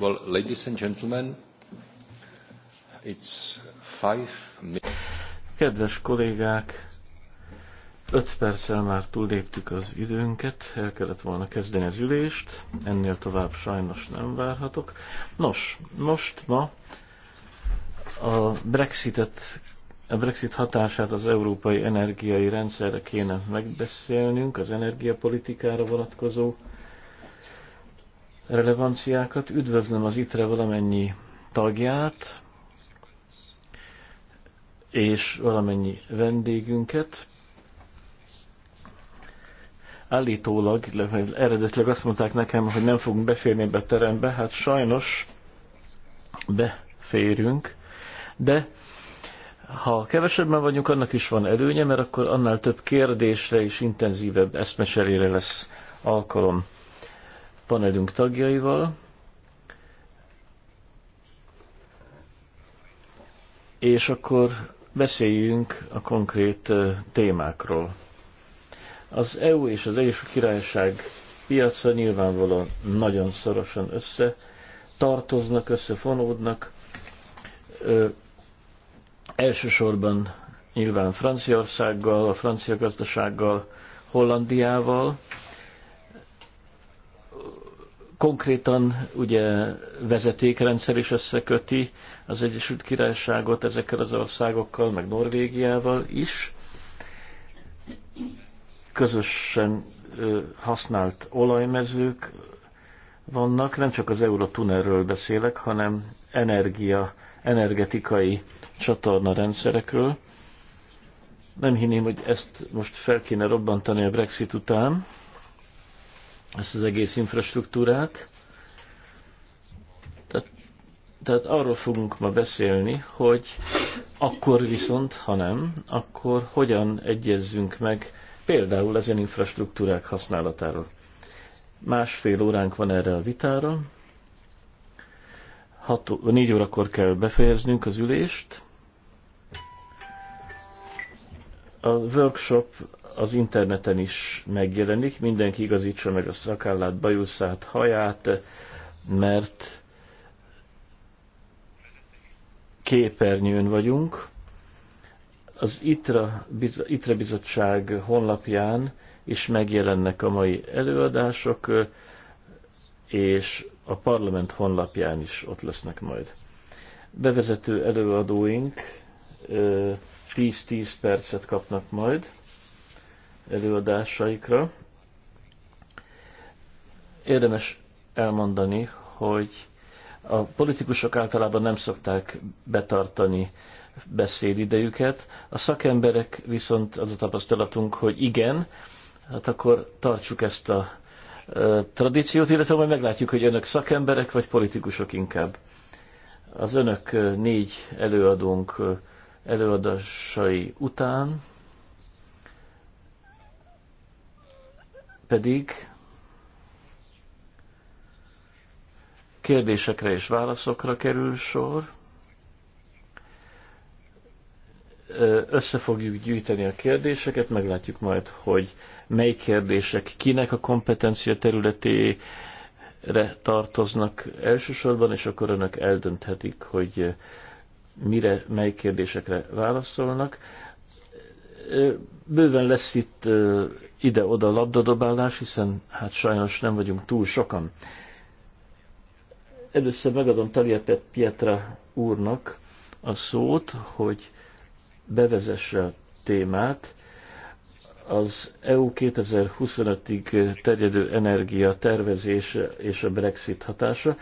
Well, ladies and gentlemen, it's five Kedves kollégák, öt perccel már túlléptük az időnket, el kellett volna kezdeni az ülést, ennél tovább sajnos nem várhatok. Nos, most ma a Brexitet a Brexit hatását az európai energiai rendszerre kéne megbeszélnünk, az energiapolitikára vonatkozó relevanciákat. Üdvözlöm az ITRE valamennyi tagját, és valamennyi vendégünket. Állítólag, eredetileg azt mondták nekem, hogy nem fogunk beférni be a terembe, hát sajnos beférünk, de ha kevesebben vagyunk, annak is van előnye, mert akkor annál több kérdésre és intenzívebb eszmeselére lesz alkalom panelünk tagjaival, és akkor beszéljünk a konkrét témákról. Az EU és az Egyesült Királyság piaca nyilvánvalóan nagyon szorosan össze tartoznak, összefonódnak. Ö, elsősorban nyilván Franciaországgal, a francia gazdasággal, Hollandiával, Konkrétan ugye vezetékrendszer is összeköti az Egyesült Királyságot ezekkel az országokkal, meg Norvégiával is. Közösen használt olajmezők vannak, nem csak az Eurotunnelről beszélek, hanem energia, energetikai csatorna rendszerekről. Nem hinném, hogy ezt most fel kéne robbantani a Brexit után, ezt az egész infrastruktúrát. Tehát, tehát arról fogunk ma beszélni, hogy akkor viszont, ha nem, akkor hogyan egyezzünk meg például ezen infrastruktúrák használatáról. Másfél óránk van erre a vitára. Hat, négy órakor kell befejeznünk az ülést. A workshop az interneten is megjelenik, mindenki igazítsa meg a szakállát, bajuszát, haját, mert képernyőn vagyunk. Az ITRA, ITRA bizottság honlapján is megjelennek a mai előadások, és a parlament honlapján is ott lesznek majd. Bevezető előadóink 10-10 percet kapnak majd előadásaikra. Érdemes elmondani, hogy a politikusok általában nem szokták betartani beszédidejüket, a szakemberek viszont az a tapasztalatunk, hogy igen, hát akkor tartsuk ezt a tradíciót, illetve majd meglátjuk, hogy önök szakemberek vagy politikusok inkább. Az önök négy előadónk előadásai után pedig kérdésekre és válaszokra kerül sor. Össze fogjuk gyűjteni a kérdéseket, meglátjuk majd, hogy mely kérdések kinek a kompetencia területére tartoznak elsősorban, és akkor önök eldönthetik, hogy mire, mely kérdésekre válaszolnak. Bőven lesz itt ide-oda labdadobálás, hiszen hát sajnos nem vagyunk túl sokan. Először megadom Talietet Pietra úrnak a szót, hogy bevezesse a témát. Az EU 2025-ig terjedő energia tervezése és a Brexit hatása.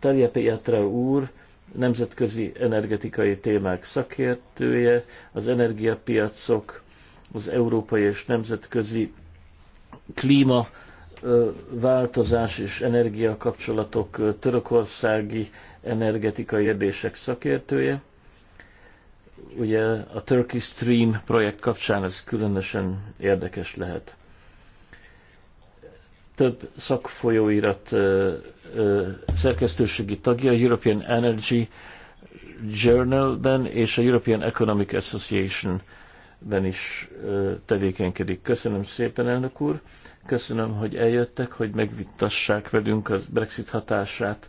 Talia Pietra úr nemzetközi energetikai témák szakértője, az energiapiacok, az európai és nemzetközi klíma változás és energia kapcsolatok törökországi energetikai kérdések szakértője. Ugye a Turkey Stream projekt kapcsán ez különösen érdekes lehet. Több szakfolyóirat szerkesztőségi tagja, a European Energy Journal-ben és a European Economic Association ben is tevékenykedik. Köszönöm szépen, elnök úr, köszönöm, hogy eljöttek, hogy megvittassák velünk a Brexit hatását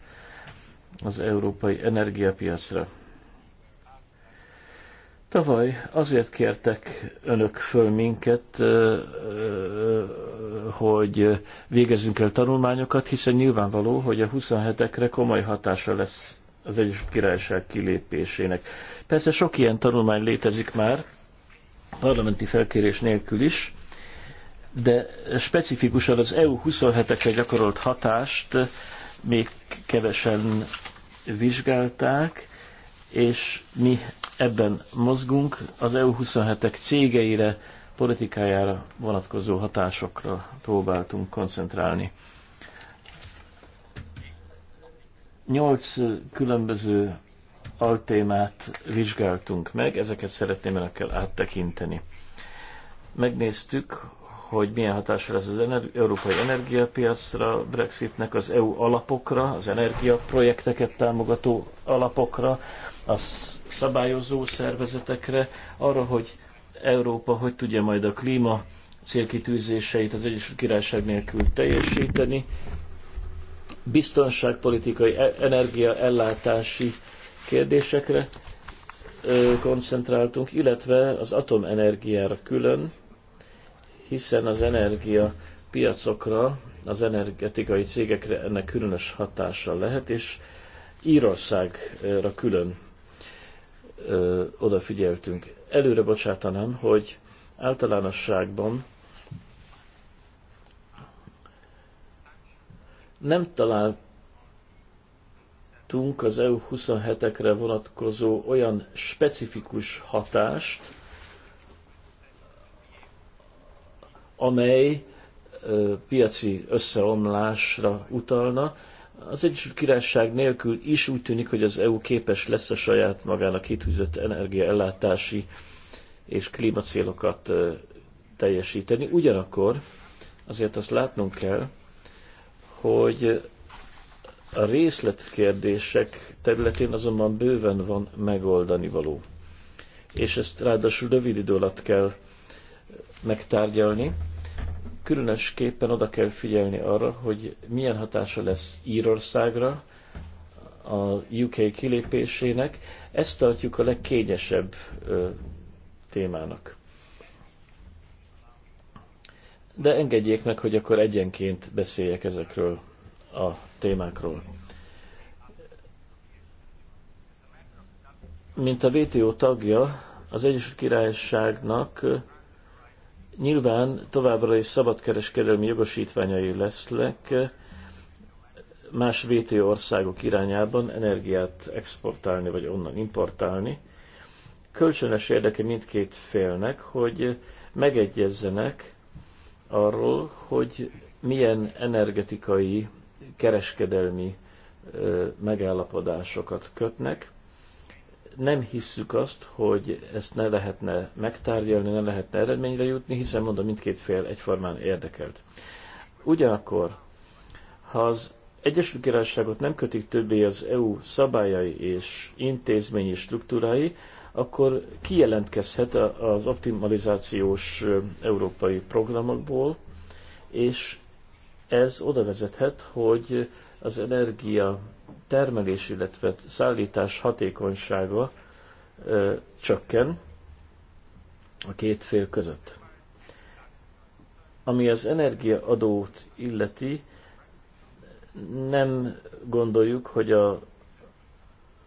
az európai energiapiacra. Tavaly azért kértek önök föl minket, hogy végezzünk el tanulmányokat, hiszen nyilvánvaló, hogy a 27-ekre komoly hatása lesz az Egyesült Királyság kilépésének. Persze sok ilyen tanulmány létezik már, parlamenti felkérés nélkül is, de specifikusan az EU 27-ekre gyakorolt hatást még kevesen vizsgálták, és mi ebben mozgunk az EU 27-ek cégeire, politikájára vonatkozó hatásokra próbáltunk koncentrálni. Nyolc különböző altémát vizsgáltunk meg, ezeket szeretném önökkel áttekinteni. Megnéztük, hogy milyen hatása lesz az energi- európai energiapiacra, Brexitnek az EU alapokra, az energiaprojekteket támogató alapokra, a szabályozó szervezetekre, arra, hogy Európa hogy tudja majd a klíma célkitűzéseit az Egyesült Királyság nélkül teljesíteni, biztonságpolitikai, e- energiaellátási kérdésekre koncentráltunk, illetve az atomenergiára külön, hiszen az energia piacokra, az energetikai cégekre ennek különös hatással lehet, és Írországra külön ö, odafigyeltünk. Előre bocsátanám, hogy általánosságban nem talált láttunk az EU27-ekre vonatkozó olyan specifikus hatást, amely piaci összeomlásra utalna. Az Egyesült Királyság nélkül is úgy tűnik, hogy az EU képes lesz a saját magának kitűzött energiaellátási és klímacélokat teljesíteni. Ugyanakkor azért azt látnunk kell, hogy a részletkérdések területén azonban bőven van megoldani való. És ezt ráadásul rövid idő alatt kell megtárgyalni. Különösképpen oda kell figyelni arra, hogy milyen hatása lesz Írországra, a UK kilépésének, ezt tartjuk a legkényesebb ö, témának. De engedjék meg, hogy akkor egyenként beszéljek ezekről a témákról. Mint a VTO tagja, az Egyesült Királyságnak nyilván továbbra is szabadkereskedelmi jogosítványai lesznek más VTO országok irányában energiát exportálni vagy onnan importálni. Kölcsönös érdeke mindkét félnek, hogy megegyezzenek arról, hogy milyen energetikai kereskedelmi megállapodásokat kötnek. Nem hisszük azt, hogy ezt ne lehetne megtárgyalni, ne lehetne eredményre jutni, hiszen mondom, mindkét fél egyformán érdekelt. Ugyanakkor, ha az Egyesült Királyságot nem kötik többé az EU szabályai és intézményi struktúrái, akkor kijelentkezhet az optimalizációs európai programokból, és ez oda vezethet, hogy az energia termelés, illetve szállítás hatékonysága ö, csökken a két fél között. Ami az energiaadót illeti, nem gondoljuk, hogy a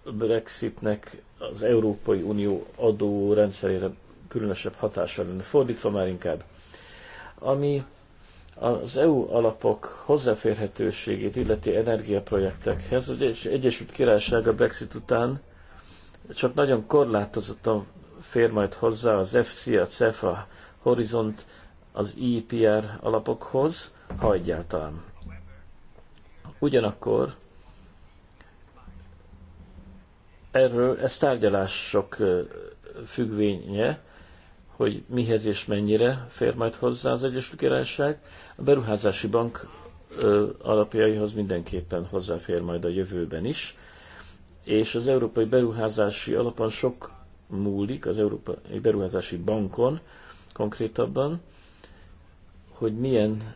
Brexitnek az Európai Unió adórendszerére különösebb hatása lenne. Fordítva már inkább. Ami az EU alapok hozzáférhetőségét illeti energiaprojektekhez. az Egyesült Királyság a Brexit után csak nagyon korlátozottan fér majd hozzá az FC, a CEFA, Horizont, az EPR alapokhoz, ha egyáltalán. Ugyanakkor erről ez tárgyalások függvénye, hogy mihez és mennyire fér majd hozzá az Egyesült Királyság. A beruházási bank alapjaihoz mindenképpen hozzáfér majd a jövőben is, és az Európai Beruházási Alapon sok múlik, az Európai Beruházási Bankon konkrétabban, hogy milyen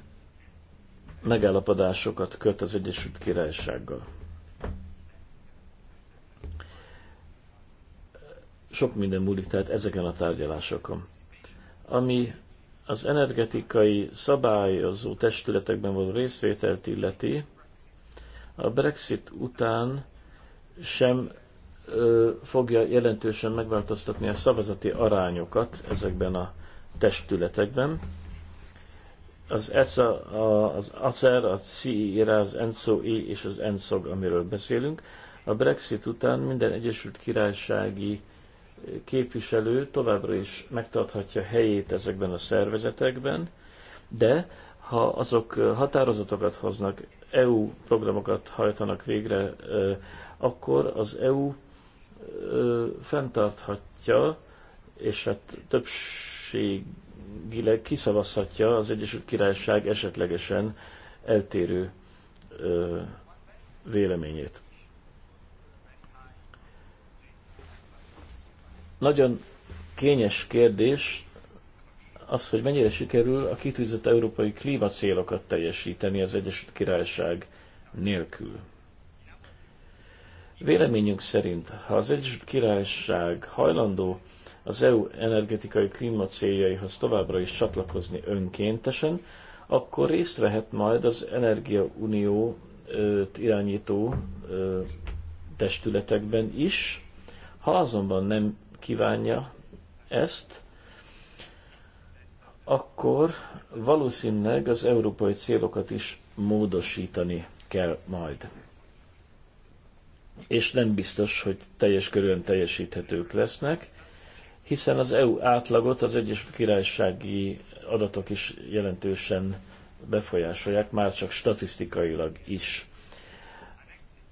megállapodásokat köt az Egyesült Királysággal. sok minden múlik tehát ezeken a tárgyalásokon. Ami az energetikai szabályozó testületekben való részvételt illeti, a Brexit után sem ö, fogja jelentősen megváltoztatni a szavazati arányokat ezekben a testületekben. Az ESA, a, az ACER, a CIRA, e az enso és az ENSOG, amiről beszélünk. A Brexit után minden Egyesült Királysági képviselő továbbra is megtarthatja helyét ezekben a szervezetekben, de ha azok határozatokat hoznak, EU programokat hajtanak végre, akkor az EU fenntarthatja, és hát többségileg kiszavazhatja az Egyesült Királyság esetlegesen eltérő véleményét. Nagyon kényes kérdés az, hogy mennyire sikerül a kitűzött európai klímacélokat teljesíteni az Egyesült Királyság nélkül. Véleményünk szerint, ha az Egyesült Királyság hajlandó az EU energetikai klímacéljaihoz továbbra is csatlakozni önkéntesen, akkor részt vehet majd az Energiaunió irányító testületekben is. Ha azonban nem kívánja ezt, akkor valószínűleg az európai célokat is módosítani kell majd. És nem biztos, hogy teljes körülön teljesíthetők lesznek, hiszen az EU átlagot az Egyesült Királysági adatok is jelentősen befolyásolják, már csak statisztikailag is.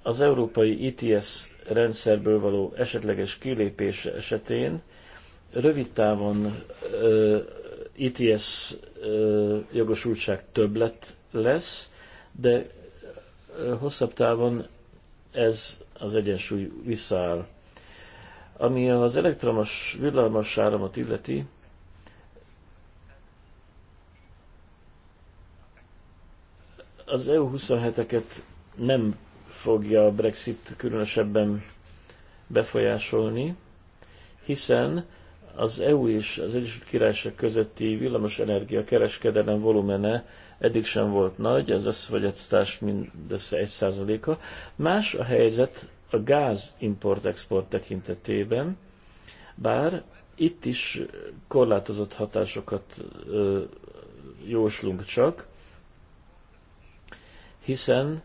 Az európai ITS e rendszerből való esetleges kilépése esetén rövid távon ITS jogosultság többlet lesz, de hosszabb távon ez az egyensúly visszaáll. Ami az elektromos villamos áramot illeti, az EU 27-eket nem fogja a Brexit különösebben befolyásolni, hiszen az EU és az Egyesült Királyság közötti villamosenergia kereskedelem volumene eddig sem volt nagy, az összefogyasztás mindössze 1%-a. Más a helyzet a gáz import-export tekintetében, bár itt is korlátozott hatásokat ö, jóslunk csak, hiszen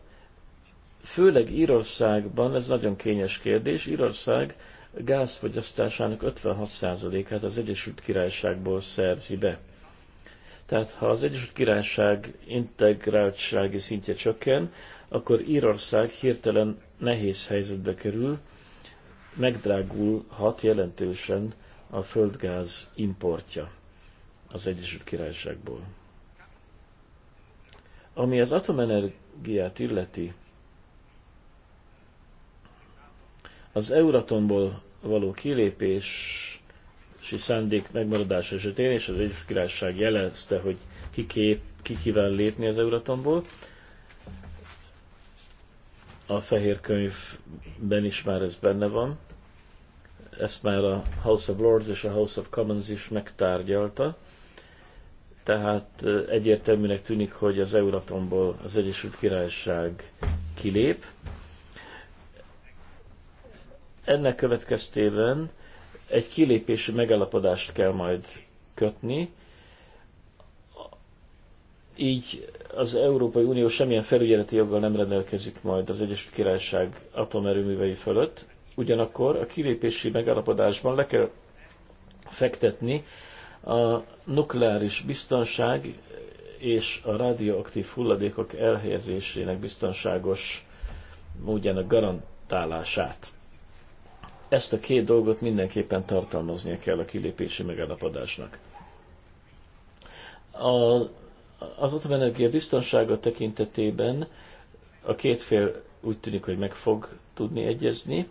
főleg Írországban, ez nagyon kényes kérdés, Írország gázfogyasztásának 56%-át az Egyesült Királyságból szerzi be. Tehát ha az Egyesült Királyság integráltsági szintje csökken, akkor Írország hirtelen nehéz helyzetbe kerül, megdrágulhat jelentősen a földgáz importja az Egyesült Királyságból. Ami az atomenergiát illeti, Az Euratomból való kilépés és szándék megmaradása esetén, és az Egyesült Királyság jelezte, hogy ki, kép, ki kíván lépni az Euratomból, a fehér könyvben is már ez benne van. Ezt már a House of Lords és a House of Commons is megtárgyalta. Tehát egyértelműnek tűnik, hogy az Euratomból az Egyesült Királyság kilép. Ennek következtében egy kilépési megállapodást kell majd kötni, így az Európai Unió semmilyen felügyeleti joggal nem rendelkezik majd az Egyesült Királyság atomerőművei fölött, ugyanakkor a kilépési megállapodásban le kell fektetni a nukleáris biztonság és a radioaktív hulladékok elhelyezésének biztonságos módjának garantálását. Ezt a két dolgot mindenképpen tartalmaznia kell a kilépési megállapodásnak. A, az atomenergia biztonsága tekintetében a két fél úgy tűnik, hogy meg fog tudni egyezni.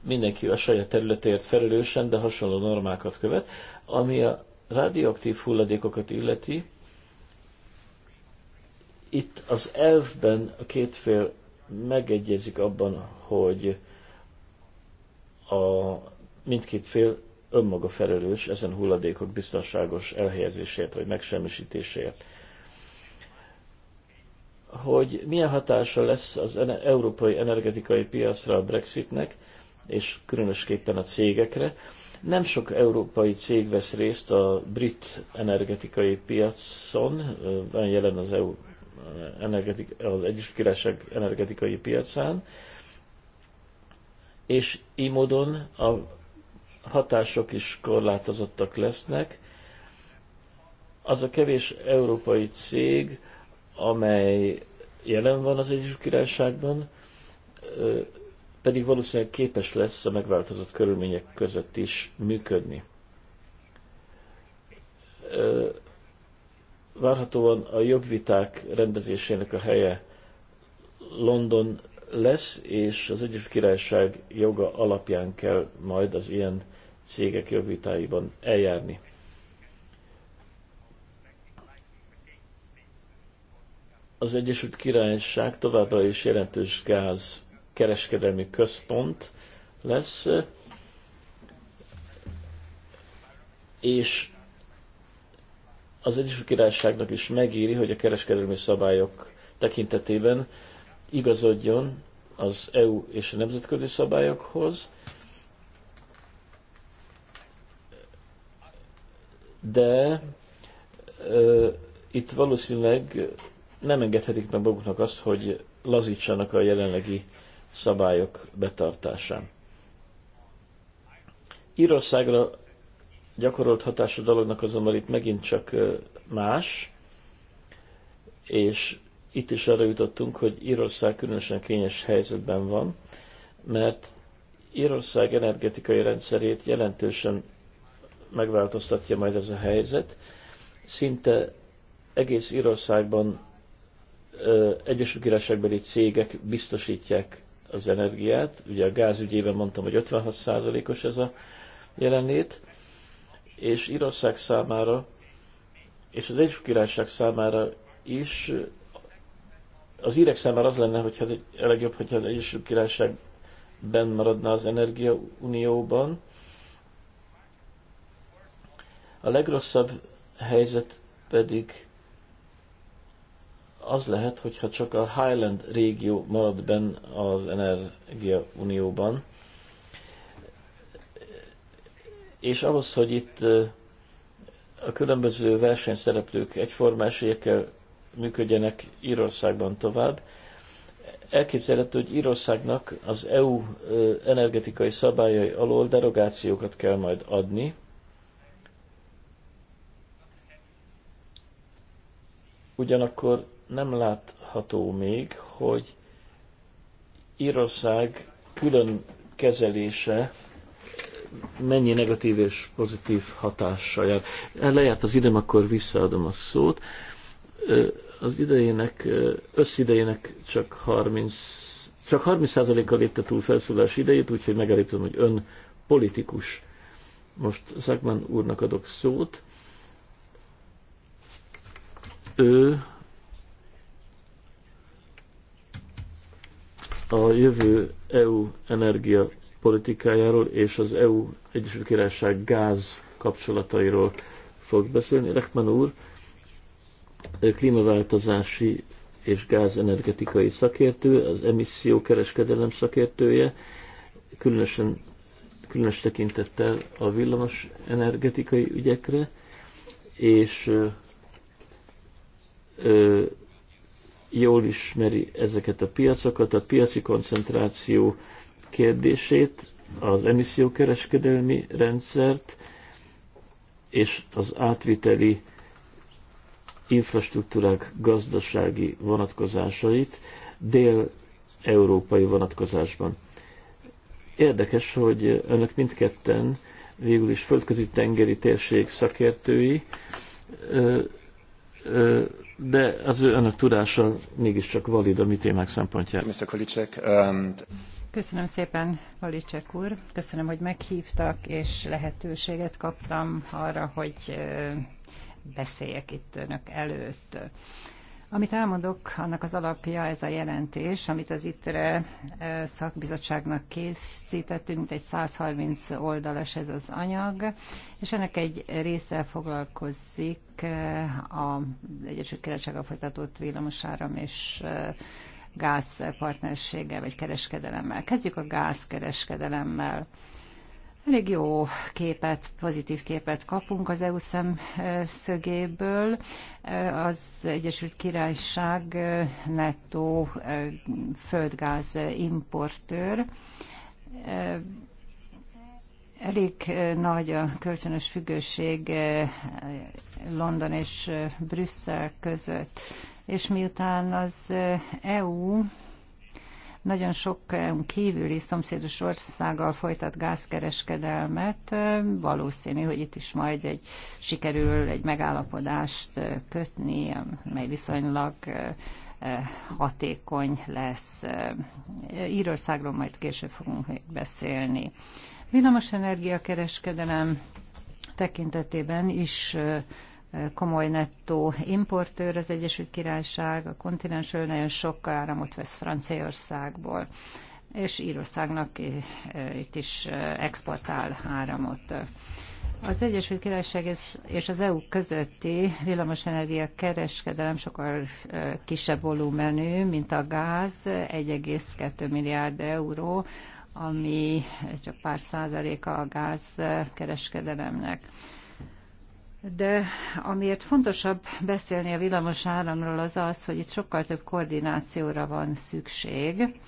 Mindenki a saját területért felelősen, de hasonló normákat követ. Ami a radioaktív hulladékokat illeti, itt az elfben a két fél megegyezik abban, hogy a mindkét fél önmaga felelős ezen hulladékok biztonságos elhelyezésért vagy megsemmisítésért. Hogy milyen hatása lesz az európai energetikai piacra a Brexitnek, és különösképpen a cégekre, nem sok európai cég vesz részt a brit energetikai piacon, van jelen az EU energetik, az Egyesült Királyság energetikai piacán, és így módon a hatások is korlátozottak lesznek. Az a kevés európai cég, amely jelen van az Egyesült Királyságban, pedig valószínűleg képes lesz a megváltozott körülmények között is működni. Várhatóan a jogviták rendezésének a helye London lesz, és az Egyesült Királyság joga alapján kell majd az ilyen cégek jogvitáiban eljárni. Az Egyesült Királyság továbbra is jelentős gáz kereskedelmi központ lesz, és az Egyesült Királyságnak is megéri, hogy a kereskedelmi szabályok tekintetében igazodjon az EU és a nemzetközi szabályokhoz, de ö, itt valószínűleg nem engedhetik meg maguknak azt, hogy lazítsanak a jelenlegi szabályok betartásán. Írországra gyakorolt hatása a dolognak azonban itt megint csak más, és itt is arra jutottunk, hogy Írország különösen kényes helyzetben van, mert Írország energetikai rendszerét jelentősen megváltoztatja majd ez a helyzet. Szinte egész Írországban Egyesült Királyságbeli cégek biztosítják az energiát. Ugye a gázügyében mondtam, hogy 56%-os ez a jelenlét, és Írország számára, és az Egyesült Királyság számára is az írek számára az lenne, hogyha a legjobb, hogyha az Egyesült Királyság benn maradna az Energia Unióban. A legrosszabb helyzet pedig az lehet, hogyha csak a Highland régió marad benn az Energia Unióban. És ahhoz, hogy itt a különböző versenyszereplők egyformás működjenek Írországban tovább. Elképzelhető, hogy Írországnak az EU energetikai szabályai alól derogációkat kell majd adni, ugyanakkor nem látható még, hogy Írország külön kezelése mennyi negatív és pozitív hatással jár. Lejárt az időm, akkor visszaadom a szót az idejének, összidejének csak 30 csak 30%-kal lépte túl felszólás idejét, úgyhogy megállítom, hogy ön politikus. Most Szakman úrnak adok szót. Ő a jövő EU energia politikájáról és az EU Egyesült Királyság gáz kapcsolatairól fog beszélni. Rekman úr, klímaváltozási és gázenergetikai szakértő, az emissziókereskedelem szakértője, különösen, különös tekintettel a villamos energetikai ügyekre, és ö, ö, jól ismeri ezeket a piacokat, a piaci koncentráció kérdését, az emissziókereskedelmi rendszert és az átviteli infrastruktúrák gazdasági vonatkozásait dél-európai vonatkozásban. Érdekes, hogy önök mindketten végül is földközi tengeri térség szakértői, de az ő önök tudása mégiscsak valid a mi témák szempontjából. Köszönöm szépen, Valicek úr. Köszönöm, hogy meghívtak, és lehetőséget kaptam arra, hogy beszéljek itt önök előtt. Amit elmondok, annak az alapja ez a jelentés, amit az ITRE szakbizottságnak készítettünk, mint egy 130 oldalas ez az anyag, és ennek egy része foglalkozik az Egyesült Királysággal folytatott villamosáram és gázpartnerséggel vagy kereskedelemmel. Kezdjük a gázkereskedelemmel. Elég jó képet, pozitív képet kapunk az EU szemszögéből. Az Egyesült Királyság nettó földgáz importőr. Elég nagy a kölcsönös függőség London és Brüsszel között. És miután az EU nagyon sok eh, kívüli szomszédos országgal folytat gázkereskedelmet. Eh, valószínű, hogy itt is majd egy sikerül egy megállapodást eh, kötni, mely viszonylag hatékony lesz. Írországról majd később fogunk még beszélni. Villamos energiakereskedelem tekintetében is komoly nettó importőr az Egyesült Királyság, a kontinensről nagyon sok áramot vesz Franciaországból, és Írországnak eh, itt is eh, exportál áramot. Az Egyesült Királyság és az EU közötti villamosenergia kereskedelem sokkal eh, kisebb volumenű, mint a gáz, 1,2 milliárd euró, ami csak pár százaléka a gáz kereskedelemnek de amiért fontosabb beszélni a villamos áramról az az, hogy itt sokkal több koordinációra van szükség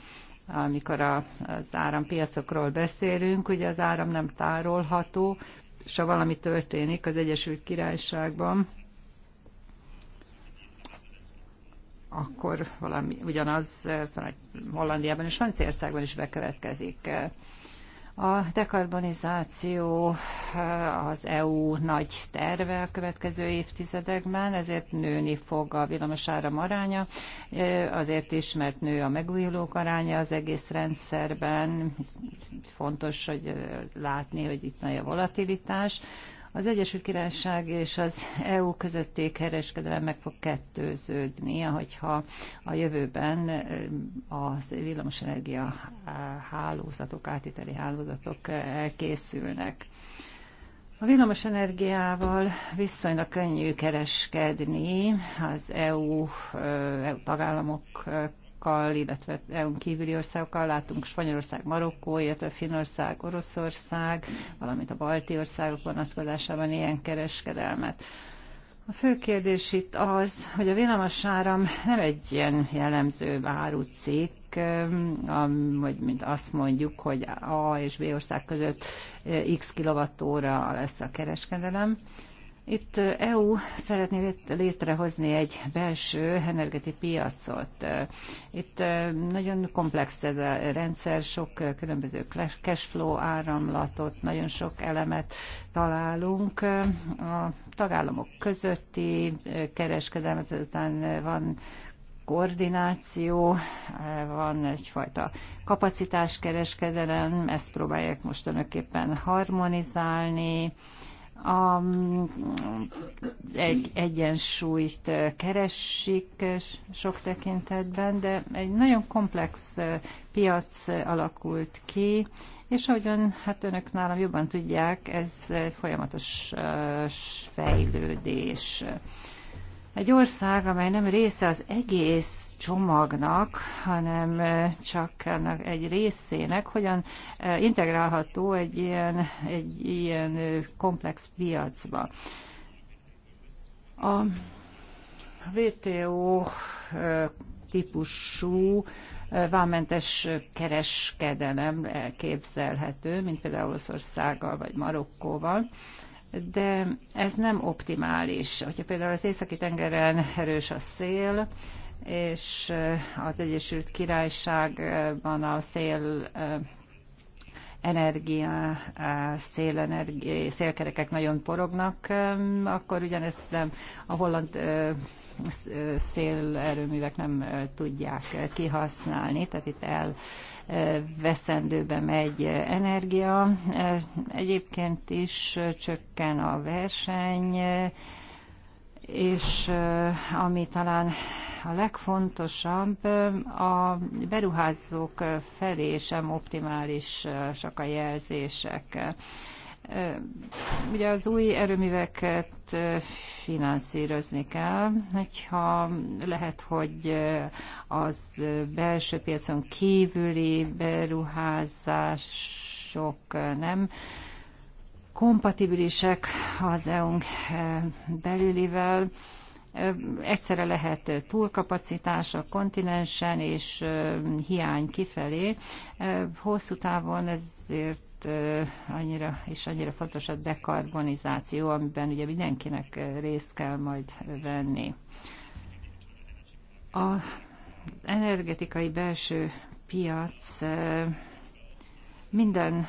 amikor a, az árampiacokról beszélünk, ugye az áram nem tárolható, és ha valami történik az Egyesült Királyságban, akkor valami ugyanaz eh, Hollandiában és Franciaországban is bekövetkezik. A dekarbonizáció eh, az EU nagy terve a következő évtizedekben, ezért nőni fog a villamosáram aránya, eh, azért is, mert nő a megújulók aránya az egész rendszerben. Fontos, hogy eh, látni, hogy itt nagy a volatilitás. Az Egyesült Királyság és az EU közötti kereskedelem meg fog kettőződni, ahogyha a jövőben eh, a villamosenergia hálózatok, átiteli hálózatok eh, elkészülnek. A villamosenergiával viszonylag könnyű kereskedni az EU, EU eh, e tagállamok országokkal, illetve eu kívüli országokkal látunk Spanyolország, Marokkó, illetve Finország, Oroszország, valamint a balti országok vonatkozásában ilyen kereskedelmet. A fő kérdés itt az, hogy a villamosáram nem egy ilyen jellemző árucikk, vagy mint azt mondjuk, hogy A és B ország között x kilovattóra lesz a kereskedelem, itt EU szeretné létrehozni egy belső energeti piacot. Itt nagyon komplex ez a rendszer, sok különböző cashflow áramlatot, nagyon sok elemet találunk. A tagállamok közötti kereskedelmet, azután van koordináció, van egyfajta kapacitáskereskedelem, ezt próbálják most önöképpen harmonizálni, a, egy egyensúlyt keresik sok tekintetben, de egy nagyon komplex piac alakult ki, és ahogyan hát önök nálam jobban tudják, ez folyamatos fejlődés. Egy ország, amely nem része az egész csomagnak, hanem csak ennek egy részének, hogyan integrálható egy ilyen, egy ilyen komplex piacba. A WTO típusú vámmentes kereskedelem elképzelhető, mint például Oroszországgal vagy Marokkóval de ez nem optimális. Hogyha például az északi tengeren erős a szél, és az Egyesült Királyságban a szél energia, szélenergia, szélkerekek nagyon porognak, akkor ugyanezt nem a holland szélerőművek nem tudják kihasználni, tehát itt el veszendőbe megy energia. Egyébként is csökken a verseny, és ami talán a legfontosabb, a beruházók felé sem optimálisak a jelzések. Ugye az új erőműveket finanszírozni kell, hogyha lehet, hogy az belső piacon kívüli beruházások nem kompatibilisek az eu belülivel, egyszerre lehet túlkapacitás a kontinensen és hiány kifelé. Hosszú távon ezért Hát, annyira, és annyira fontos a dekarbonizáció, amiben ugye mindenkinek részt kell majd venni. A energetikai belső piac minden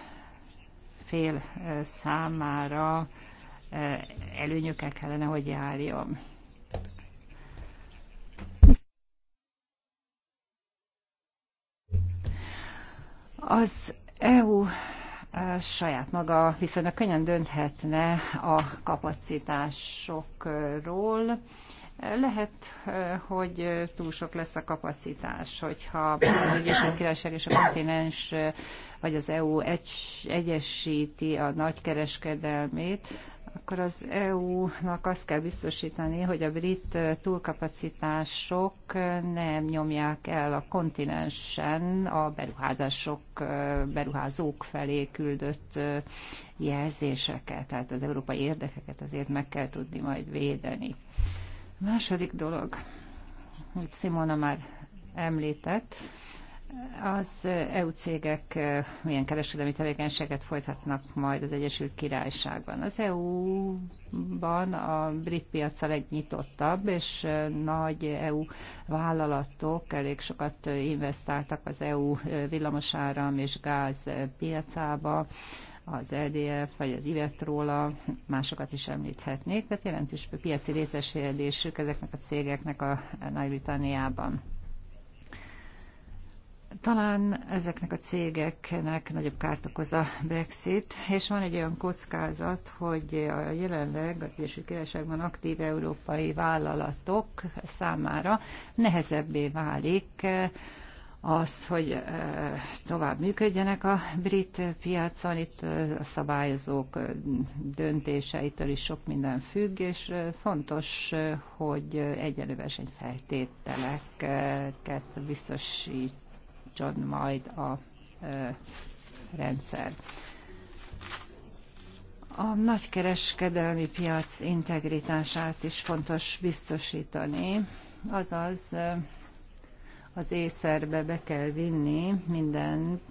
fél számára előnyökkel kellene, hogy járjon. Az EU saját maga viszonylag könnyen dönthetne a kapacitásokról. Lehet, hogy túl sok lesz a kapacitás, hogyha a Egyesült Királyság és a kontinens vagy az EU egy, egyesíti a kereskedelmét, akkor az EU-nak azt kell biztosítani, hogy a brit túlkapacitások nem nyomják el a kontinensen a beruházások, beruházók felé küldött jelzéseket, tehát az európai érdekeket azért meg kell tudni majd védeni. A második dolog, amit Simona már említett, az EU cégek milyen kereskedelmi tevékenységet folytatnak majd az Egyesült Királyságban? Az EU-ban a brit piac a legnyitottabb, és nagy EU vállalatok elég sokat investáltak az EU villamosáram és gáz piacába az LDF, e vagy az Ivetróla, másokat is említhetnék, tehát jelentős piaci részesedésük ezeknek a cégeknek a Nagy-Britanniában. Talán ezeknek a cégeknek nagyobb kárt okoz a Brexit, és van egy olyan kockázat, hogy a jelenleg az Egyesült Királyságban aktív európai vállalatok számára nehezebbé válik az, hogy tovább működjenek a brit piacon, itt a szabályozók döntéseitől is sok minden függ, és fontos, hogy egyenlő versenyfeltételeket biztosít fennmaradjon majd a rendszer. A nagykereskedelmi piac integritását is fontos biztosítani, azaz az észerbe be kell vinni minden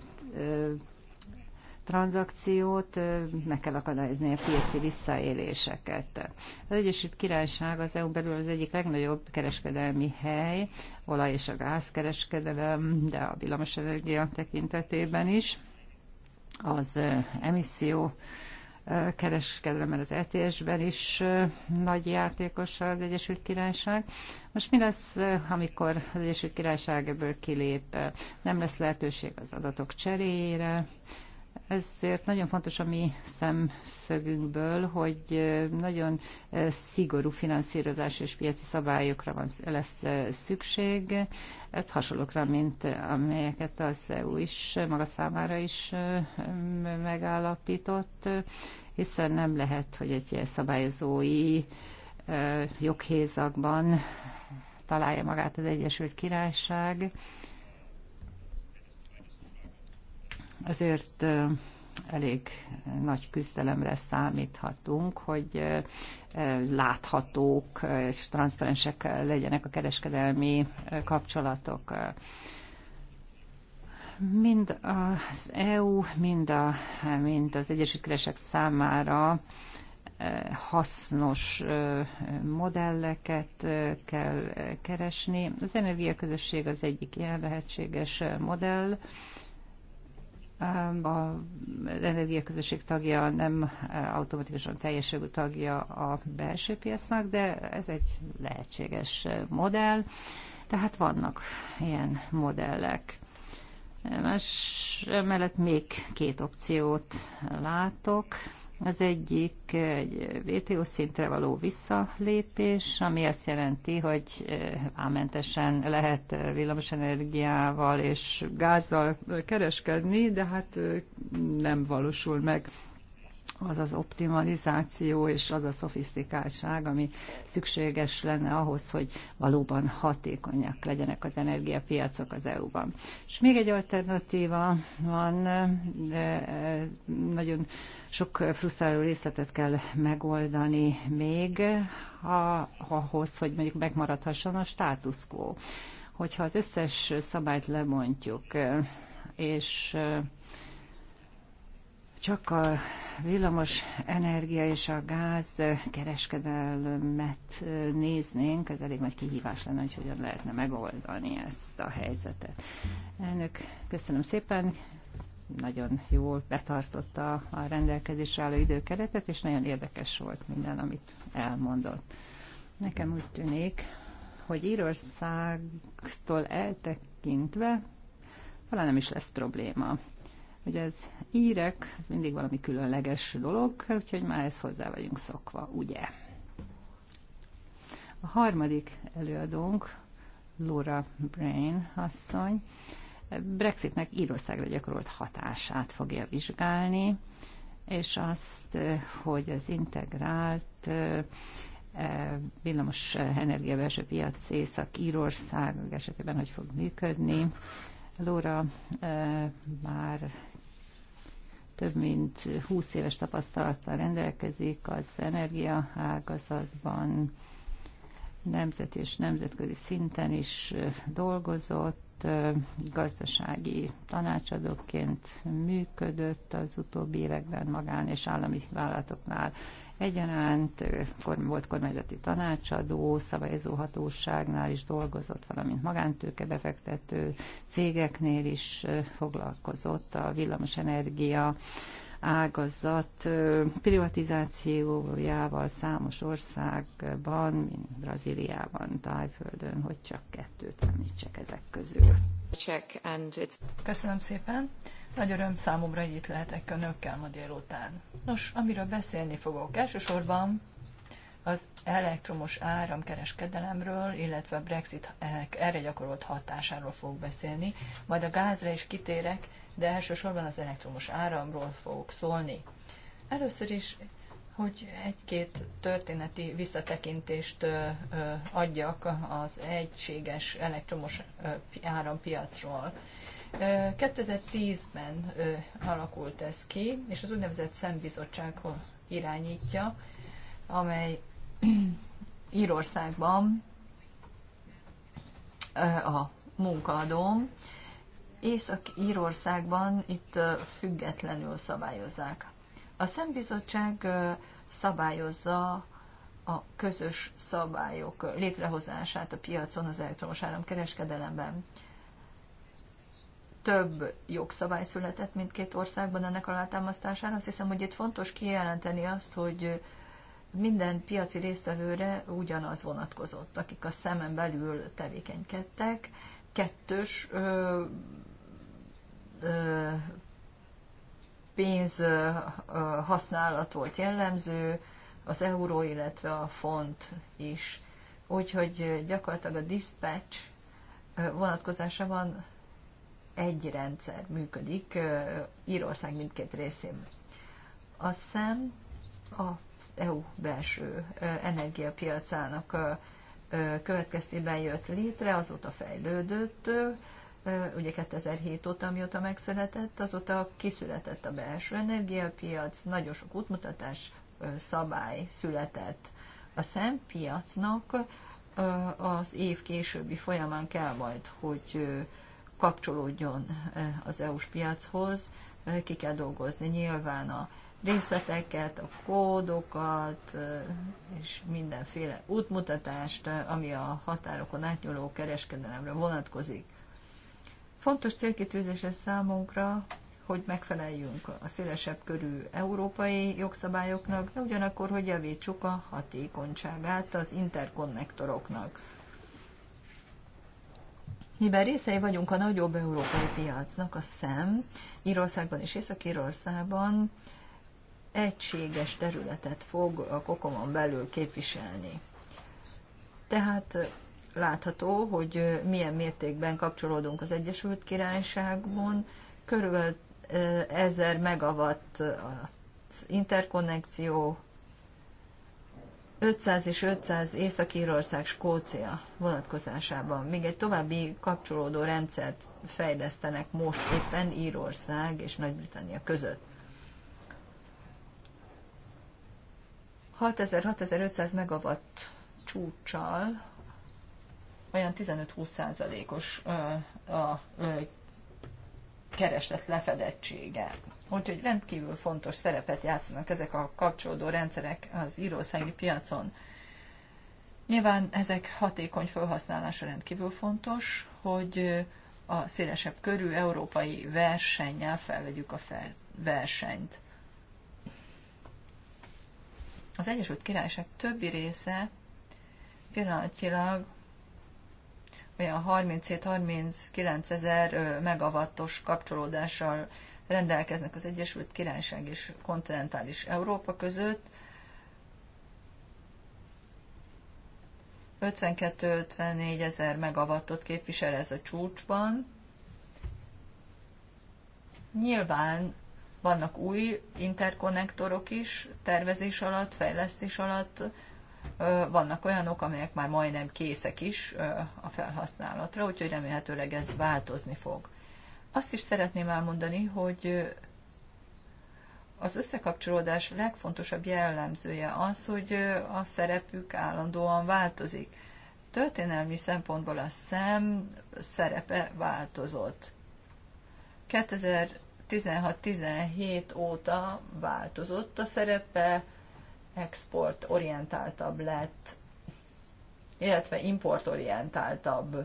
tranzakciót, meg kell akadályozni a piaci visszaéléseket. Az Egyesült Királyság az EU belül az egyik legnagyobb kereskedelmi hely, olaj és a gázkereskedelem, de a villamosenergia tekintetében is. Az emisszió kereskedelem, mert az ETS-ben is nagy játékos az Egyesült Királyság. Most mi lesz, amikor az Egyesült Királyság ebből kilép? Nem lesz lehetőség az adatok cseréjére, ezért nagyon fontos a mi szemszögünkből, hogy nagyon szigorú finanszírozás és piaci szabályokra van, lesz szükség, hát hasonlókra, mint amelyeket az EU is maga számára is megállapított, hiszen nem lehet, hogy egy ilyen szabályozói joghézakban találja magát az Egyesült Királyság, azért elég nagy küzdelemre számíthatunk, hogy láthatók és transzparensek legyenek a kereskedelmi kapcsolatok. Mind az EU, mind, a, mind az Egyesült Keresek számára hasznos modelleket kell keresni. Az energiaközösség az egyik ilyen lehetséges modell, az energiaközösség tagja nem eh, automatikusan teljes jogú tagja a belső piacnak, de ez egy lehetséges eh, modell, tehát vannak ilyen modellek. Más mellett még két opciót látok. Az egyik egy WTO szintre való visszalépés, ami azt jelenti, hogy ámentesen lehet villamosenergiával és gázzal kereskedni, de hát nem valósul meg az az optimalizáció és az a szofisztikáltság, ami szükséges lenne ahhoz, hogy valóban hatékonyak legyenek az energiapiacok az EU-ban. És még egy alternatíva van, de nagyon sok frusztráló részletet kell megoldani még ha, ahhoz, hogy mondjuk megmaradhasson a status quo. Hogyha az összes szabályt lebontjuk, és csak a villamos energia és a gáz kereskedelmet néznénk, ez elég nagy kihívás lenne, hogy hogyan lehetne megoldani ezt a helyzetet. Elnök, köszönöm szépen, nagyon jól betartotta a rendelkezésre álló időkeretet, és nagyon érdekes volt minden, amit elmondott. Nekem úgy tűnik, hogy Írországtól eltekintve talán nem is lesz probléma hogy az írek, ez mindig valami különleges dolog, úgyhogy már ezt hozzá vagyunk szokva, ugye? A harmadik előadónk Laura Brain asszony Brexitnek Írországra gyakorolt hatását fogja vizsgálni, és azt, hogy az integrált villamos belső piac Észak-Írország esetében hogy fog működni. Laura már több mint 20 éves tapasztalattal rendelkezik az energiaágazatban, nemzet és nemzetközi szinten is dolgozott, gazdasági tanácsadóként működött az utóbbi években magán és állami vállalatoknál, egyaránt volt kormányzati tanácsadó, szabályozóhatóságnál is dolgozott, valamint magántőkebefektető cégeknél is foglalkozott a villamosenergia ágazat privatizációjával számos országban, mint Brazíliában, Tájföldön, hogy csak kettőt említsek ezek közül. Köszönöm szépen. Nagy öröm számomra, hogy itt lehetek önökkel ma délután. Nos, amiről beszélni fogok, elsősorban az elektromos áramkereskedelemről, illetve a Brexit erre gyakorolt hatásáról fogok beszélni, majd a gázra is kitérek, de elsősorban az elektromos áramról fogok szólni. Először is, hogy egy-két történeti visszatekintést adjak az egységes elektromos árampiacról 2010-ben alakult ez ki, és az úgynevezett szembizottság irányítja, amely Írországban a munkaadóm, Észak-Írországban itt függetlenül szabályozzák. A szembizottság szabályozza a közös szabályok létrehozását a piacon az elektromos áramkereskedelemben több jogszabály született mindkét országban ennek alátámasztására. Azt hiszem, hogy itt fontos kijelenteni azt, hogy minden piaci résztvevőre ugyanaz vonatkozott, akik a szemen belül tevékenykedtek. Kettős ö, ö, pénz ö, használat volt jellemző, az euró, illetve a font is. Úgyhogy gyakorlatilag a dispatch vonatkozásában egy rendszer működik Írország mindkét részén. A szem a EU belső energiapiacának következtében jött létre, azóta fejlődött, ugye 2007 óta, mióta megszületett, azóta kiszületett a belső energiapiac, nagyon sok útmutatás, szabály született. A szempiacnak az év későbbi folyamán kell majd, hogy kapcsolódjon eh, az EU-s piachoz, eh, ki kell dolgozni nyilván a részleteket, a kódokat eh, és mindenféle útmutatást, ami a határokon átnyúló kereskedelemre vonatkozik. Fontos célkitűzése számunkra, hogy megfeleljünk a szélesebb körű európai jogszabályoknak, de ugyanakkor, hogy javítsuk a hatékonyságát az interkonnektoroknak miben részei vagyunk a nagyobb európai piacnak, a SZEM, Írországban és Észak-Írországban egységes területet fog a kokomon belül képviselni. Tehát látható, hogy milyen mértékben kapcsolódunk az Egyesült Királyságban, körülbelül 1000 megawatt az interkonnekció, 500 és 500 Észak-Írország Skócia vonatkozásában. Még egy további kapcsolódó rendszert fejlesztenek most éppen Írország és Nagy-Britannia között. 6000-6500 megawatt csúcsal olyan 15-20 százalékos a kereslet lefedettsége. Úgyhogy rendkívül fontos szerepet játszanak ezek a kapcsolódó rendszerek az írószági piacon. Nyilván ezek hatékony felhasználása rendkívül fontos, hogy a szélesebb körű európai versennyel felvegyük a fel, versenyt. Az Egyesült Királyság többi része pillanatilag olyan 37-39 ezer megavattos kapcsolódással rendelkeznek az Egyesült Királyság és kontinentális Európa között. 52-54 ezer megawattot képvisel ez a csúcsban. Nyilván vannak új interkonnektorok is tervezés alatt, fejlesztés alatt, vannak olyanok, amelyek már majdnem készek is a felhasználatra, úgyhogy remélhetőleg ez változni fog. Azt is szeretném elmondani, hogy az összekapcsolódás legfontosabb jellemzője az, hogy a szerepük állandóan változik. Történelmi szempontból a szem szerepe változott. 2016-17 óta változott a szerepe, export orientáltabb lett, illetve import orientáltabb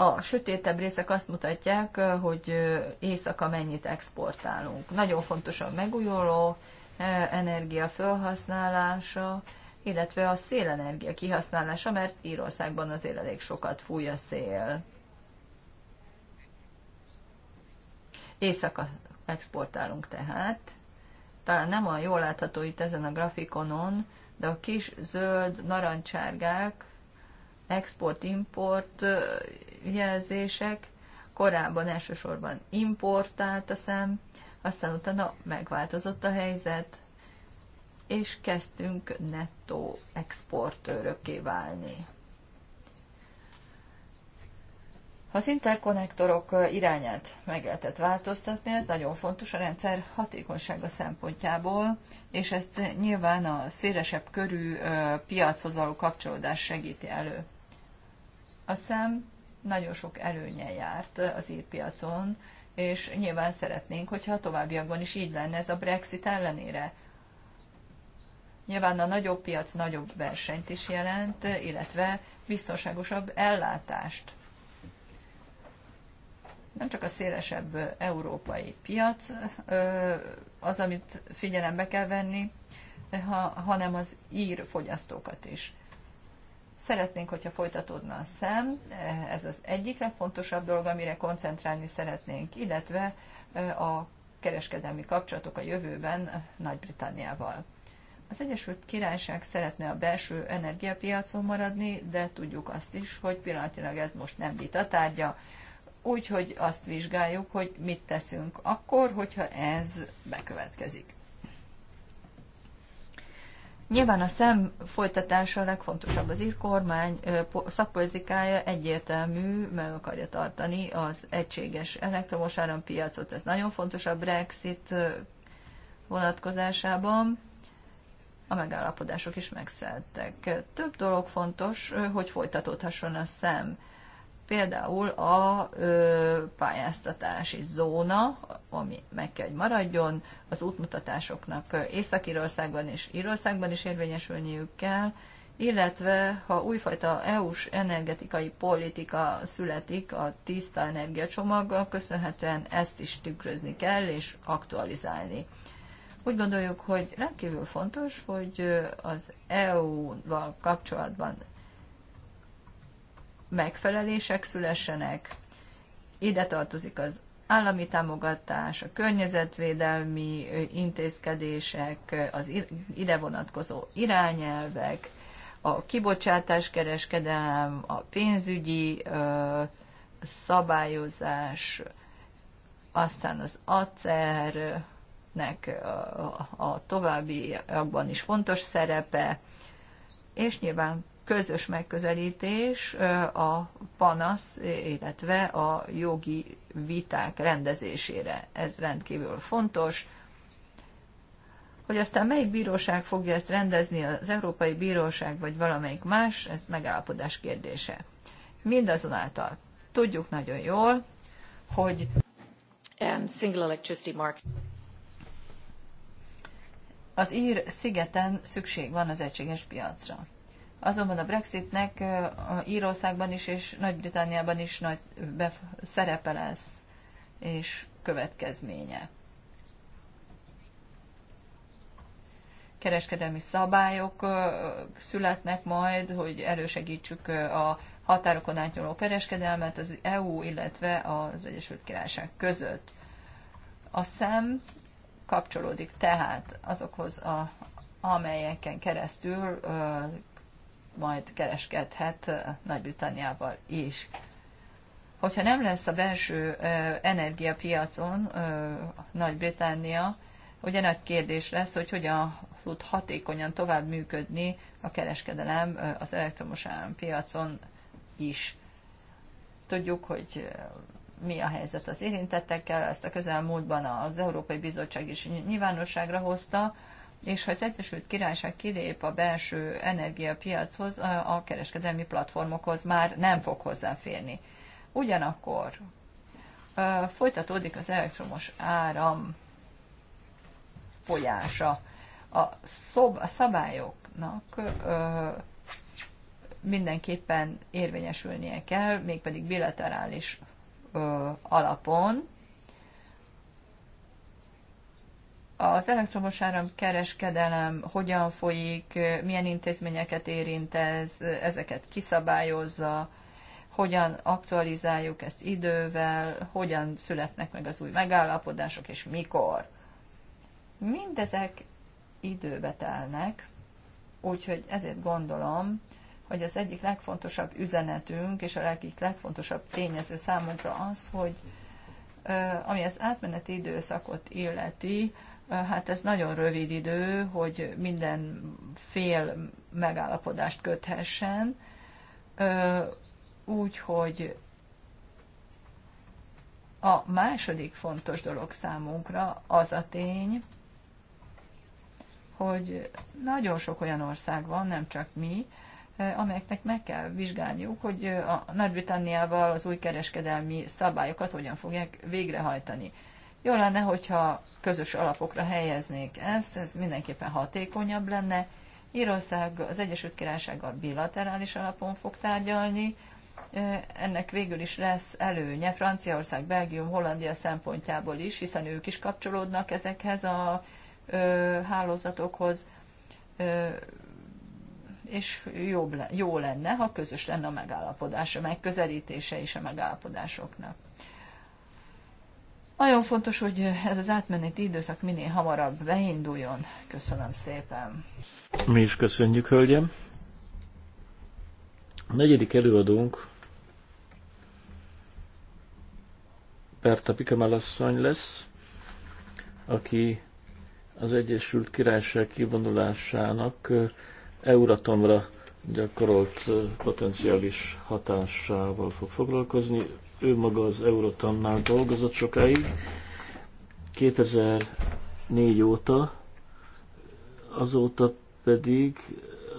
a sötétebb részek azt mutatják, hogy éjszaka mennyit exportálunk. Nagyon fontos a megújuló energia felhasználása, illetve a szélenergia kihasználása, mert Írországban azért elég sokat fúj a szél. Éjszaka exportálunk tehát. Talán nem olyan jól látható itt ezen a grafikonon, de a kis zöld narancsárgák export-import jelzések, korábban elsősorban importált a szem, aztán utána megváltozott a helyzet, és kezdtünk nettó exportőrökké válni. Ha az interkonnektorok irányát meg lehetett változtatni, ez nagyon fontos a rendszer hatékonysága szempontjából, és ezt nyilván a szélesebb körű piachoz való kapcsolódás segíti elő. A szem nagyon sok előnye járt az írpiacon, és nyilván szeretnénk, hogyha a továbbiakban is így lenne ez a Brexit ellenére. Nyilván a nagyobb piac nagyobb versenyt is jelent, illetve biztonságosabb ellátást. Nem csak a szélesebb európai piac az, amit figyelembe kell venni, hanem az ír fogyasztókat is. Szeretnénk, hogyha folytatódna a szem, ez az egyik legfontosabb dolog, amire koncentrálni szeretnénk, illetve a kereskedelmi kapcsolatok a jövőben Nagy-Britanniával. Az Egyesült Királyság szeretne a belső energiapiacon maradni, de tudjuk azt is, hogy pillanatilag ez most nem vita tárgya, úgyhogy azt vizsgáljuk, hogy mit teszünk akkor, hogyha ez bekövetkezik. Nyilván a szem folytatása a legfontosabb. Az írkormány szakpolitikája egyértelmű, meg akarja tartani az egységes elektromos árampiacot. Ez nagyon fontos a Brexit vonatkozásában. A megállapodások is megszeltek. Több dolog fontos, hogy folytatódhasson a szem. Például a ö, pályáztatási zóna, ami meg kell, hogy maradjon, az útmutatásoknak Észak-Írországban és Írországban is érvényesülniük kell, illetve ha újfajta EU-s energetikai politika születik a tiszta energiacsomaggal, köszönhetően ezt is tükrözni kell és aktualizálni. Úgy gondoljuk, hogy rendkívül fontos, hogy az EU-val kapcsolatban megfelelések szülessenek. Ide tartozik az állami támogatás, a környezetvédelmi intézkedések, az ide vonatkozó irányelvek, a kibocsátás kereskedelem, a pénzügyi ö, szabályozás, aztán az acernek a, a továbbiakban is fontos szerepe, és nyilván közös megközelítés a panasz, illetve a jogi viták rendezésére. Ez rendkívül fontos. Hogy aztán melyik bíróság fogja ezt rendezni, az Európai Bíróság vagy valamelyik más, ez megállapodás kérdése. Mindazonáltal tudjuk nagyon jól, hogy um, single electricity market. Az ír szigeten szükség van az egységes piacra. Azonban a Brexitnek a Írországban is és Nagy-Britanniában is nagy szerepe lesz és következménye. Kereskedelmi szabályok születnek majd, hogy elősegítsük a határokon átnyúló kereskedelmet az EU, illetve az Egyesült Királyság között. A szem kapcsolódik tehát azokhoz, a, amelyeken keresztül majd kereskedhet Nagy-Britanniával is. Hogyha nem lesz a belső energiapiacon Nagy-Britannia, ugye nagy kérdés lesz, hogy hogyan tud hatékonyan tovább működni a kereskedelem az elektromos árampiacon is. Tudjuk, hogy mi a helyzet az érintettekkel, ezt a közelmúltban az Európai Bizottság is nyilvánosságra hozta, és ha az Egyesült Királyság kilép a belső energiapiachoz, a kereskedelmi platformokhoz már nem fog hozzáférni. Ugyanakkor folytatódik az elektromos áram folyása. A, szob, a szabályoknak ö, mindenképpen érvényesülnie kell, mégpedig bilaterális ö, alapon, az elektromos áram kereskedelem hogyan folyik, milyen intézményeket érint ez, ezeket kiszabályozza, hogyan aktualizáljuk ezt idővel, hogyan születnek meg az új megállapodások, és mikor. Mindezek időbe telnek, úgyhogy ezért gondolom, hogy az egyik legfontosabb üzenetünk, és a legik legfontosabb tényező számunkra az, hogy ami az átmeneti időszakot illeti, hát ez nagyon rövid idő, hogy minden fél megállapodást köthessen, úgyhogy a második fontos dolog számunkra az a tény, hogy nagyon sok olyan ország van, nem csak mi, amelyeknek meg kell vizsgálniuk, hogy a Nagy-Britanniával az új kereskedelmi szabályokat hogyan fogják végrehajtani. Jó lenne, hogyha közös alapokra helyeznék ezt, ez mindenképpen hatékonyabb lenne. Írország az Egyesült Királysággal bilaterális alapon fog tárgyalni, ennek végül is lesz előnye Franciaország, Belgium, Hollandia szempontjából is, hiszen ők is kapcsolódnak ezekhez a ö, hálózatokhoz, ö, és jobb, jó lenne, ha közös lenne a megállapodás, a megközelítése is a megállapodásoknak. Nagyon fontos, hogy ez az átmeneti időszak minél hamarabb beinduljon. Köszönöm szépen. Mi is köszönjük, hölgyem. A negyedik előadónk Berta Pikamelasszony lesz, aki az Egyesült Királyság kivonulásának Euratomra gyakorolt potenciális hatásával fog foglalkozni ő maga az Eurotannál dolgozott sokáig, 2004 óta, azóta pedig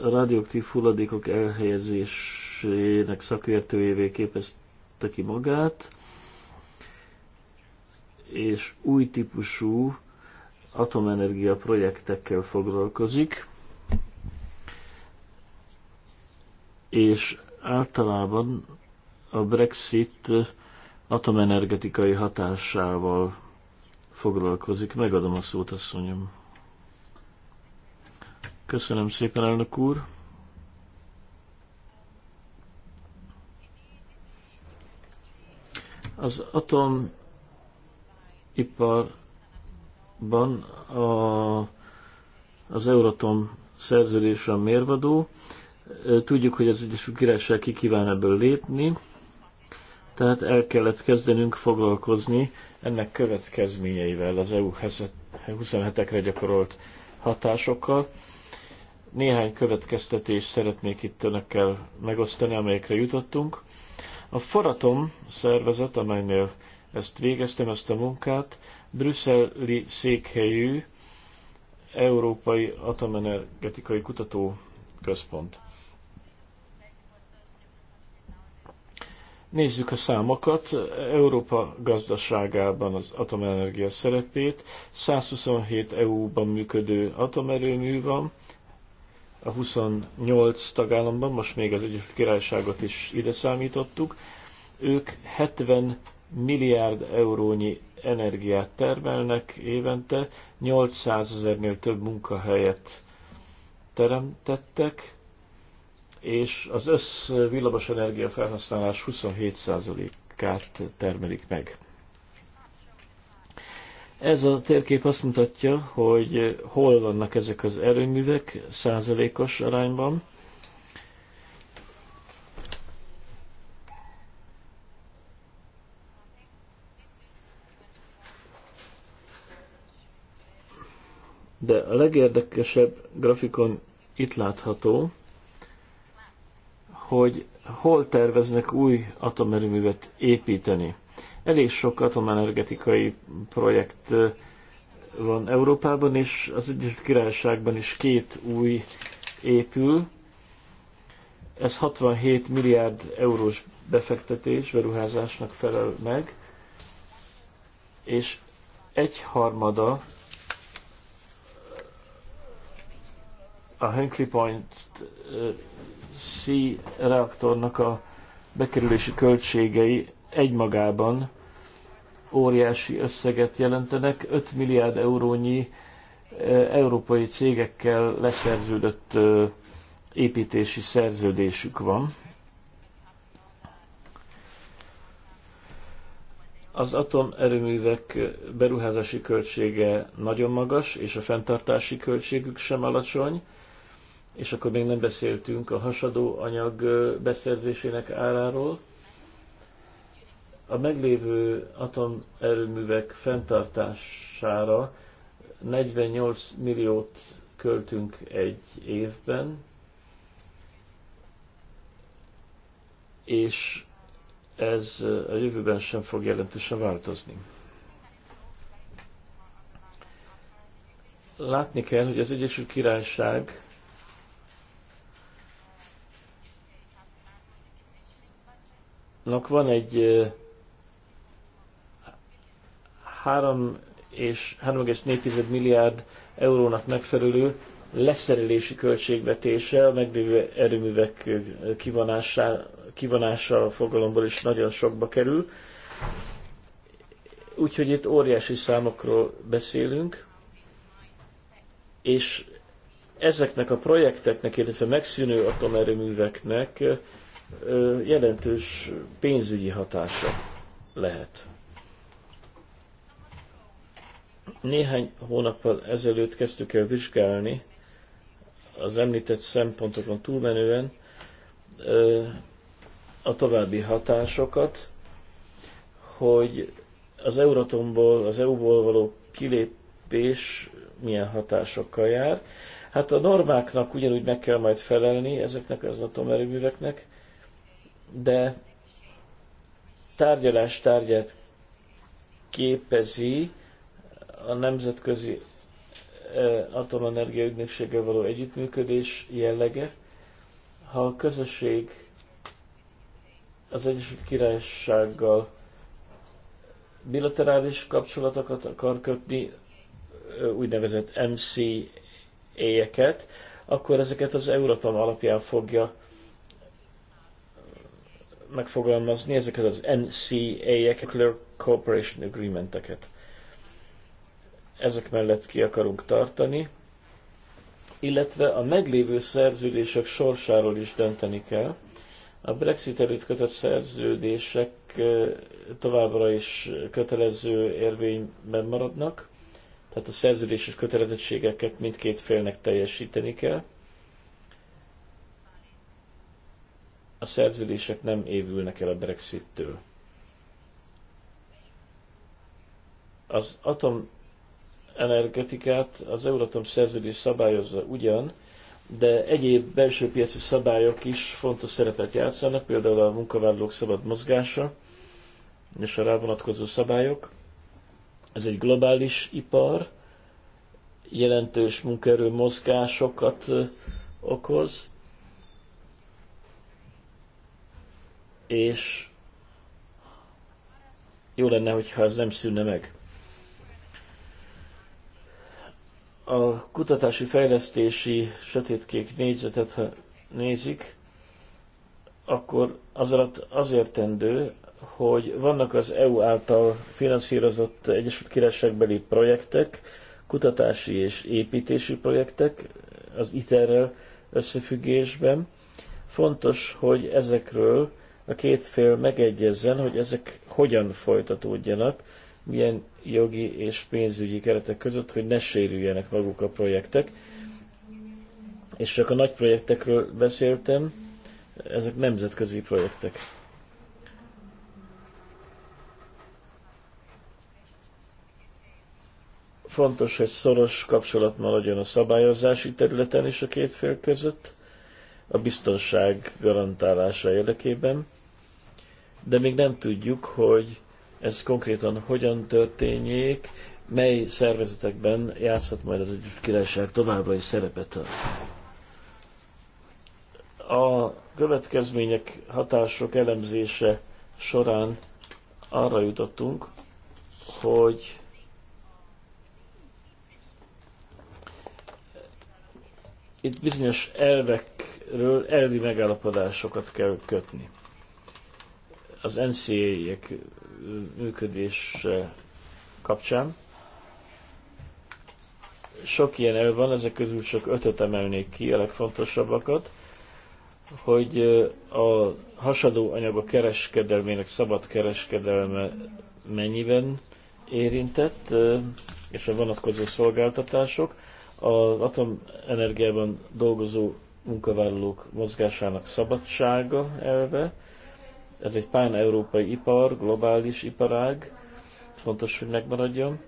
a radioaktív hulladékok elhelyezésének szakértőjévé képezte ki magát, és új típusú atomenergia projektekkel foglalkozik, és általában a Brexit atomenergetikai hatásával foglalkozik. Megadom a szót, asszonyom. Köszönöm szépen, elnök úr. Az atomiparban a, az Euratom szerződés a mérvadó. Tudjuk, hogy az Egyesült Királyság ki kíván ebből lépni tehát el kellett kezdenünk foglalkozni ennek következményeivel, az EU 27-ekre gyakorolt hatásokkal. Néhány következtetést szeretnék itt önökkel megosztani, amelyekre jutottunk. A Foratom szervezet, amelynél ezt végeztem, ezt a munkát, brüsszeli székhelyű Európai Atomenergetikai Kutató Központ. Nézzük a számokat. Európa gazdaságában az atomenergia szerepét. 127 EU-ban működő atomerőmű van, a 28 tagállamban, most még az Egyesült Királyságot is ide számítottuk. Ők 70 milliárd eurónyi energiát termelnek évente, 800 ezernél több munkahelyet teremtettek, és az össz villamos energia felhasználás 27%-át termelik meg. Ez a térkép azt mutatja, hogy hol vannak ezek az erőművek százalékos arányban. De a legérdekesebb grafikon itt látható, hogy hol terveznek új atomerőművet építeni. Elég sok atomenergetikai projekt van Európában, és az Egyesült Királyságban is két új épül. Ez 67 milliárd eurós befektetés, beruházásnak felel meg, és egy harmada a Hinkley Point C reaktornak a bekerülési költségei egymagában óriási összeget jelentenek, 5 milliárd eurónyi e, európai cégekkel leszerződött e, építési szerződésük van. Az atomerőművek beruházási költsége nagyon magas, és a fenntartási költségük sem alacsony és akkor még nem beszéltünk a hasadó anyag beszerzésének áráról. A meglévő atomerőművek fenntartására 48 milliót költünk egy évben, és ez a jövőben sem fog jelentősen változni. Látni kell, hogy az Egyesült Királyság van egy 3 és 3,4 milliárd eurónak megfelelő leszerelési költségvetése, a meglévő erőművek kivonása, kivonása a fogalomból is nagyon sokba kerül. Úgyhogy itt óriási számokról beszélünk, és ezeknek a projekteknek, illetve megszűnő atomerőműveknek jelentős pénzügyi hatása lehet. Néhány hónappal ezelőtt kezdtük el vizsgálni az említett szempontokon túlmenően a további hatásokat, hogy az Euratomból, az EU-ból való kilépés milyen hatásokkal jár. Hát a normáknak ugyanúgy meg kell majd felelni ezeknek az atomerőműveknek, de tárgyalás tárgyát képezi a Nemzetközi Atomenergia Ügynökséggel való együttműködés jellege. Ha a közösség az Egyesült Királysággal bilaterális kapcsolatokat akar kötni, úgynevezett MCA-eket, akkor ezeket az Euratom alapján fogja megfogalmazni ezeket az NCA-eket, Nuclear Cooperation Agreement-eket. Ezek mellett ki akarunk tartani, illetve a meglévő szerződések sorsáról is dönteni kell. A Brexit előtt kötött szerződések továbbra is kötelező érvényben maradnak, tehát a szerződéses kötelezettségeket mindkét félnek teljesíteni kell a szerződések nem évülnek el a Brexit-től. Az atomenergetikát az Euratom szerződés szabályozza ugyan, de egyéb belső piaci szabályok is fontos szerepet játszanak, például a munkavállalók szabad mozgása és a rá vonatkozó szabályok. Ez egy globális ipar, jelentős munkaerő mozgásokat okoz, és jó lenne, hogyha ez nem szűnne meg. A kutatási fejlesztési sötétkék négyzetet, ha nézik, akkor az alatt azért tendő, hogy vannak az EU által finanszírozott Egyesült Királyságbeli projektek, kutatási és építési projektek az ITER-rel összefüggésben. Fontos, hogy ezekről a két fél megegyezzen, hogy ezek hogyan folytatódjanak, milyen jogi és pénzügyi keretek között, hogy ne sérüljenek maguk a projektek. És csak a nagy projektekről beszéltem, ezek nemzetközi projektek. Fontos, hogy szoros kapcsolat maradjon a szabályozási területen is a két fél között a biztonság garantálása érdekében, de még nem tudjuk, hogy ez konkrétan hogyan történjék, mely szervezetekben játszhat majd az Egyesült Királyság továbbra is szerepet. A következmények, hatások elemzése során arra jutottunk, hogy itt bizonyos elvek ről elvi megállapodásokat kell kötni. Az NCA-ek működése kapcsán. Sok ilyen elv van, ezek közül csak ötöt emelnék ki, a legfontosabbakat, hogy a hasadó anyagok kereskedelmének szabad kereskedelme mennyiben érintett, és a vonatkozó szolgáltatások, az atomenergiában dolgozó munkavállalók mozgásának szabadsága elve. Ez egy pán-európai ipar, globális iparág, fontos, hogy megmaradjon.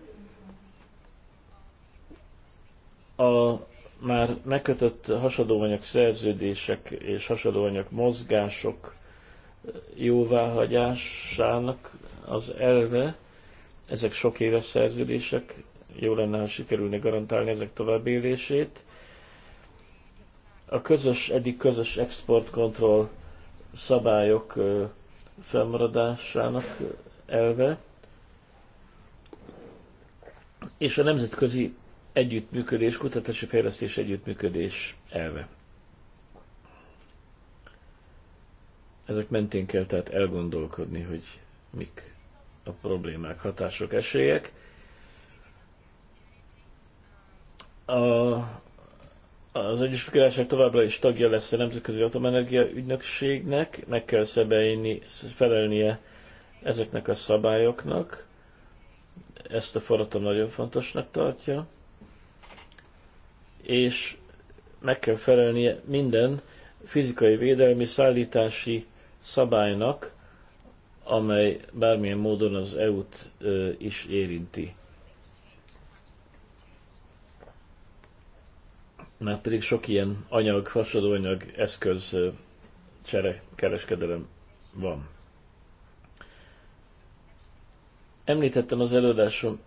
A már megkötött hasadóanyag szerződések és hasadóanyag mozgások jóváhagyásának az elve, ezek sok éves szerződések, jó lenne, ha sikerülne garantálni ezek továbbélését a közös, eddig közös exportkontroll szabályok felmaradásának elve, és a nemzetközi együttműködés, kutatási fejlesztés együttműködés elve. Ezek mentén kell tehát elgondolkodni, hogy mik a problémák, hatások, esélyek. A az Egyesült Királyság továbbra is tagja lesz a Nemzetközi Atomenergia Ügynökségnek, meg kell szebeinni, felelnie ezeknek a szabályoknak. Ezt a forratom nagyon fontosnak tartja. És meg kell felelnie minden fizikai védelmi szállítási szabálynak, amely bármilyen módon az EU-t is érinti. már pedig sok ilyen anyag, anyag eszköz csere, kereskedelem van. Említettem az előadásom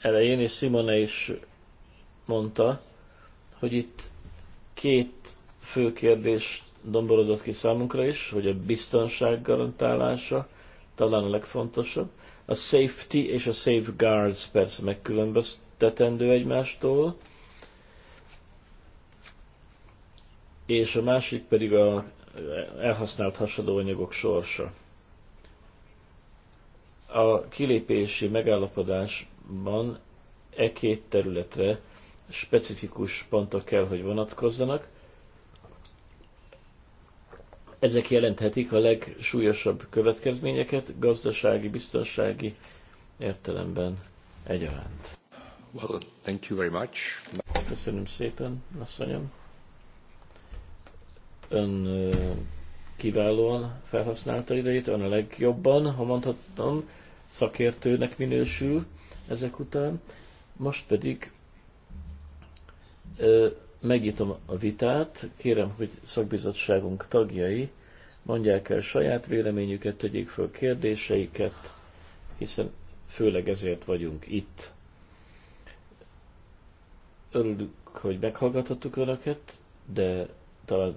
elején, és Simone is mondta, hogy itt két fő kérdés domborodott ki számunkra is, hogy a biztonság garantálása talán a legfontosabb. A safety és a safeguards persze megkülönböztet, tetendő egymástól, és a másik pedig a elhasznált hasadóanyagok sorsa. A kilépési megállapodásban e két területre specifikus pontok kell, hogy vonatkozzanak. Ezek jelenthetik a legsúlyosabb következményeket gazdasági, biztonsági értelemben egyaránt. Well, thank you very much. Köszönöm szépen, asszonyom. Ön kiválóan felhasználta idejét, ön a legjobban, ha mondhatom, szakértőnek minősül ezek után. Most pedig megnyitom a vitát, kérem, hogy szakbizottságunk tagjai mondják el saját véleményüket, tegyék föl kérdéseiket, hiszen főleg ezért vagyunk itt. Örülünk, hogy meghallgathattuk Önöket, de talán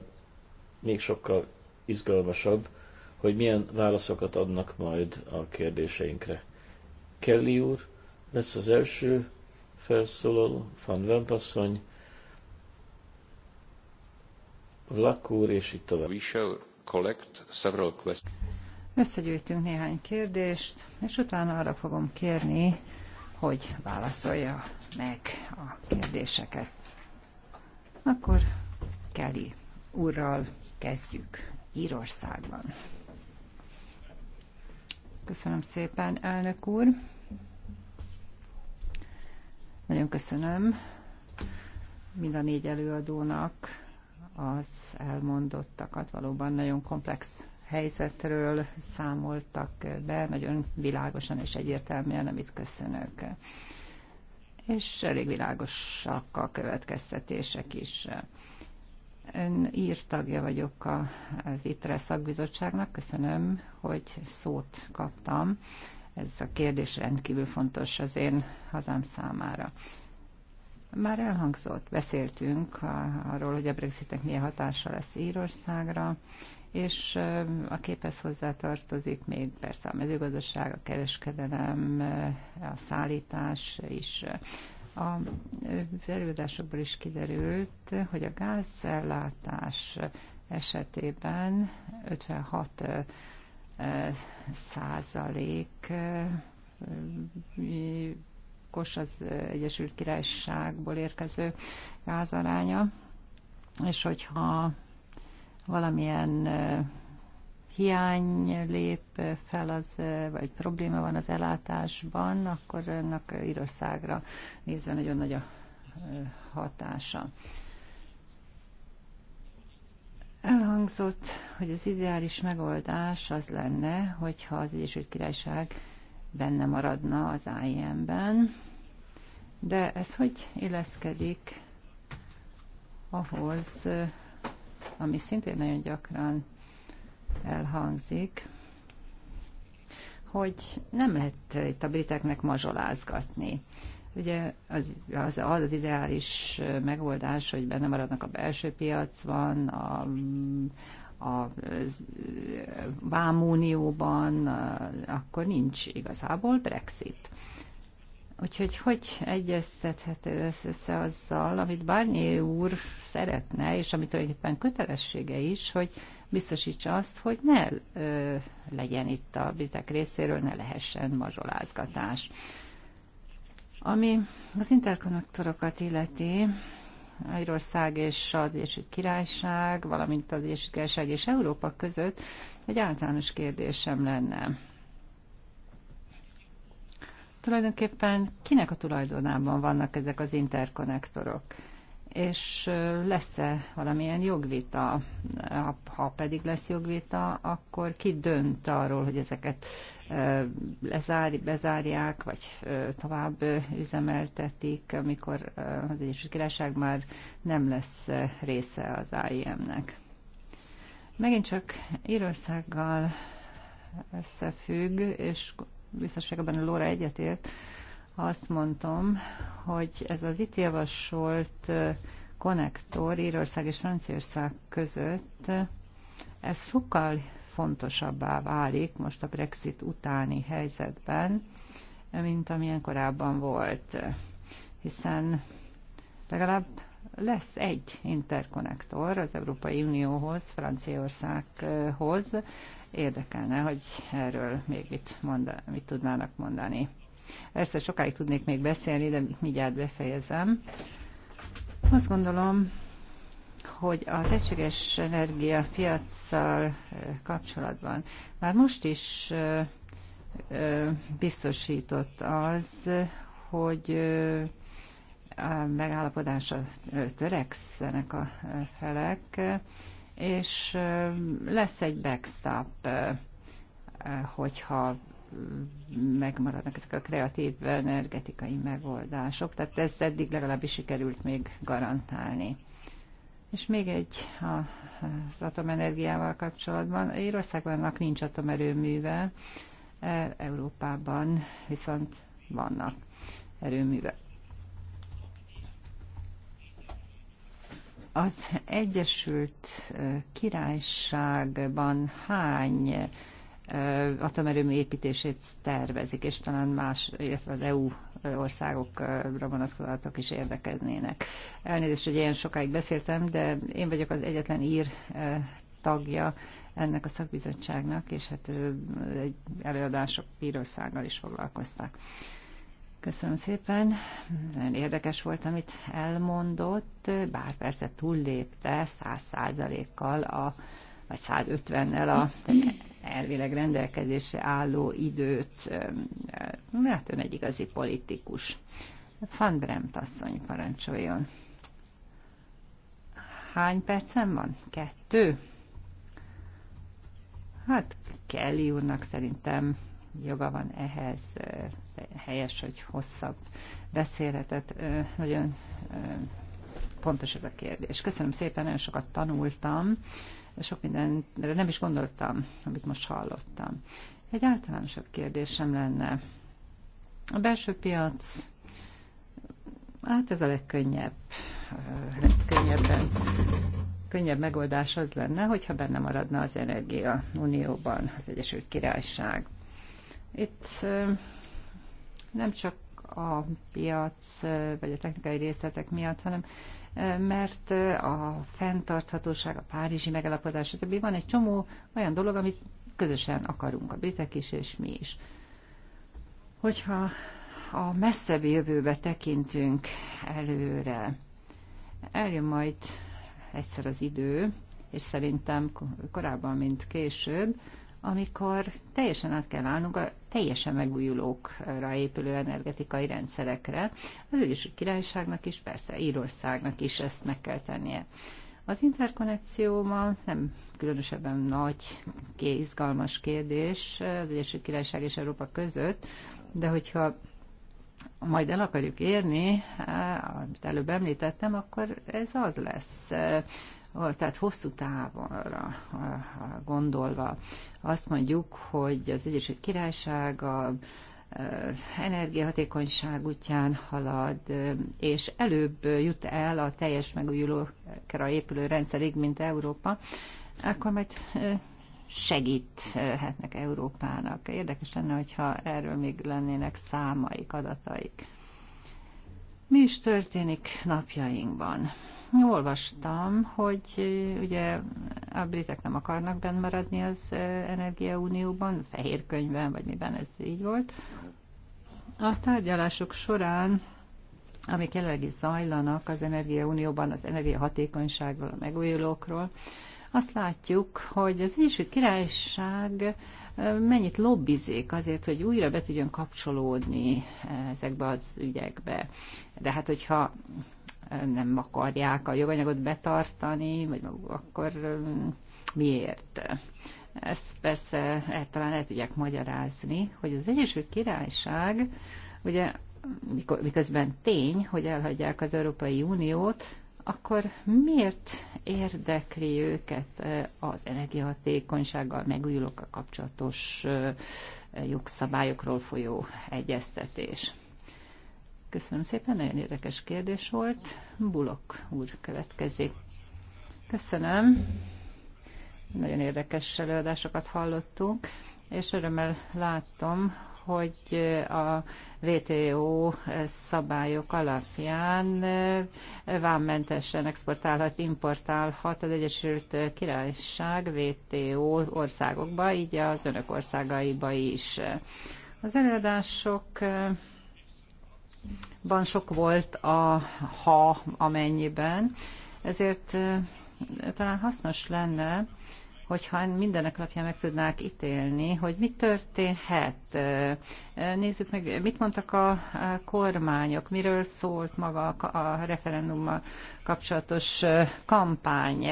még sokkal izgalmasabb, hogy milyen válaszokat adnak majd a kérdéseinkre. Kelly úr lesz az első felszólaló, Van Vempasszony, Vlak úr, és itt tovább. We shall collect several questions. Összegyűjtünk néhány kérdést, és utána arra fogom kérni hogy válaszolja meg a kérdéseket. Akkor Kelly úrral kezdjük Írországban. Köszönöm szépen, elnök úr. Nagyon köszönöm mind a négy előadónak az elmondottakat. Valóban nagyon komplex helyzetről számoltak be, nagyon világosan és egyértelműen, amit köszönök. És elég világosak a következtetések is. Ön írtagja vagyok az ITRE szakbizottságnak, köszönöm, hogy szót kaptam. Ez a kérdés rendkívül fontos az én hazám számára. Már elhangzott, beszéltünk arról, hogy a Brexitnek milyen hatása lesz Írországra, és a képhez hozzá tartozik még persze a mezőgazdaság, a kereskedelem, a szállítás is. A előadásokból is kiderült, hogy a gázellátás esetében 56 százalék kos az Egyesült Királyságból érkező gázaránya, és hogyha valamilyen hiány lép fel, az, vagy probléma van az ellátásban, akkor ennek Írországra nézve nagyon nagy a hatása. Elhangzott, hogy az ideális megoldás az lenne, hogyha az Egyesült Királyság benne maradna az IM-ben, de ez hogy illeszkedik ahhoz, ami szintén nagyon gyakran elhangzik, hogy nem lehet itt a briteknek mazsolázgatni. Ugye az az, az, az ideális megoldás, hogy benne maradnak a belső piacban, a, a vámunióban, akkor nincs igazából Brexit. Úgyhogy hogy egyeztethető ez össze azzal, amit Barnier úr szeretne, és amit tulajdonképpen kötelessége is, hogy biztosítsa azt, hogy ne ö, legyen itt a britek részéről, ne lehessen mazsolázgatás. Ami az interkonnektorokat illeti, Írország és az Egyesült Királyság, valamint az Egyesült Királyság és Európa között egy általános kérdésem lenne tulajdonképpen kinek a tulajdonában vannak ezek az interkonnektorok? És lesz-e valamilyen jogvita? Ha pedig lesz jogvita, akkor ki dönt arról, hogy ezeket lezár, bezárják, vagy tovább üzemeltetik, amikor az Egyesült Királyság már nem lesz része az aim e nek Megint csak Írországgal összefügg, és biztos a Lóra egyetért, azt mondtam, hogy ez az itt javasolt konnektor Írország és Franciaország között, ez sokkal fontosabbá válik most a Brexit utáni helyzetben, mint amilyen korábban volt, hiszen legalább lesz egy interkonnektor az Európai Unióhoz, Franciaországhoz, Érdekelne, hogy erről még mit, monda, mit tudnának mondani. Persze sokáig tudnék még beszélni, de mindjárt befejezem. Azt gondolom, hogy az egységes piacsal eh, kapcsolatban már most is eh, eh, biztosított az, hogy a megállapodásra törekszenek a felek, és lesz egy backstop, hogyha megmaradnak ezek a kreatív energetikai megoldások, tehát ez eddig legalábbis sikerült még garantálni. És még egy az atomenergiával kapcsolatban. Írországbannak nincs atomerőműve, e, Európában viszont vannak erőművek. Az Egyesült Királyságban hány atomerőmű építését tervezik, és talán más, illetve az EU országokra vonatkozatok is érdekeznének. Elnézést, hogy ilyen sokáig beszéltem, de én vagyok az egyetlen ír tagja ennek a szakbizottságnak, és hát előadások Írországgal is foglalkoztak. Köszönöm szépen. Nagyon érdekes volt, amit elmondott, bár persze túllépte 100%-kal a vagy 150-nel a elvileg rendelkezésre álló időt, mert hát ön egy igazi politikus. Van Bremt asszony, parancsoljon. Hány percem van? Kettő? Hát Kelly úrnak szerintem joga van ehhez, helyes, hogy hosszabb beszélhetett. Nagyon pontos ez a kérdés. Köszönöm szépen, nagyon sokat tanultam, sok mindenre nem is gondoltam, amit most hallottam. Egy általánosabb kérdésem lenne. A belső piac, hát ez a legkönnyebb, legkönnyebben könnyebb megoldás az lenne, hogyha benne maradna az energia unióban, az Egyesült Királyság. Itt nem csak a piac vagy a technikai részletek miatt, hanem mert a fenntarthatóság, a párizsi megállapodás, stb. van egy csomó olyan dolog, amit közösen akarunk, a britek is, és mi is. Hogyha a messzebb jövőbe tekintünk előre, eljön majd egyszer az idő, és szerintem korábban, mint később, amikor teljesen át kell állnunk a teljesen megújulókra épülő energetikai rendszerekre. Az Egyesült Királyságnak is, persze Írországnak is ezt meg kell tennie. Az interkonnekció ma nem különösebben nagy, izgalmas kérdés az Egyesült Királyság és Európa között, de hogyha majd el akarjuk érni, eh, amit előbb említettem, akkor ez az lesz tehát hosszú távonra gondolva azt mondjuk, hogy az Egyesült Királyság a e, energiahatékonyság útján halad, e, és előbb jut el a teljes megújulókra épülő rendszerig, mint Európa, akkor majd e, segíthetnek Európának. Érdekes lenne, hogyha erről még lennének számaik, adataik. Mi is történik napjainkban? Olvastam, hogy ugye a britek nem akarnak benn maradni az Energiaunióban, fehér könyvben, vagy miben ez így volt. A tárgyalások során amik jelenleg is zajlanak az Energiaunióban, az energiahatékonyságról, a megújulókról, azt látjuk, hogy az Egyesült Királyság mennyit lobbizik azért, hogy újra be tudjon kapcsolódni ezekbe az ügyekbe. De hát, hogyha nem akarják a joganyagot betartani, vagy maguk, akkor miért? Ezt persze eh, talán el tudják magyarázni, hogy az Egyesült Királyság, ugye miközben tény, hogy elhagyják az Európai Uniót, akkor miért érdekli őket eh, az energiahatékonysággal, megújulókkal kapcsolatos eh, jogszabályokról folyó egyeztetés? Köszönöm szépen, nagyon érdekes kérdés volt. Bulok úr következik. Köszönöm. Nagyon érdekes előadásokat hallottunk, és örömmel láttam, hogy a WTO szabályok alapján vámmentesen exportálhat, importálhat az Egyesült Királyság WTO országokba, így az önök országaiba is. Az előadások ban sok volt a ha amennyiben, ezért talán hasznos lenne, hogyha mindenek alapján meg tudnák ítélni, hogy mi történhet. Nézzük meg, mit mondtak a kormányok, miről szólt maga a referendummal kapcsolatos kampány.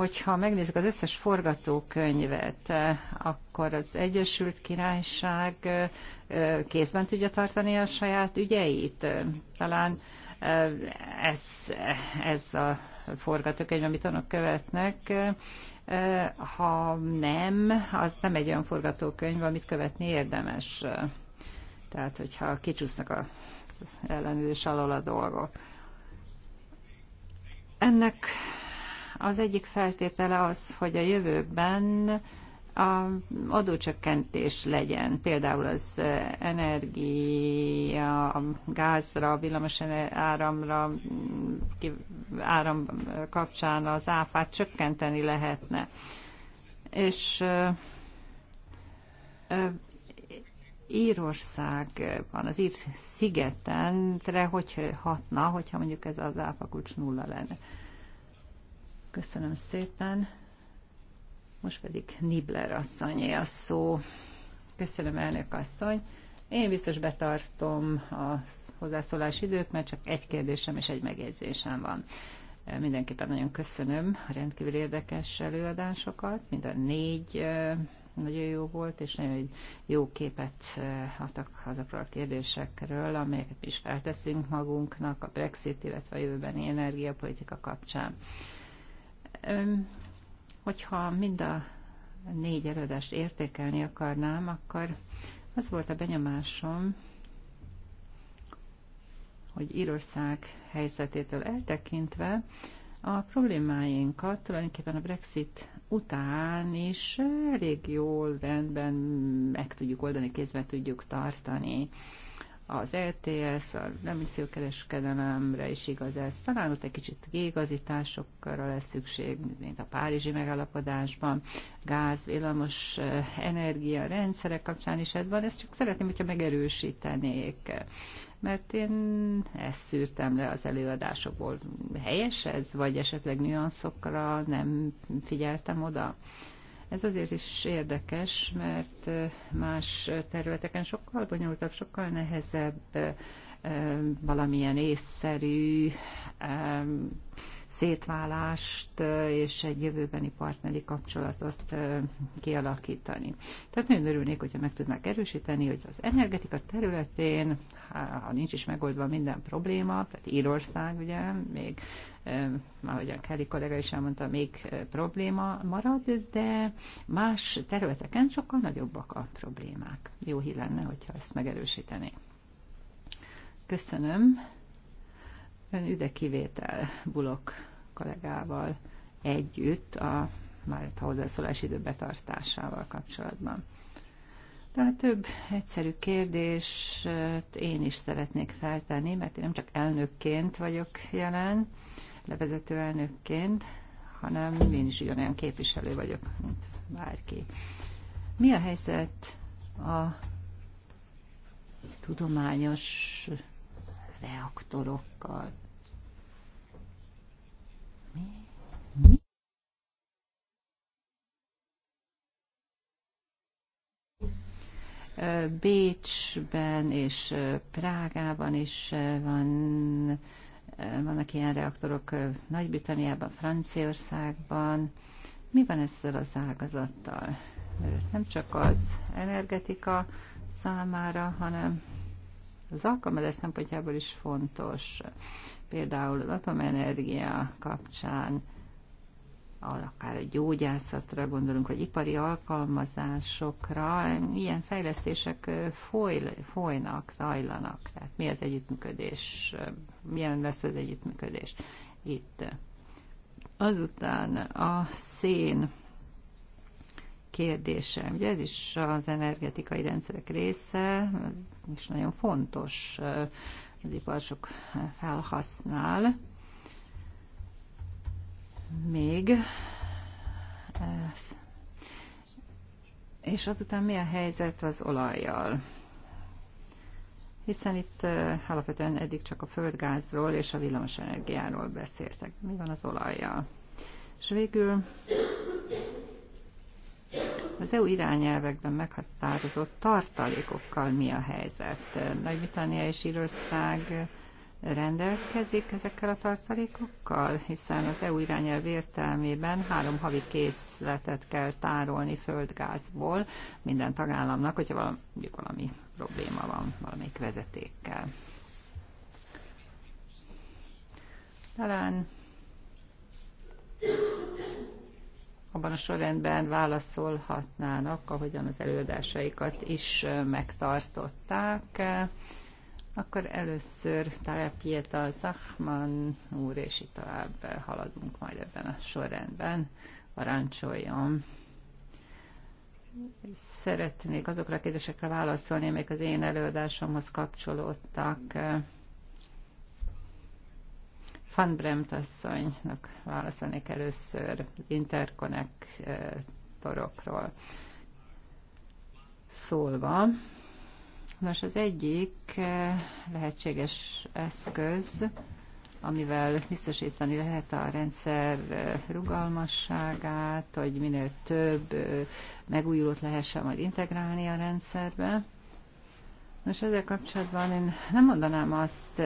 Hogyha megnézzük az összes forgatókönyvet, akkor az Egyesült Királyság kézben tudja tartani a saját ügyeit. Talán ez, ez a forgatókönyv, amit annak követnek. Ha nem, az nem egy olyan forgatókönyv, amit követni érdemes. Tehát, hogyha kicsúsznak a ellenőrzés alól a dolgok. Ennek az egyik feltétele az, hogy a jövőben a adócsökkentés legyen, például az energia, a gázra, a villamos áramra, áram kapcsán az áfát csökkenteni lehetne. És Írországban, az Ír szigetenre hogy hatna, hogyha mondjuk ez az áfakulcs nulla lenne. Köszönöm szépen. Most pedig Nibler asszonyé a szó. Köszönöm, elnök asszony. Én biztos betartom a hozzászólás időt, mert csak egy kérdésem és egy megjegyzésem van. Mindenképpen nagyon köszönöm a rendkívül érdekes előadásokat, mind a négy nagyon jó volt, és nagyon jó képet adtak azokról a kérdésekről, amelyeket is felteszünk magunknak a Brexit, illetve a jövőbeni energiapolitika kapcsán. Hogyha mind a négy előadást értékelni akarnám, akkor az volt a benyomásom, hogy Írország helyzetétől eltekintve a problémáinkat tulajdonképpen a Brexit után is elég jól rendben meg tudjuk oldani, kézbe tudjuk tartani az ETS, a emissziókereskedelemre is igaz ez. Talán ott egy kicsit kiigazításokra lesz szükség, mint a Párizsi megállapodásban, gáz, villamos, eh, energia, rendszerek kapcsán is ez van. Ezt csak szeretném, hogyha megerősítenék mert én ezt szűrtem le az előadásokból. Helyes ez, vagy esetleg nüanszokra nem figyeltem oda? Ez azért is érdekes, mert más területeken sokkal bonyolultabb, sokkal nehezebb valamilyen észszerű szétválást és egy jövőbeni partneri kapcsolatot kialakítani. Tehát nagyon örülnék, hogyha meg tudnák erősíteni, hogy az energetika területén, ha nincs is megoldva minden probléma, tehát Írország ugye még már a Kelly kollega is elmondta, még probléma marad, de más területeken sokkal nagyobbak a problémák. Jó hír lenne, hogyha ezt megerősítené. Köszönöm. Ide kivétel Bulok kollégával együtt a már a hozzászólás idő betartásával kapcsolatban. Tehát több egyszerű kérdést én is szeretnék feltenni, mert én nem csak elnökként vagyok jelen, levezető elnökként, hanem én is ugyanolyan képviselő vagyok, mint bárki. Mi a helyzet a tudományos reaktorokkal. Mi? Mi? Bécsben és Prágában is van, vannak ilyen reaktorok, Nagy-Britanniában, Franciaországban. Mi van ezzel az ágazattal? Mert ez nem csak az energetika számára, hanem az alkalmazás szempontjából is fontos. Például az atomenergia kapcsán, akár a gyógyászatra gondolunk, vagy ipari alkalmazásokra, ilyen fejlesztések foly, folynak, zajlanak. Tehát mi az együttműködés, milyen lesz az együttműködés itt. Azután a szén kérdése. Ugye ez is az energetikai rendszerek része, és nagyon fontos eh, az ipar sok eh, felhasznál. Még eh, és azután mi a helyzet az olajjal? Hiszen itt alapvetően eddig csak a földgázról és a villamosenergiáról beszéltek. Mi van az olajjal? És végül az EU irányelvekben meghatározott tartalékokkal mi a helyzet? Nagy-Britannia és Írország rendelkezik ezekkel a tartalékokkal, hiszen az EU irányelv értelmében három havi készletet kell tárolni földgázból minden tagállamnak, hogyha valami, valami probléma van valamelyik vezetékkel. Talán abban a sorrendben válaszolhatnának, ahogyan az előadásaikat is megtartották. Akkor először Tara a Zachman úr, és itt tovább haladunk majd ebben a sorrendben. Parancsoljon! Szeretnék azokra a kérdésekre válaszolni, amelyek az én előadásomhoz kapcsolódtak. Van Bremt asszonynak válaszolnék először az interkonnektorokról szólva. Nos, az egyik eh, lehetséges eszköz, amivel biztosítani lehet a rendszer eh, rugalmasságát, hogy minél több eh, megújulót lehessen majd integrálni a rendszerbe. Nos, ezzel kapcsolatban én nem mondanám azt,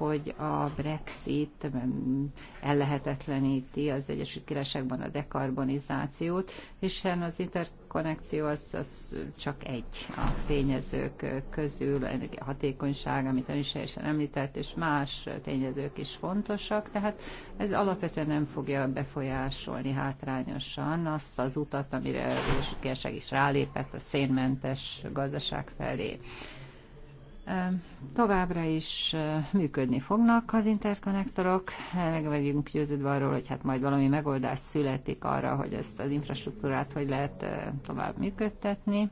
hogy a Brexit mm, ellehetetleníti az Egyesült Királyságban a dekarbonizációt, hiszen az interkonnekció az, az csak egy a tényezők közül, a hatékonyság, amit ön is helyesen említett, és más tényezők is fontosak, tehát ez alapvetően nem fogja befolyásolni hátrányosan azt az utat, amire az Egyesült Királyság is rálépett a szénmentes gazdaság felé továbbra is működni fognak az interkonnektorok, meg vagyunk győződve arról, hogy hát majd valami megoldás születik arra, hogy ezt az infrastruktúrát hogy lehet tovább működtetni.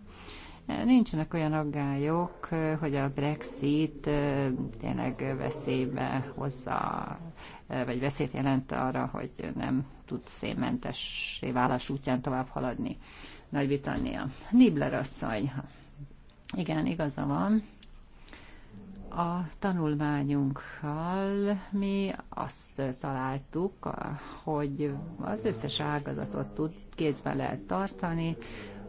Nincsenek olyan aggályok, hogy a Brexit tényleg veszélybe hozza, vagy veszélyt jelent arra, hogy nem tud szénmentessé válasz útján tovább haladni Nagy-Britannia. Nibler asszony. Igen, igaza van a tanulmányunkkal mi azt találtuk, hogy az összes ágazatot tud kézben lehet tartani.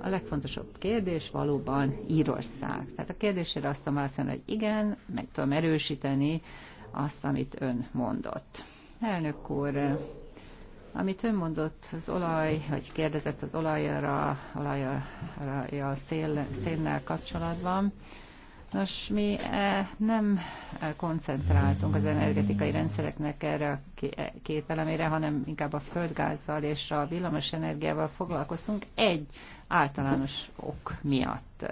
A legfontosabb kérdés valóban Írország. Tehát a kérdésére azt a válaszolni, hogy igen, meg tudom erősíteni azt, amit ön mondott. Elnök úr, amit ön mondott az olaj, vagy kérdezett az olajra, olajra a szél, szénnel kapcsolatban, Nos, mi e, nem koncentráltunk az energetikai rendszereknek erre a két e, elemére, hanem inkább a földgázzal és a villamos energiával foglalkoztunk egy általános ok miatt.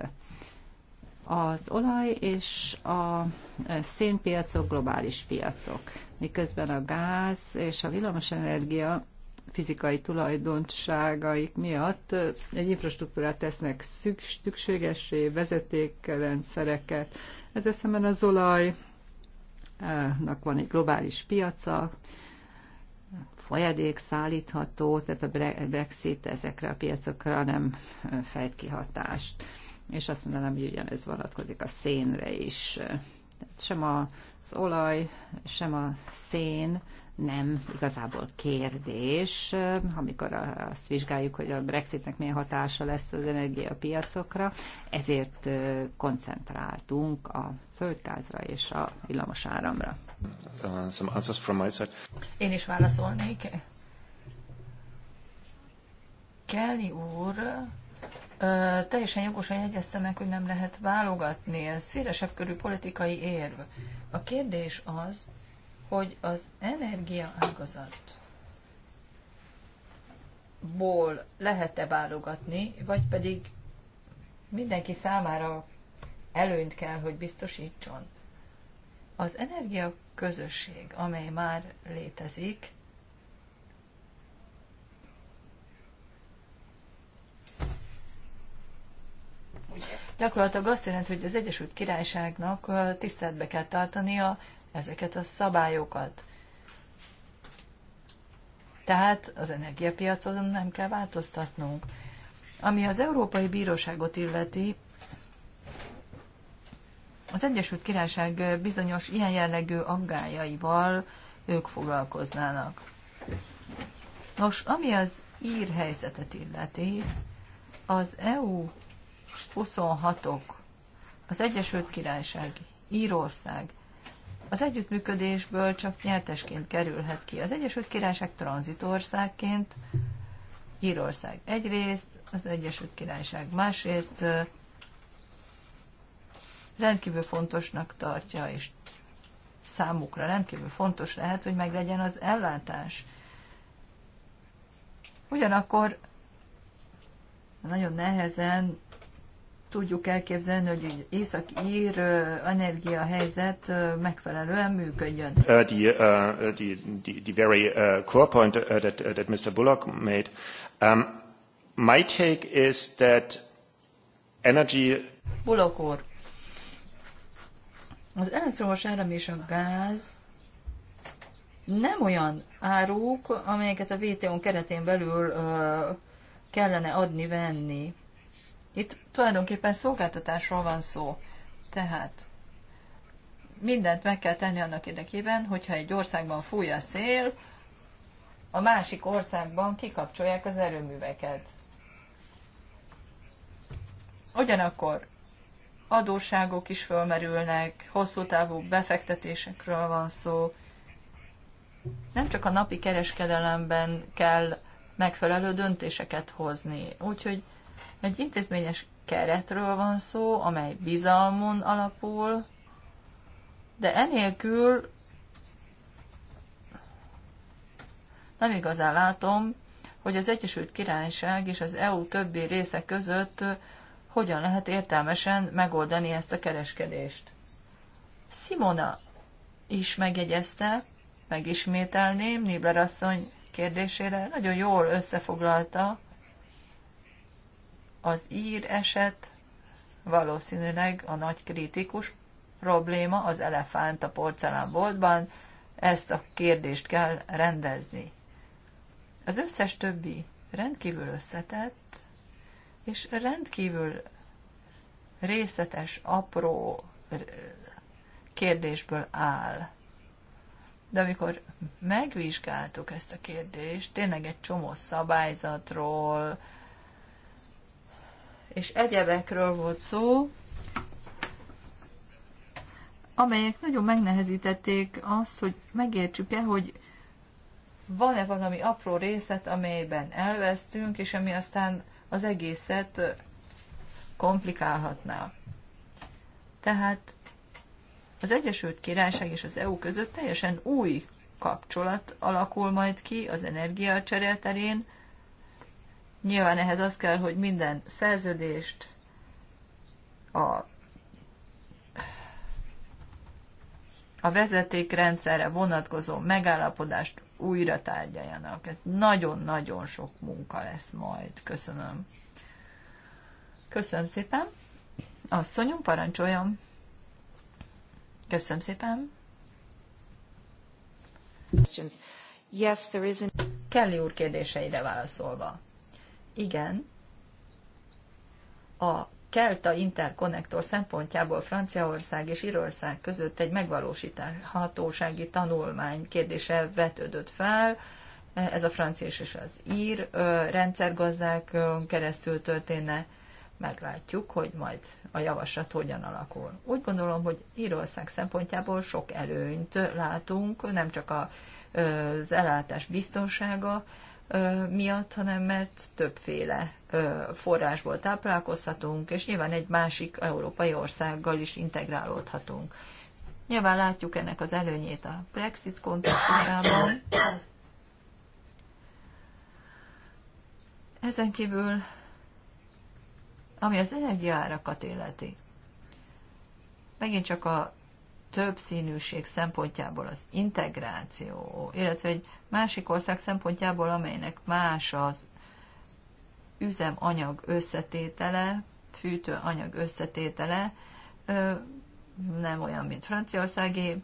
Az olaj és a e, szénpiacok globális piacok, miközben a gáz és a energia fizikai tulajdonságaik miatt egy infrastruktúrát tesznek szükségessé, vezetékrendszereket. Ez eszemben az olajnak van egy globális piaca, folyadék szállítható, tehát a Brexit ezekre a piacokra nem fejt ki hatást. És azt mondanám, hogy ugyanez vonatkozik a szénre is. Tehát sem az olaj, sem a szén nem igazából kérdés, amikor azt vizsgáljuk, hogy a Brexitnek milyen hatása lesz az energiapiacokra, ezért koncentráltunk a földgázra és a villamos áramra. Uh, Én is válaszolnék. Kelly úr ö, teljesen jogosan jegyezte meg, hogy nem lehet válogatni. Ez szélesebb körű politikai érv. A kérdés az, hogy az energia ágazatból lehet-e válogatni, vagy pedig mindenki számára előnyt kell, hogy biztosítson. Az energia közösség, amely már létezik, gyakorlatilag azt jelenti, hogy az Egyesült Királyságnak tiszteletbe kell tartania a ezeket a szabályokat. Tehát az energiapiacon nem kell változtatnunk. Ami az Európai Bíróságot illeti, az Egyesült Királyság bizonyos ilyen jellegű aggájaival ők foglalkoznának. Nos, ami az ír helyzetet illeti, az EU 26-ok, az Egyesült Királyság, Írország az együttműködésből csak nyertesként kerülhet ki. Az Egyesült Királyság tranzitországként, Írország egyrészt, az Egyesült Királyság másrészt rendkívül fontosnak tartja, és számukra rendkívül fontos lehet, hogy meglegyen az ellátás. Ugyanakkor nagyon nehezen tudjuk elképzelni, hogy észak-ír energiahelyzet megfelelően működjön. Uh, the, uh, uh, the, the, the very uh, core point uh, that, uh, that Mr. Bullock made. Um, my take is that energy... Bullock úr, az elektromos áram és a gáz nem olyan áruk, amelyeket a vto n keretén belül uh, kellene adni-venni. Itt tulajdonképpen szolgáltatásról van szó. Tehát mindent meg kell tenni annak érdekében, hogyha egy országban fúj a szél, a másik országban kikapcsolják az erőműveket. Ugyanakkor adósságok is fölmerülnek, hosszú távú befektetésekről van szó. Nem csak a napi kereskedelemben kell megfelelő döntéseket hozni. Úgyhogy egy intézményes keretről van szó, amely bizalmon alapul, de enélkül nem igazán látom, hogy az Egyesült Királyság és az EU többi része között hogyan lehet értelmesen megoldani ezt a kereskedést. Simona is megjegyezte, megismételném, Nibler asszony kérdésére nagyon jól összefoglalta az ír eset valószínűleg a nagy kritikus probléma az elefánt a porcelánboltban, ezt a kérdést kell rendezni. Az összes többi rendkívül összetett, és rendkívül részletes, apró kérdésből áll. De amikor megvizsgáltuk ezt a kérdést, tényleg egy csomó szabályzatról, és egyebekről volt szó, amelyek nagyon megnehezítették azt, hogy megértsük-e, hogy van-e valami apró részlet, amelyben elvesztünk, és ami aztán az egészet komplikálhatná. Tehát az Egyesült Királyság és az EU között teljesen új kapcsolat alakul majd ki az energiacsere terén, Nyilván ehhez az kell, hogy minden szerződést, a, a vezetékrendszerre vonatkozó megállapodást újra tárgyaljanak. Ez nagyon-nagyon sok munka lesz majd. Köszönöm. Köszönöm szépen. Asszonyom, parancsoljon. Köszönöm szépen. Yes, there is an... Kelly úr kérdéseire válaszolva. Igen, a Kelta interkonnektor szempontjából Franciaország és Írország között egy megvalósíthatósági tanulmány kérdése vetődött fel. Ez a francia és az ír rendszergazdák keresztül történne. Meglátjuk, hogy majd a javaslat hogyan alakul. Úgy gondolom, hogy Írország szempontjából sok előnyt látunk, nem csak az ellátás biztonsága, miatt, hanem mert többféle forrásból táplálkozhatunk, és nyilván egy másik európai országgal is integrálódhatunk. Nyilván látjuk ennek az előnyét a Brexit kontextusában. Ezen kívül, ami az energiaárakat illeti, megint csak a több színűség szempontjából az integráció, illetve egy másik ország szempontjából, amelynek más az üzemanyag összetétele, fűtőanyag összetétele, nem olyan, mint Franciaországé.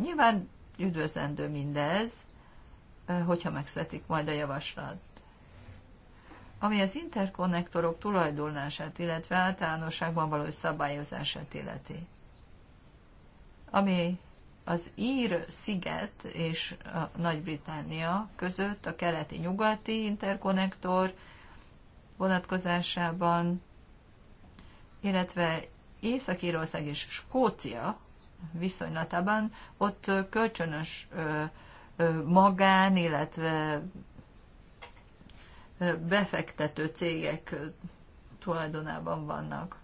Nyilván üdvözlendő mindez, hogyha megszetik majd a javaslat. Ami az interkonnektorok tulajdonlását, illetve általánosságban való szabályozását illeti ami az Ír sziget és Nagy-Britannia között a keleti-nyugati interkonnektor vonatkozásában, illetve Észak-Írország és Skócia viszonylatában ott kölcsönös magán, illetve befektető cégek tulajdonában vannak.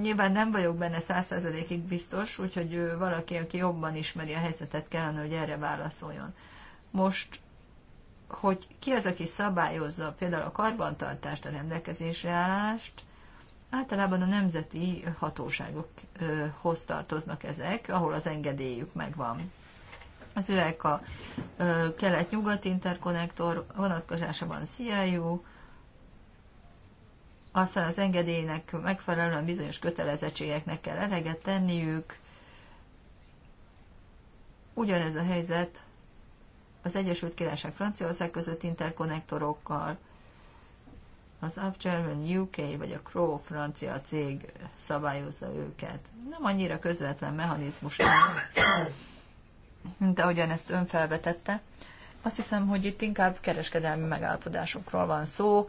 Nyilván nem vagyok benne százszerzelékig biztos, úgyhogy valaki, aki jobban ismeri a helyzetet, kellene, hogy erre válaszoljon. Most, hogy ki az, aki szabályozza például a karbantartást, a rendelkezésre állást, általában a nemzeti hatóságokhoz tartoznak ezek, ahol az engedélyük megvan. Az őek a kelet-nyugat interkonnektor vonatkozásában CIU, aztán az engedélynek megfelelően bizonyos kötelezettségeknek kell eleget tenniük. Ugyanez a helyzet az Egyesült Királyság Franciaország között interkonnektorokkal, az Up German UK vagy a Crow francia cég szabályozza őket. Nem annyira közvetlen mechanizmus, mint ahogyan ezt ön felvetette. Azt hiszem, hogy itt inkább kereskedelmi megállapodásokról van szó,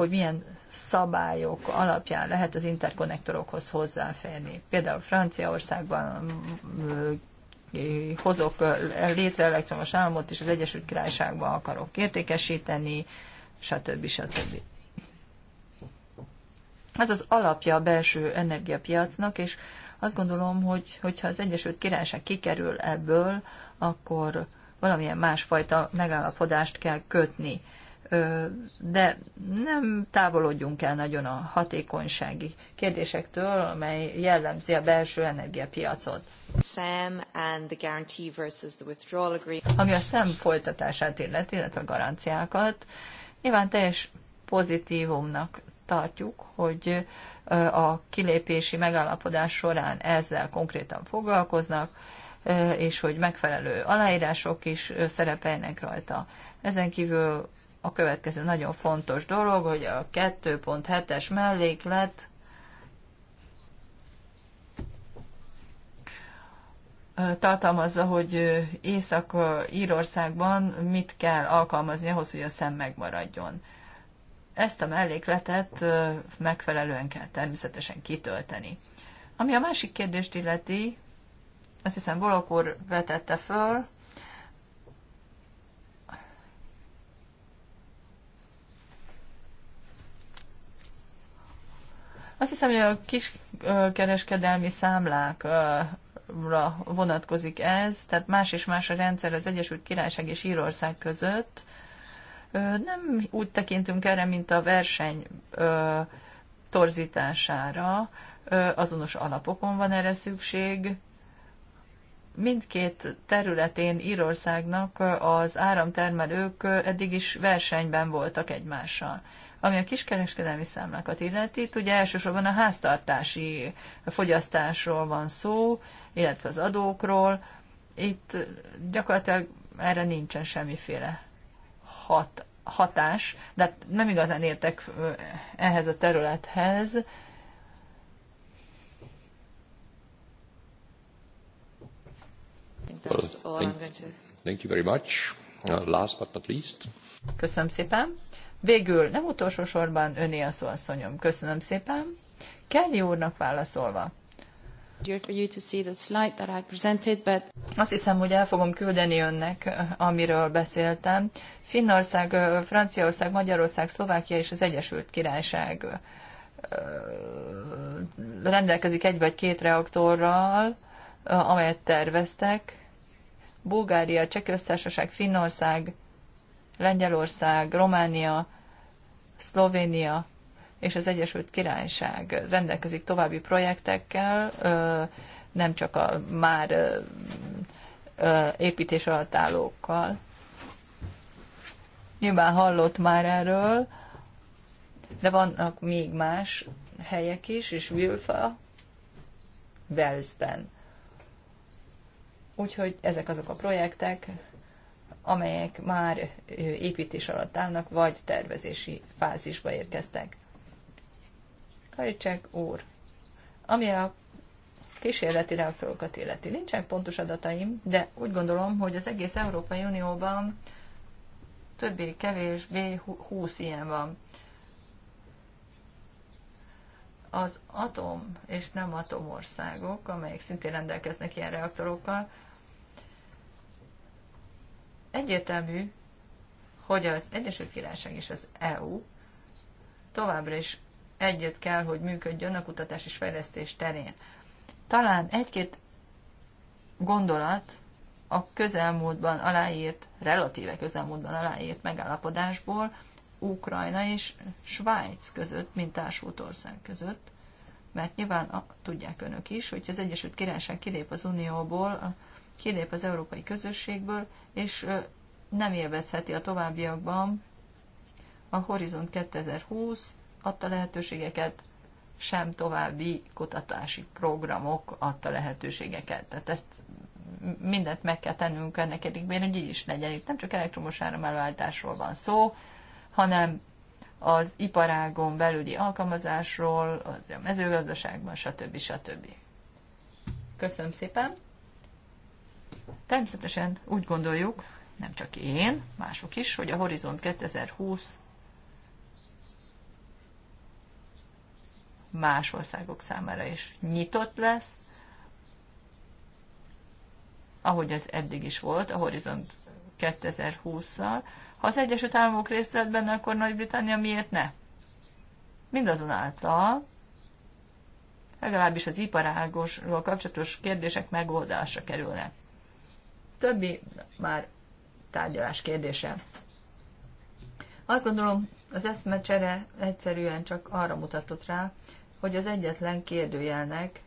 hogy milyen szabályok alapján lehet az interkonnektorokhoz hozzáférni. Például Franciaországban hozok létre elektromos államot, és az Egyesült Királyságban akarok értékesíteni, stb. stb. Ez az alapja a belső energiapiacnak, és azt gondolom, hogy hogyha az Egyesült Királyság kikerül ebből, akkor valamilyen másfajta megállapodást kell kötni de nem távolodjunk el nagyon a hatékonysági kérdésektől, amely jellemzi a belső energiapiacot. SAM and the guarantee versus the withdrawal agreement. Ami a SAM folytatását illeti, illetve a garanciákat, nyilván teljes pozitívumnak tartjuk, hogy a kilépési megállapodás során ezzel konkrétan foglalkoznak, és hogy megfelelő aláírások is szerepelnek rajta. Ezen kívül a következő nagyon fontos dolog, hogy a 2.7-es melléklet tartalmazza, hogy Észak-Írországban mit kell alkalmazni ahhoz, hogy a szem megmaradjon. Ezt a mellékletet megfelelően kell természetesen kitölteni. Ami a másik kérdést illeti, azt hiszem Bolok úr vetette föl, Azt hiszem, hogy a kiskereskedelmi számlákra vonatkozik ez, tehát más és más a rendszer az Egyesült Királyság és Írország között. Nem úgy tekintünk erre, mint a verseny torzítására, azonos alapokon van erre szükség. Mindkét területén Írországnak az áramtermelők eddig is versenyben voltak egymással. Ami a kiskereskedelmi számlákat illeti, itt ugye elsősorban a háztartási fogyasztásról van szó, illetve az adókról. Itt gyakorlatilag erre nincsen semmiféle hat, hatás, de hát nem igazán értek ehhez a területhez. Well, thank you very much. Uh, last but not least. Köszönöm szépen. Végül, nem utolsó sorban öné a szó, asszonyom. Köszönöm szépen. Kelly úrnak válaszolva. Azt hiszem, hogy el fogom küldeni önnek, amiről beszéltem. Finnország, Franciaország, Magyarország, Szlovákia és az Egyesült Királyság rendelkezik egy vagy két reaktorral, amelyet terveztek. Bulgária, Csehköztársaság, Finnország, Lengyelország, Románia, Szlovénia és az Egyesült Királyság rendelkezik további projektekkel, nem csak a már építés alatt állókkal. Nyilván hallott már erről, de vannak még más helyek is, és Wilfa, Velszben. Úgyhogy ezek azok a projektek, amelyek már építés alatt állnak, vagy tervezési fázisba érkeztek. Karicsek úr, ami a kísérleti reaktorokat illeti. Nincsenek pontos adataim, de úgy gondolom, hogy az egész Európai Unióban többé-kevésbé 20 ilyen van. Az atom és nem atomországok, amelyek szintén rendelkeznek ilyen reaktorokkal, Egyértelmű, hogy az Egyesült Királyság és az EU továbbra is együtt kell, hogy működjön a kutatás és fejlesztés terén. Talán egy-két gondolat a közelmúltban aláírt, relatíve közelmúltban aláírt megállapodásból Ukrajna és Svájc között, mint társult ország között, mert nyilván a, tudják önök is, hogy az Egyesült Királyság kilép az Unióból, kilép az európai közösségből, és nem élvezheti a továbbiakban a Horizont 2020 adta lehetőségeket, sem további kutatási programok adta lehetőségeket. Tehát ezt mindent meg kell tennünk ennek érdekében, hogy így is legyen. Itt nem csak elektromos áramelváltásról van szó, hanem az iparágon belüli alkalmazásról, az a mezőgazdaságban, stb. stb. Köszönöm szépen! Természetesen úgy gondoljuk, nem csak én, mások is, hogy a Horizont 2020 más országok számára is nyitott lesz, ahogy ez eddig is volt, a Horizont 2020-szal. Ha az Egyesült Államok részt vett benne, akkor Nagy-Britannia miért ne? Mindazonáltal legalábbis az iparágosról kapcsolatos kérdések megoldásra kerülnek többi már tárgyalás kérdése. Azt gondolom, az eszmecsere egyszerűen csak arra mutatott rá, hogy az egyetlen kérdőjelnek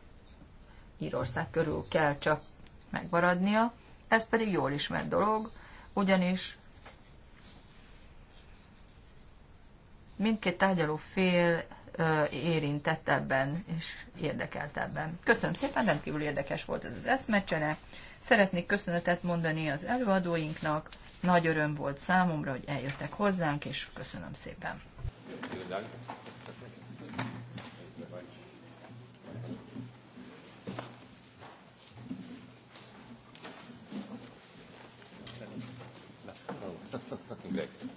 Írország körül kell csak megmaradnia, ez pedig jól ismert dolog, ugyanis mindkét tárgyaló fél érintett ebben és érdekelt ebben. Köszönöm szépen, rendkívül érdekes volt ez az eszmecsere. Szeretnék köszönetet mondani az előadóinknak. Nagy öröm volt számomra, hogy eljöttek hozzánk, és köszönöm szépen. Thank you.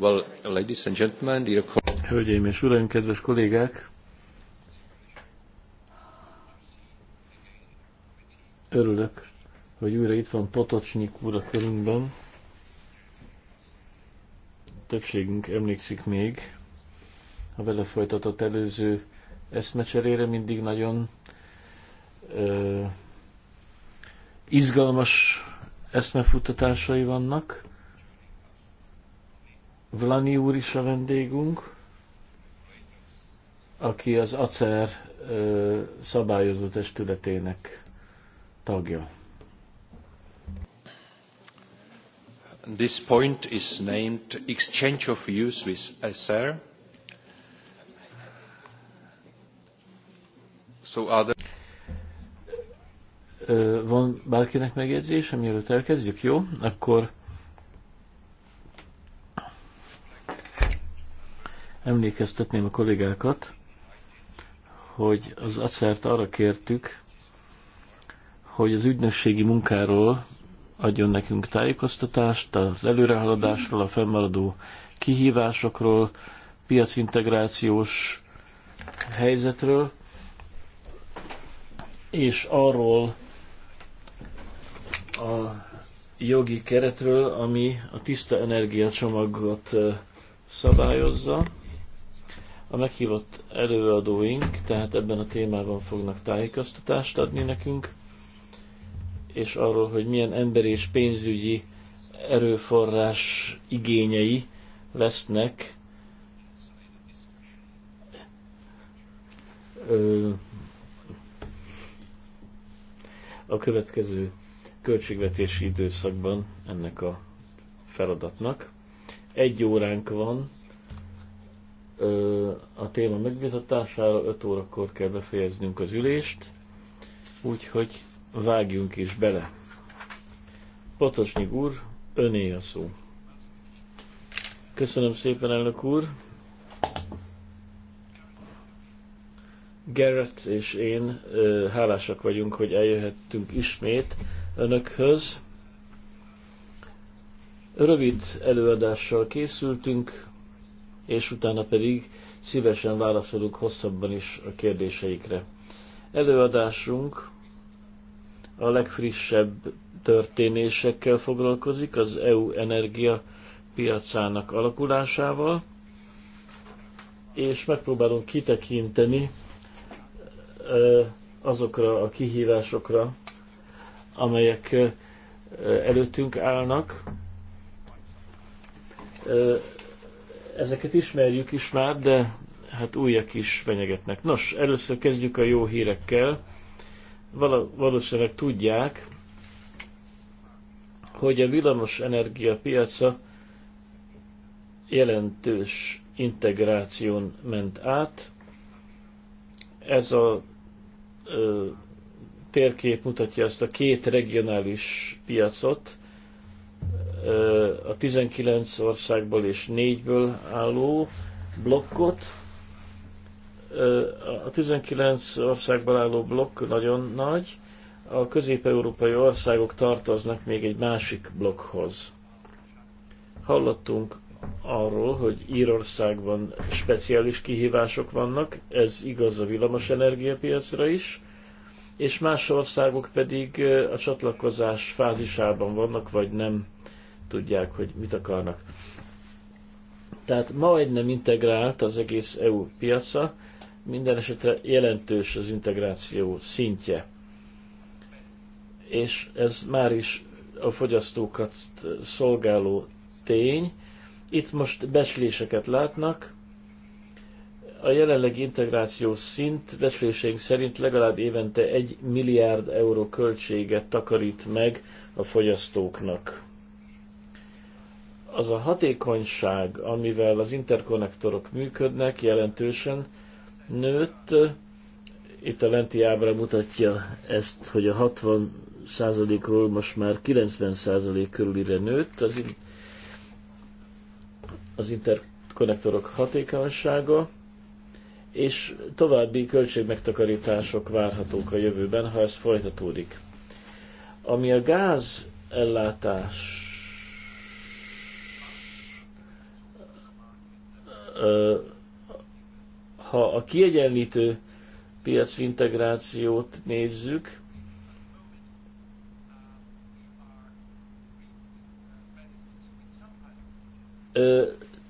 Well, ladies and gentlemen, dear Hölgyeim és uraim, kedves kollégák! Örülök, hogy újra itt van Potocsnyik úr a körünkben. Többségünk emlékszik még a vele folytatott előző eszmecserére mindig nagyon ö, izgalmas eszmefuttatásai vannak. Vlani úr is a vendégünk, aki az ACER ö, szabályozó testületének tagja. This point is named Exchange of Views with ACER. So are there van bárkinek megjegyzés, mielőtt elkezdjük? Jó, akkor emlékeztetném a kollégákat, hogy az acert arra kértük, hogy az ügynökségi munkáról adjon nekünk tájékoztatást, az előrehaladásról, a fennmaradó kihívásokról, piacintegrációs helyzetről, és arról, a jogi keretről, ami a tiszta energiacsomagot szabályozza. A meghívott előadóink tehát ebben a témában fognak tájékoztatást adni nekünk, és arról, hogy milyen emberi és pénzügyi erőforrás igényei lesznek a következő költségvetési időszakban ennek a feladatnak. Egy óránk van a téma megvitatására, 5 órakor kell befejeznünk az ülést, úgyhogy vágjunk is bele. Potosnyig úr, öné a szó. Köszönöm szépen, elnök úr. Gerrit és én hálásak vagyunk, hogy eljöhettünk ismét önökhöz. Rövid előadással készültünk, és utána pedig szívesen válaszolunk hosszabban is a kérdéseikre. Előadásunk a legfrissebb történésekkel foglalkozik, az EU energia piacának alakulásával, és megpróbálunk kitekinteni azokra a kihívásokra, amelyek előttünk állnak. Ezeket ismerjük is már, de hát újak is fenyegetnek. Nos, először kezdjük a jó hírekkel. Val valószínűleg tudják, hogy a villamos energia piaca jelentős integráción ment át. Ez a ö, térkép mutatja ezt a két regionális piacot, a 19 országból és 4-ből álló blokkot. A 19 országból álló blokk nagyon nagy, a közép-európai országok tartoznak még egy másik blokkhoz. Hallottunk arról, hogy Írországban speciális kihívások vannak, ez igaz a villamos piacra is, és más országok pedig a csatlakozás fázisában vannak, vagy nem tudják, hogy mit akarnak. Tehát ma nem integrált az egész EU piaca, minden esetre jelentős az integráció szintje. És ez már is a fogyasztókat szolgáló tény. Itt most beszéléseket látnak, a jelenlegi integrációs szint becslésénk szerint legalább évente egy milliárd euró költséget takarít meg a fogyasztóknak. Az a hatékonyság, amivel az interkonnektorok működnek, jelentősen nőtt. Itt a lenti ábra mutatja ezt, hogy a 60%-ról most már 90% körülire nőtt az, in- az interkonnektorok hatékonysága és további költségmegtakarítások várhatók a jövőben, ha ez folytatódik. Ami a gáz ellátás ha a kiegyenlítő piaci integrációt nézzük,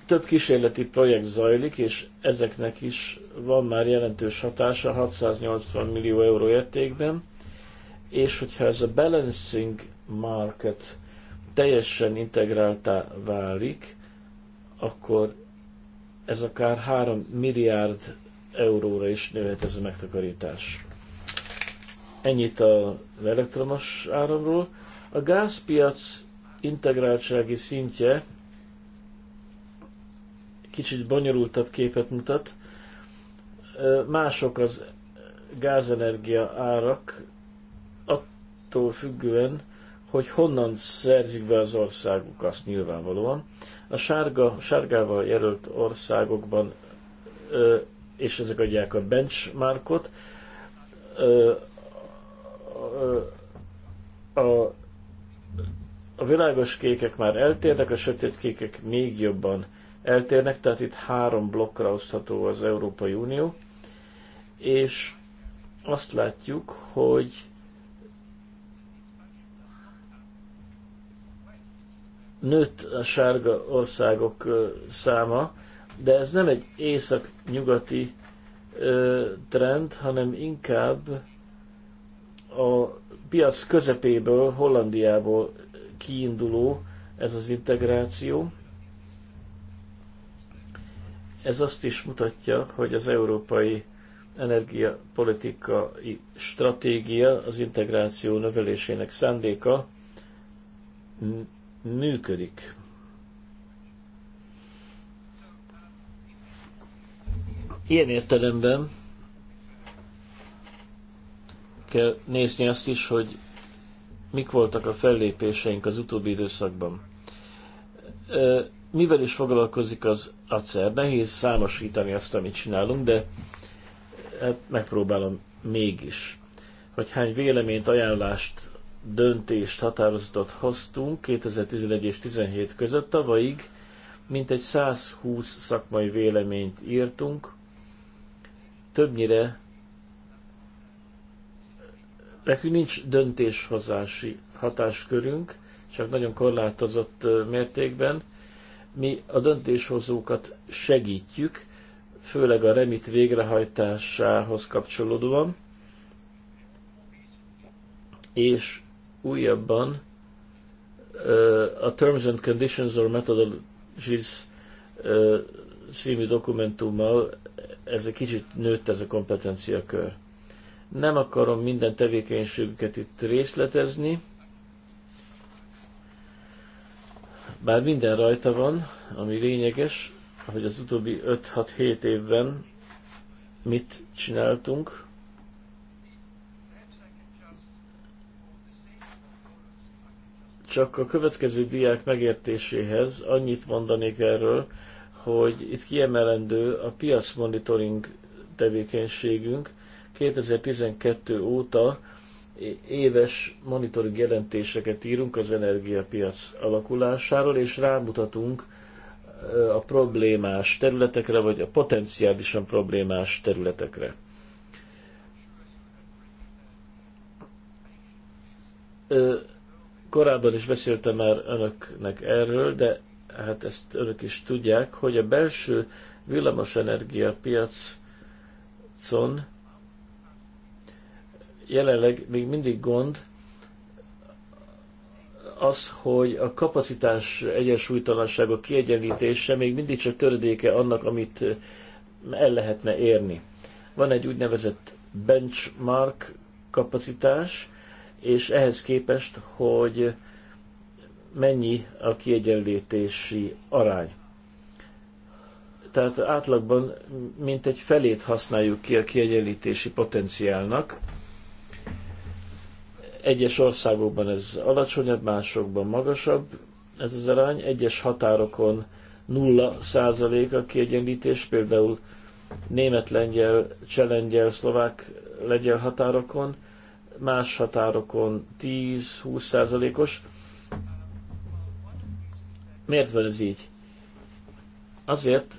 több kísérleti projekt zajlik, és ezeknek is van már jelentős hatása 680 millió euró értékben, és hogyha ez a balancing market teljesen integráltá válik, akkor ez akár 3 milliárd euróra is nőhet ez a megtakarítás. Ennyit az elektromos áramról. A gázpiac integráltsági szintje kicsit bonyolultabb képet mutat. Mások az gázenergia árak attól függően, hogy honnan szerzik be az országuk, azt nyilvánvalóan. A sárga, sárgával jelölt országokban, és ezek adják a benchmarkot, a, a világos kékek már eltérnek, a sötét kékek még jobban eltérnek, tehát itt három blokkra osztható az Európai Unió, és azt látjuk, hogy nőtt a sárga országok száma, de ez nem egy észak-nyugati trend, hanem inkább a piac közepéből, Hollandiából kiinduló ez az integráció. Ez azt is mutatja, hogy az európai energiapolitikai stratégia, az integráció növelésének szándéka működik. Ilyen értelemben kell nézni azt is, hogy mik voltak a fellépéseink az utóbbi időszakban mivel is foglalkozik az acer? Nehéz számosítani azt, amit csinálunk, de hát megpróbálom mégis, hogy hány véleményt, ajánlást, döntést, határozatot hoztunk 2011 és 2017 között. Tavalyig mintegy 120 szakmai véleményt írtunk, többnyire nekünk nincs döntéshozási hatáskörünk, csak nagyon korlátozott mértékben, mi a döntéshozókat segítjük, főleg a remit végrehajtásához kapcsolódóan, és újabban a Terms and Conditions or Methodologies című dokumentummal ez egy kicsit nőtt ez a kompetenciakör. Nem akarom minden tevékenységüket itt részletezni, Bár minden rajta van, ami lényeges, hogy az utóbbi 5-6-7 évben mit csináltunk. Csak a következő diák megértéséhez annyit mondanék erről, hogy itt kiemelendő a piac monitoring tevékenységünk 2012 óta éves monitoring jelentéseket írunk az energiapiac alakulásáról, és rámutatunk a problémás területekre, vagy a potenciálisan problémás területekre. Korábban is beszéltem már önöknek erről, de hát ezt önök is tudják, hogy a belső villamosenergia piacon jelenleg még mindig gond az, hogy a kapacitás egyensúlytalanságok kiegyenlítése még mindig csak töredéke annak, amit el lehetne érni. Van egy úgynevezett benchmark kapacitás, és ehhez képest, hogy mennyi a kiegyenlítési arány. Tehát átlagban mintegy felét használjuk ki a kiegyenlítési potenciálnak, egyes országokban ez alacsonyabb, másokban magasabb ez az arány. Egyes határokon 0 a kiegyenlítés, például német-lengyel, cselengyel, szlovák lengyel határokon, más határokon 10-20 százalékos. Miért van ez így? Azért,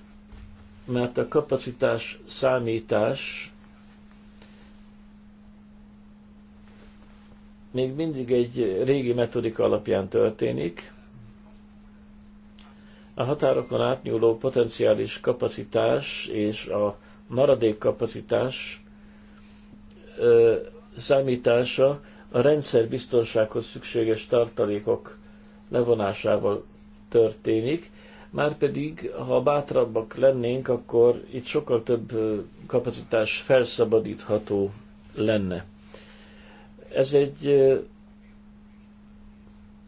mert a kapacitás számítás még mindig egy régi metodika alapján történik. A határokon átnyúló potenciális kapacitás és a maradék kapacitás ö, számítása a rendszer biztonsághoz szükséges tartalékok levonásával történik, márpedig ha bátrabbak lennénk, akkor itt sokkal több kapacitás felszabadítható lenne. Ez egy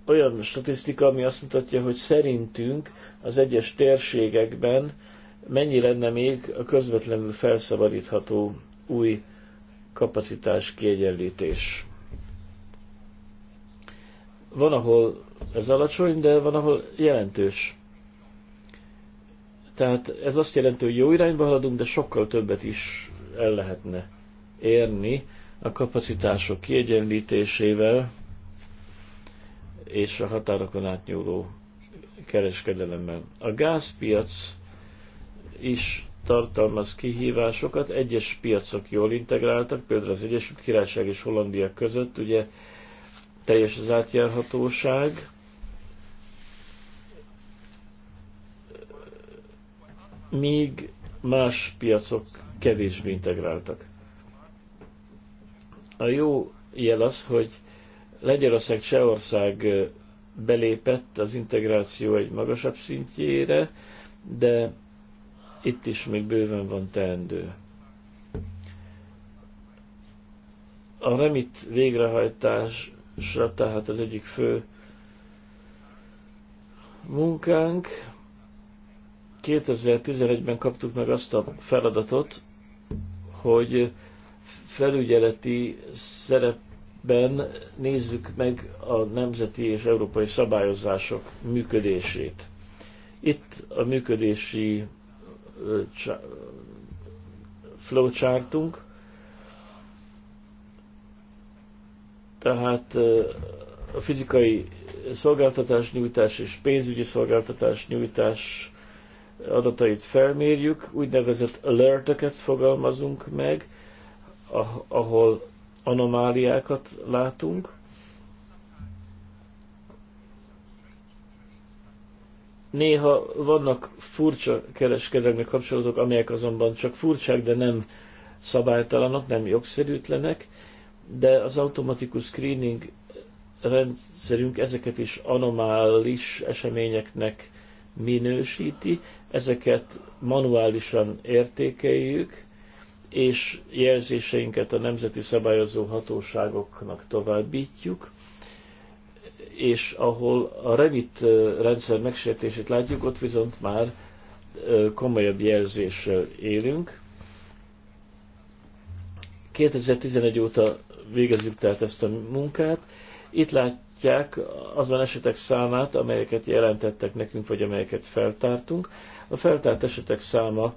olyan statisztika, ami azt mutatja, hogy szerintünk az egyes térségekben mennyi lenne még a közvetlenül felszabadítható új kapacitás kiegyenlítés. Van, ahol ez alacsony, de van, ahol jelentős. Tehát ez azt jelenti, hogy jó irányba haladunk, de sokkal többet is el lehetne érni a kapacitások kiegyenlítésével és a határokon átnyúló kereskedelemmel. A gázpiac is tartalmaz kihívásokat, egyes piacok jól integráltak, például az Egyesült Királyság és Hollandia között, ugye teljes az átjárhatóság, míg más piacok kevésbé integráltak. A jó jel az, hogy Lengyelország, Csehország belépett az integráció egy magasabb szintjére, de itt is még bőven van teendő. A remit végrehajtásra tehát az egyik fő munkánk. 2011-ben kaptuk meg azt a feladatot, hogy felügyeleti szerepben nézzük meg a nemzeti és európai szabályozások működését. Itt a működési flowchartunk, tehát a fizikai szolgáltatás nyújtás és pénzügyi szolgáltatás nyújtás adatait felmérjük, úgynevezett alerteket fogalmazunk meg, Ah, ahol anomáliákat látunk. Néha vannak furcsa kereskedelmi kapcsolatok, amelyek azonban csak furcsák, de nem szabálytalanok, nem jogszerűtlenek, de az automatikus screening rendszerünk ezeket is anomális eseményeknek minősíti, ezeket manuálisan értékeljük, és jelzéseinket a nemzeti szabályozó hatóságoknak továbbítjuk, és ahol a Revit rendszer megsértését látjuk, ott viszont már komolyabb jelzéssel élünk. 2011 óta végezzük tehát ezt a munkát. Itt látják azon esetek számát, amelyeket jelentettek nekünk, vagy amelyeket feltártunk. A feltárt esetek száma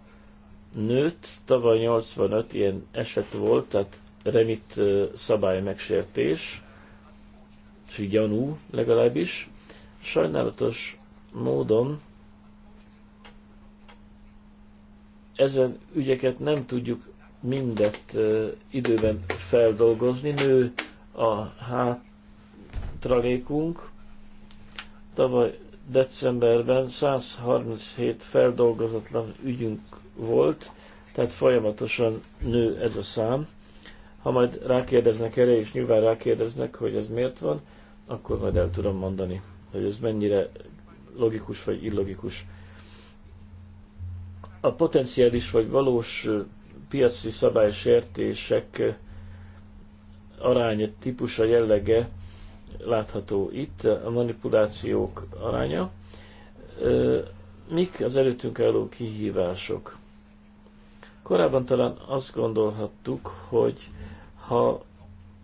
nőtt, tavaly 85 ilyen eset volt, tehát remit szabály megsértés, és gyanú legalábbis. Sajnálatos módon ezen ügyeket nem tudjuk mindet időben feldolgozni. Nő a hátralékunk. Tavaly decemberben 137 feldolgozatlan ügyünk volt, tehát folyamatosan nő ez a szám. Ha majd rákérdeznek erre, és nyilván rákérdeznek, hogy ez miért van, akkor majd el tudom mondani, hogy ez mennyire logikus vagy illogikus. A potenciális vagy valós piaci szabálysértések aránya, típusa, jellege látható itt, a manipulációk aránya. Mik az előttünk álló kihívások? Korábban talán azt gondolhattuk, hogy ha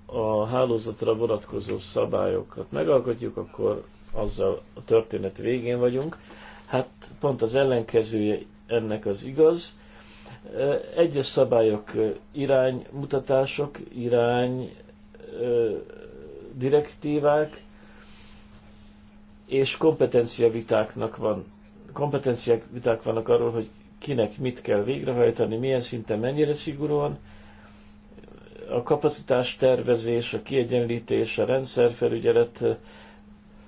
a hálózatra vonatkozó szabályokat megalkotjuk, akkor azzal a történet végén vagyunk. Hát pont az ellenkezője ennek az igaz. Egyes szabályok iránymutatások, irány direktívák és kompetenciavitáknak van vannak arról, hogy kinek mit kell végrehajtani, milyen szinten, mennyire szigorúan. A kapacitás tervezés, a kiegyenlítés, a rendszerfelügyelet eh,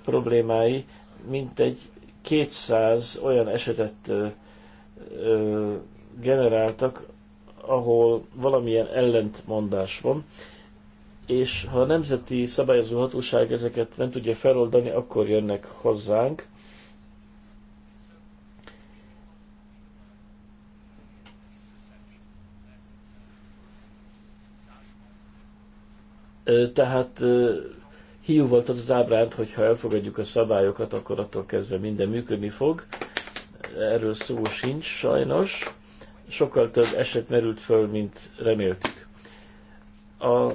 problémái mintegy 200 olyan esetet eh, eh, generáltak, ahol valamilyen ellentmondás van, és ha a nemzeti szabályozó hatóság ezeket nem tudja feloldani, akkor jönnek hozzánk, Tehát hiú volt az az hogy ha elfogadjuk a szabályokat, akkor attól kezdve minden működni fog. Erről szó sincs sajnos. Sokkal több eset merült föl, mint reméltük. A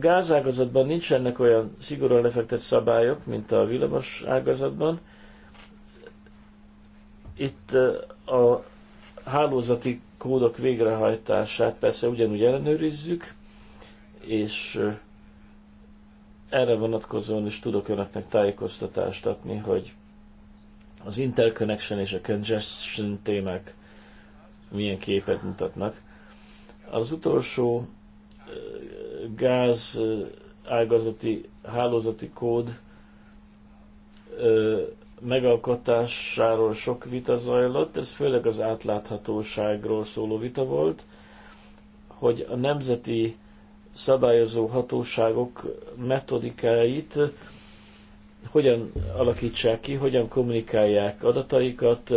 gázágazatban nincsenek olyan szigorúan lefektett szabályok, mint a villamos ágazatban. Itt a hálózati kódok végrehajtását persze ugyanúgy ellenőrizzük, és erre vonatkozóan is tudok önöknek tájékoztatást adni, hogy az interconnection és a congestion témák milyen képet mutatnak. Az utolsó gáz ágazati hálózati kód megalkotásáról sok vita zajlott, ez főleg az átláthatóságról szóló vita volt, hogy a nemzeti szabályozó hatóságok metodikáit hogyan alakítsák ki, hogyan kommunikálják adataikat,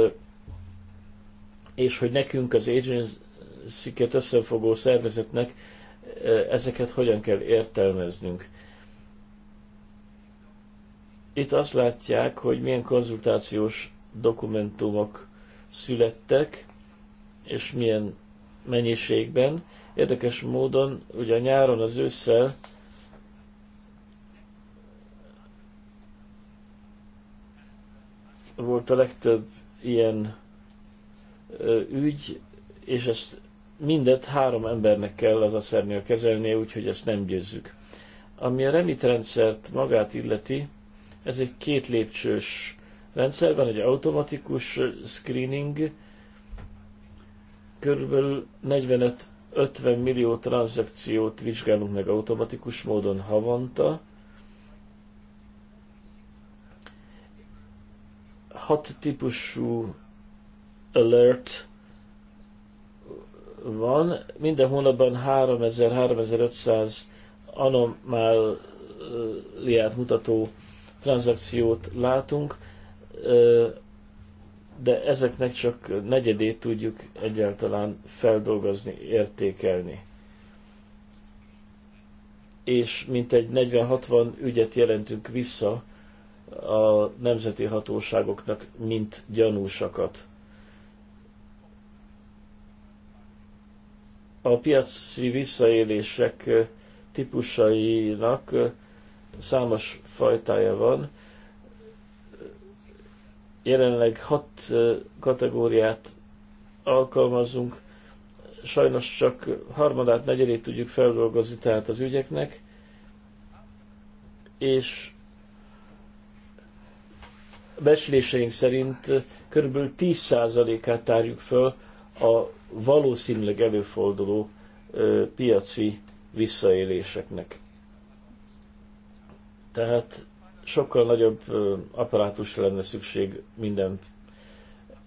és hogy nekünk az agency-ket összefogó szervezetnek e, ezeket hogyan kell értelmeznünk. Itt azt látják, hogy milyen konzultációs dokumentumok születtek, és milyen mennyiségben, Érdekes módon, ugye nyáron az ősszel volt a legtöbb ilyen ügy, és ezt mindet három embernek kell az szernél kezelnie, úgyhogy ezt nem győzzük. Ami a rendszert magát illeti, ez egy két lépcsős rendszer, van egy automatikus screening, körülbelül 45 50 millió tranzakciót vizsgálunk meg automatikus módon havonta. 6 típusú alert van, minden hónapban 3000-3500 anomáliát mutató tranzakciót látunk, de ezeknek csak negyedét tudjuk egyáltalán feldolgozni, értékelni. És mintegy 40-60 ügyet jelentünk vissza a nemzeti hatóságoknak, mint gyanúsakat. A piaci visszaélések eh, típusainak eh, számos fajtája van, Jelenleg hat kategóriát alkalmazunk, sajnos csak harmadát, negyedét tudjuk feldolgozni tehát az ügyeknek, és becsléseink szerint kb. 10%-át tárjuk föl a valószínűleg előforduló piaci visszaéléseknek. Tehát sokkal nagyobb apparátusra lenne szükség minden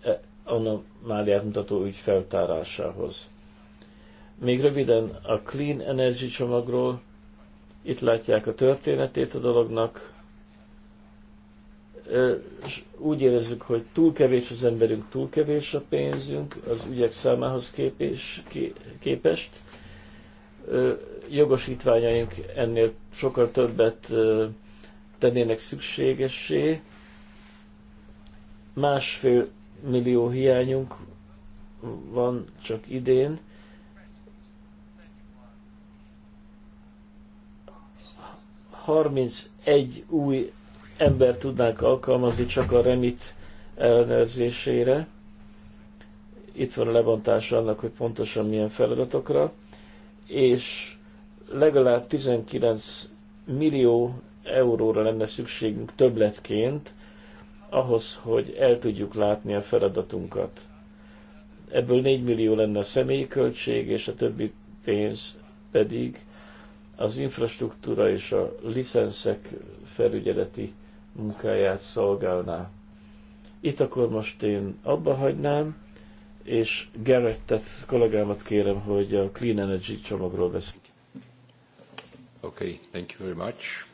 e, anomáliát mutató ügy feltárásához. Még röviden a Clean Energy csomagról. Itt látják a történetét a dolognak. Úgy érezzük, hogy túl kevés az emberünk, túl kevés a pénzünk az ügyek számához képés, képest. Jogosítványaink ennél sokkal többet tennének szükségessé. Másfél millió hiányunk van csak idén. egy új ember tudnánk alkalmazni csak a remit ellenőrzésére. Itt van a lebontás annak, hogy pontosan milyen feladatokra. És legalább 19 millió euróra lenne szükségünk többletként, ahhoz, hogy el tudjuk látni a feladatunkat. Ebből 4 millió lenne a személyi költség, és a többi pénz pedig az infrastruktúra és a licenszek felügyeleti munkáját szolgálná. Itt akkor most én abba hagynám, és Gerettet, kollégámat kérem, hogy a Clean Energy csomagról beszél. Okay, thank you very much.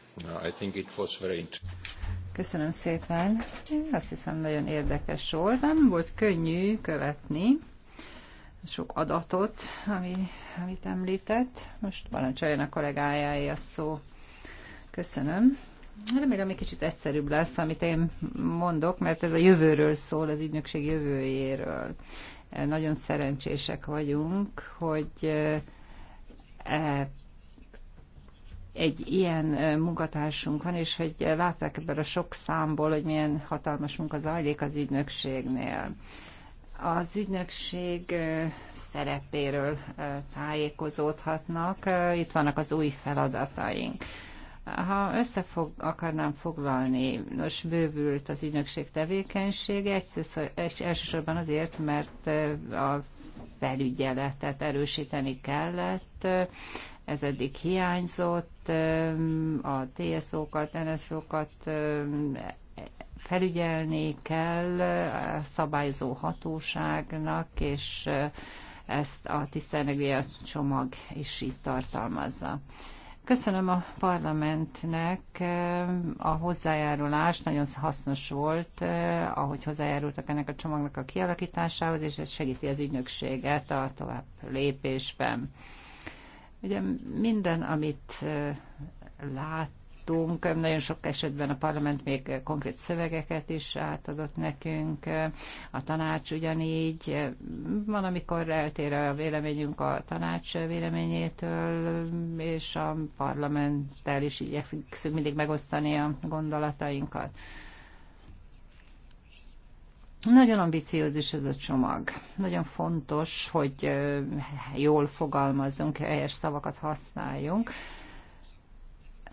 I think it was very Köszönöm szépen. Azt hiszem nagyon érdekes volt. Nem volt könnyű követni sok adatot, ami, amit említett. Most parancsoljon a kollégájáé a szó. Köszönöm. Remélem, egy kicsit egyszerűbb lesz, amit én mondok, mert ez a jövőről szól, az ügynökség jövőjéről. Nagyon szerencsések vagyunk, hogy eh, egy ilyen munkatársunk van, és hogy látták ebből a sok számból, hogy milyen hatalmas munka zajlik az ügynökségnél. Az ügynökség szerepéről tájékozódhatnak, itt vannak az új feladataink. Ha össze fog, akarnám foglalni, most bővült az ügynökség tevékenysége, elsősorban azért, mert a felügyeletet erősíteni kellett, ez eddig hiányzott, a TSO-kat, NSO-kat felügyelni kell a szabályozó hatóságnak, és ezt a tisztenergia csomag is így tartalmazza. Köszönöm a parlamentnek a hozzájárulást, nagyon hasznos volt, ahogy hozzájárultak ennek a csomagnak a kialakításához, és ez segíti az ügynökséget a tovább lépésben. Ugye minden, amit láttunk, nagyon sok esetben a parlament még konkrét szövegeket is átadott nekünk, a tanács ugyanígy. Van, amikor eltér a véleményünk a tanács véleményétől, és a parlamenttel is igyekszünk mindig megosztani a gondolatainkat. Nagyon ambiciózus ez a csomag. Nagyon fontos, hogy jól fogalmazzunk, helyes szavakat használjunk,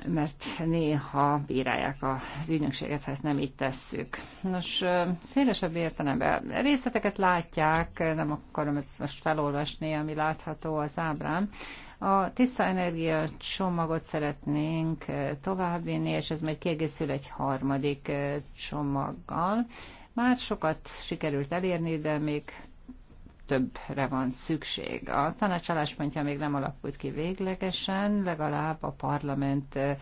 mert néha bírálják az ügynökséget, ha ezt nem így tesszük. Nos, szélesebb értelemben részleteket látják, nem akarom ezt most felolvasni, ami látható az ábrám. a tiszta energia csomagot szeretnénk továbbvinni, és ez majd kiegészül egy harmadik csomaggal. Már sokat sikerült elérni, de még többre van szükség. A tanács álláspontja még nem alakult ki véglegesen, legalább a parlamentnél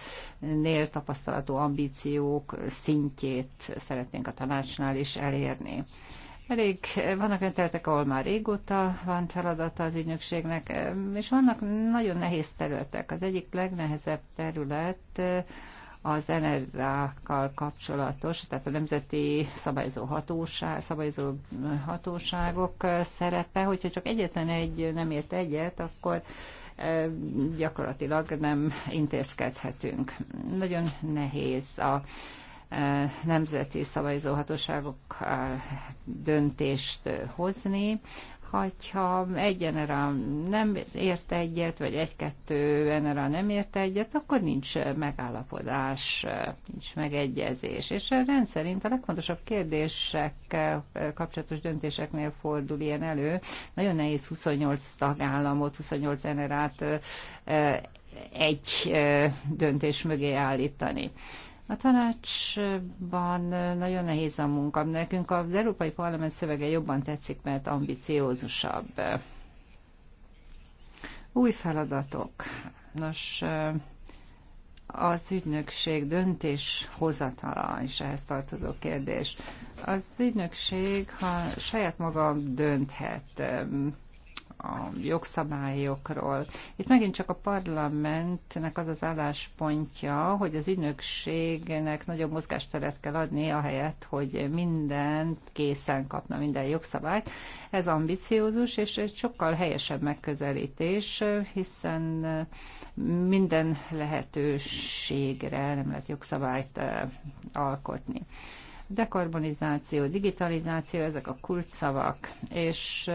eh, tapasztalatú ambíciók szintjét szeretnénk a tanácsnál is elérni. Elég, eh, vannak olyan területek, ahol már régóta van feladata az ügynökségnek, eh, és vannak nagyon nehéz területek. Az egyik legnehezebb terület az energiákkal kapcsolatos, tehát a nemzeti szabályozó, hatóság, szabályozó hatóságok szerepe, hogyha csak egyetlen egy nem ért egyet, akkor e, gyakorlatilag nem intézkedhetünk. Nagyon nehéz a e, nemzeti szabályozóhatóságok e, döntést hozni hogyha egy generál nem ért egyet, vagy egy-kettő generál nem ért egyet, akkor nincs megállapodás, nincs megegyezés. És rendszerint a legfontosabb kérdésekkel kapcsolatos döntéseknél fordul ilyen elő. Nagyon nehéz 28 tagállamot, 28 generált egy döntés mögé állítani. A tanácsban nagyon nehéz a munka. Nekünk az Európai Parlament szövege jobban tetszik, mert ambiciózusabb. Új feladatok. Nos, az ügynökség döntéshozatala is ehhez tartozó kérdés. Az ügynökség, ha saját maga dönthet, a jogszabályokról. Itt megint csak a parlamentnek az az álláspontja, hogy az ügynökségnek nagyobb mozgásteret kell adni, ahelyett, hogy mindent készen kapna minden jogszabályt. Ez ambiciózus, és egy sokkal helyesebb megközelítés, hiszen minden lehetőségre nem lehet jogszabályt eh, alkotni. Dekarbonizáció, digitalizáció, ezek a kulcsszavak, és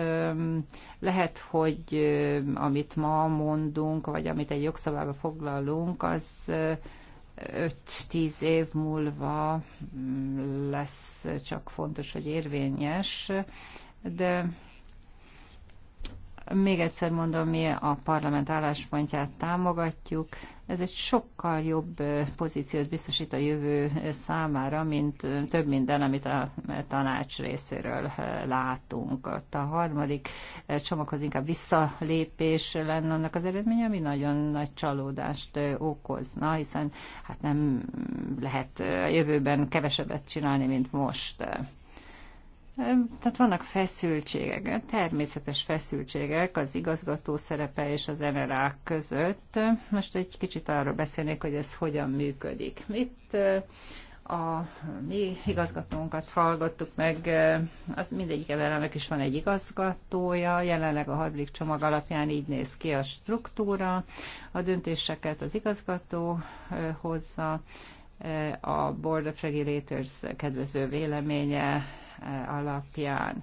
lehet, hogy amit ma mondunk, vagy amit egy jogszabályba foglalunk, az 5-10 év múlva mm, lesz csak fontos, hogy érvényes, de még egyszer mondom, mi a parlament álláspontját támogatjuk, ez egy sokkal jobb pozíciót biztosít a jövő számára, mint több minden, amit a tanács részéről látunk. a harmadik csomaghoz inkább visszalépés lenne annak az eredménye, ami nagyon nagy csalódást okozna, hiszen hát nem lehet a jövőben kevesebbet csinálni, mint most. Tehát vannak feszültségek, természetes feszültségek az igazgató szerepe és az NRA között. Most egy kicsit arról beszélnék, hogy ez hogyan működik. Itt a mi igazgatónkat hallgattuk meg, az mindegyik ellenek is van egy igazgatója, jelenleg a hadlik csomag alapján így néz ki a struktúra, a döntéseket az igazgató hozza, a Board of Regulators kedvező véleménye alapján.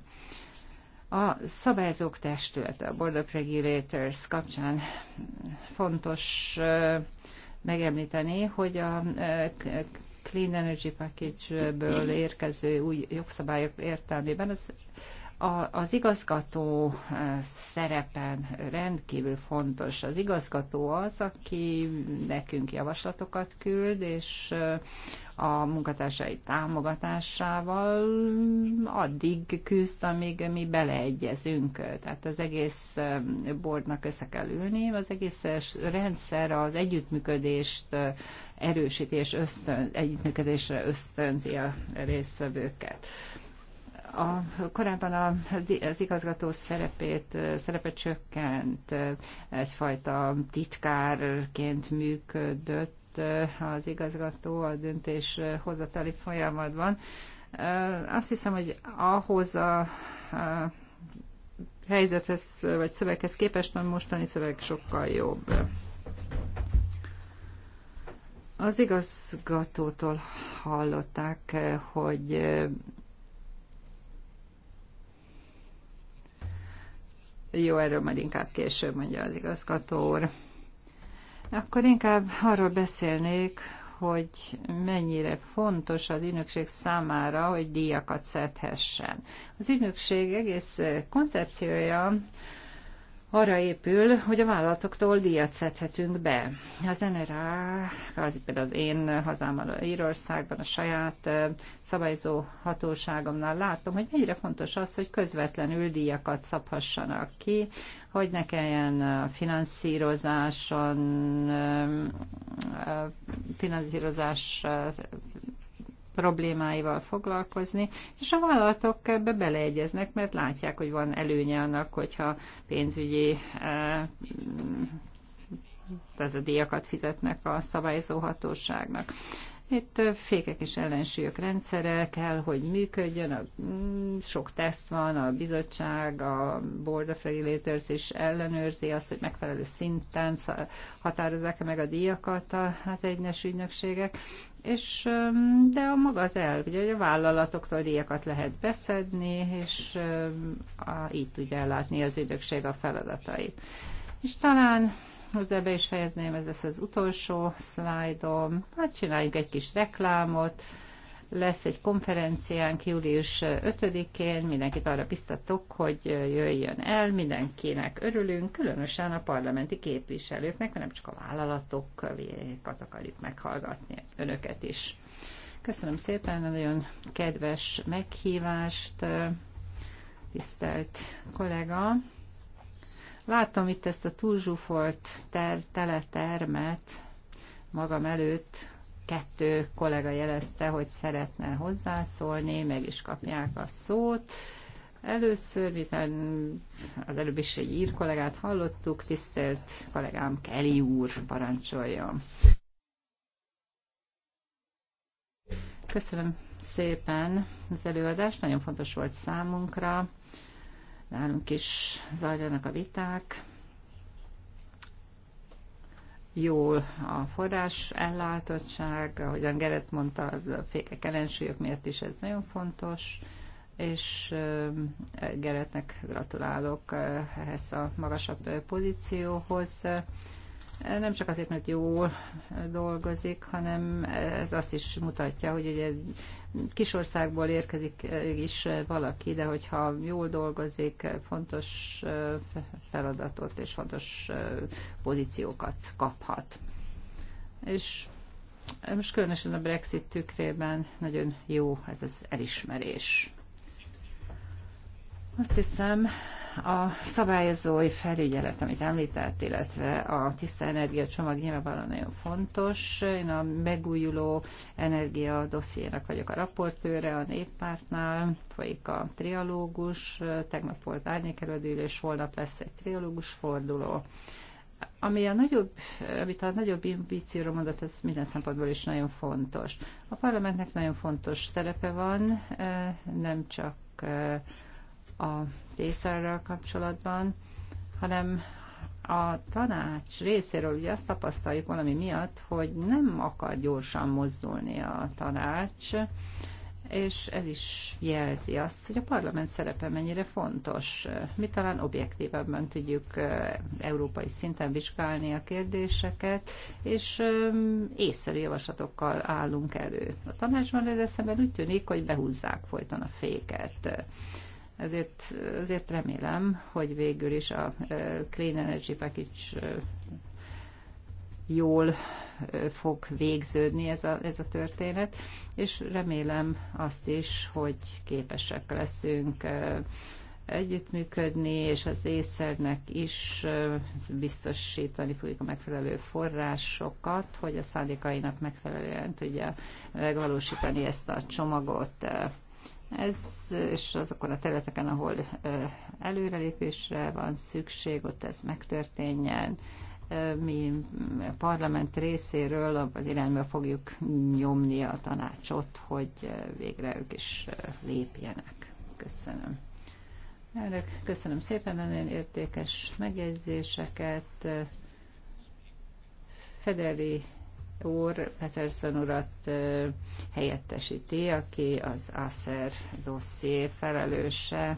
A szabályozók testülete, a Board of Regulators kapcsán fontos megemlíteni, hogy a Clean Energy Package-ből érkező új jogszabályok értelmében az a, az igazgató eh, szerepen rendkívül fontos. Az igazgató az, aki nekünk javaslatokat küld, és eh, a munkatársai támogatásával addig küzd, amíg mi beleegyezünk. Tehát az egész eh, boardnak össze kell ülni, az egész rendszer az együttműködést erősítés ösztön, együttműködésre ösztönzi a résztvevőket a, korábban a, az igazgató szerepét, szerepet csökkent, egyfajta titkárként működött az igazgató a döntés hozatali folyamatban. Azt hiszem, hogy ahhoz a, a helyzethez vagy szöveghez képest a mostani szöveg sokkal jobb. Az igazgatótól hallották, hogy Jó, erről majd inkább később mondja az igazgató úr. Akkor inkább arról beszélnék, hogy mennyire fontos az ügynökség számára, hogy díjakat szedhessen. Az ügynökség egész koncepciója arra épül, hogy a vállalatoktól díjat szedhetünk be. Az NRA, az például az én hazámmal Írországban, a saját szabályzó hatóságomnál látom, hogy mennyire fontos az, hogy közvetlenül díjakat szabhassanak ki, hogy ne kelljen finanszírozáson, finanszírozás problémáival foglalkozni, és a vállalatok ebbe beleegyeznek, mert látják, hogy van előnye annak, hogyha pénzügyi eh, mm, tehát a díjakat fizetnek a szabályozó hatóságnak. Itt fékek és ellensúlyok rendszere kell, hogy működjön, a, mm, sok teszt van, a bizottság, a Board of Regulators is ellenőrzi azt, hogy megfelelő szinten határozzák meg a díjakat az egynes ügynökségek, és, de a maga az elv, ugye, hogy a vállalatoktól díjakat lehet beszedni, és a, így tudja ellátni az ügynökség a feladatait. És talán hozzá be is fejezném, ez lesz az utolsó szlájdom. Hát csináljuk egy kis reklámot. Lesz egy konferenciánk július 5-én, mindenkit arra biztatok, hogy jöjjön el, mindenkinek örülünk, különösen a parlamenti képviselőknek, mert nem csak a vállalatokat akarjuk meghallgatni, önöket is. Köszönöm szépen a nagyon kedves meghívást, tisztelt kollega. Láttam itt ezt a túlzsúfolt ter- teletermet magam előtt, kettő kollega jelezte, hogy szeretne hozzászólni, meg is kapják a szót. Először, miután az előbb is egy ír kollégát hallottuk, tisztelt kollégám Kelly úr parancsoljon. Köszönöm szépen az előadást, nagyon fontos volt számunkra. Nálunk is zajlanak a viták. Jól a forrás ellátottság, ahogyan Gerett mondta, a fékek ellensúlyok miatt is ez nagyon fontos és Geretnek gratulálok ehhez a magasabb pozícióhoz. Nem csak azért, mert jól dolgozik, hanem ez azt is mutatja, hogy ugye kisországból érkezik is valaki, de hogyha jól dolgozik, fontos feladatot és fontos pozíciókat kaphat. És most különösen a Brexit tükrében nagyon jó ez az elismerés. Azt hiszem, a szabályozói felügyelet, amit említett, illetve a tiszta energia csomag nyilvánvalóan nagyon fontos. Én a megújuló energia dossziénak vagyok a raportőre a néppártnál, folyik a trialógus, tegnap volt árnyékelődülés, holnap lesz egy trialógus forduló. Ami a nagyobb, amit a nagyobb ambícióra mondott, ez minden szempontból is nagyon fontos. A parlamentnek nagyon fontos szerepe van, nem csak a tészelrel kapcsolatban, hanem a tanács részéről ugye azt tapasztaljuk valami miatt, hogy nem akar gyorsan mozdulni a tanács, és ez is jelzi azt, hogy a parlament szerepe mennyire fontos. Mi talán objektívebben tudjuk európai szinten vizsgálni a kérdéseket, és észszerű javaslatokkal állunk elő. A tanácsban ez eszemben úgy tűnik, hogy behúzzák folyton a féket ezért, ezért remélem, hogy végül is a Clean Energy Package jól fog végződni ez a, ez a történet, és remélem azt is, hogy képesek leszünk együttműködni, és az észernek is biztosítani fogjuk a megfelelő forrásokat, hogy a szándékainak megfelelően tudja megvalósítani ezt a csomagot. Ez, és azokon a területeken, ahol előrelépésre van szükség, ott ez megtörténjen. Mi a parlament részéről az irányba fogjuk nyomni a tanácsot, hogy végre ők is lépjenek. Köszönöm. Elnök, köszönöm szépen a nagyon értékes megjegyzéseket. Federi úr Peterson urat helyettesíti, aki az ASZER dosszié felelőse.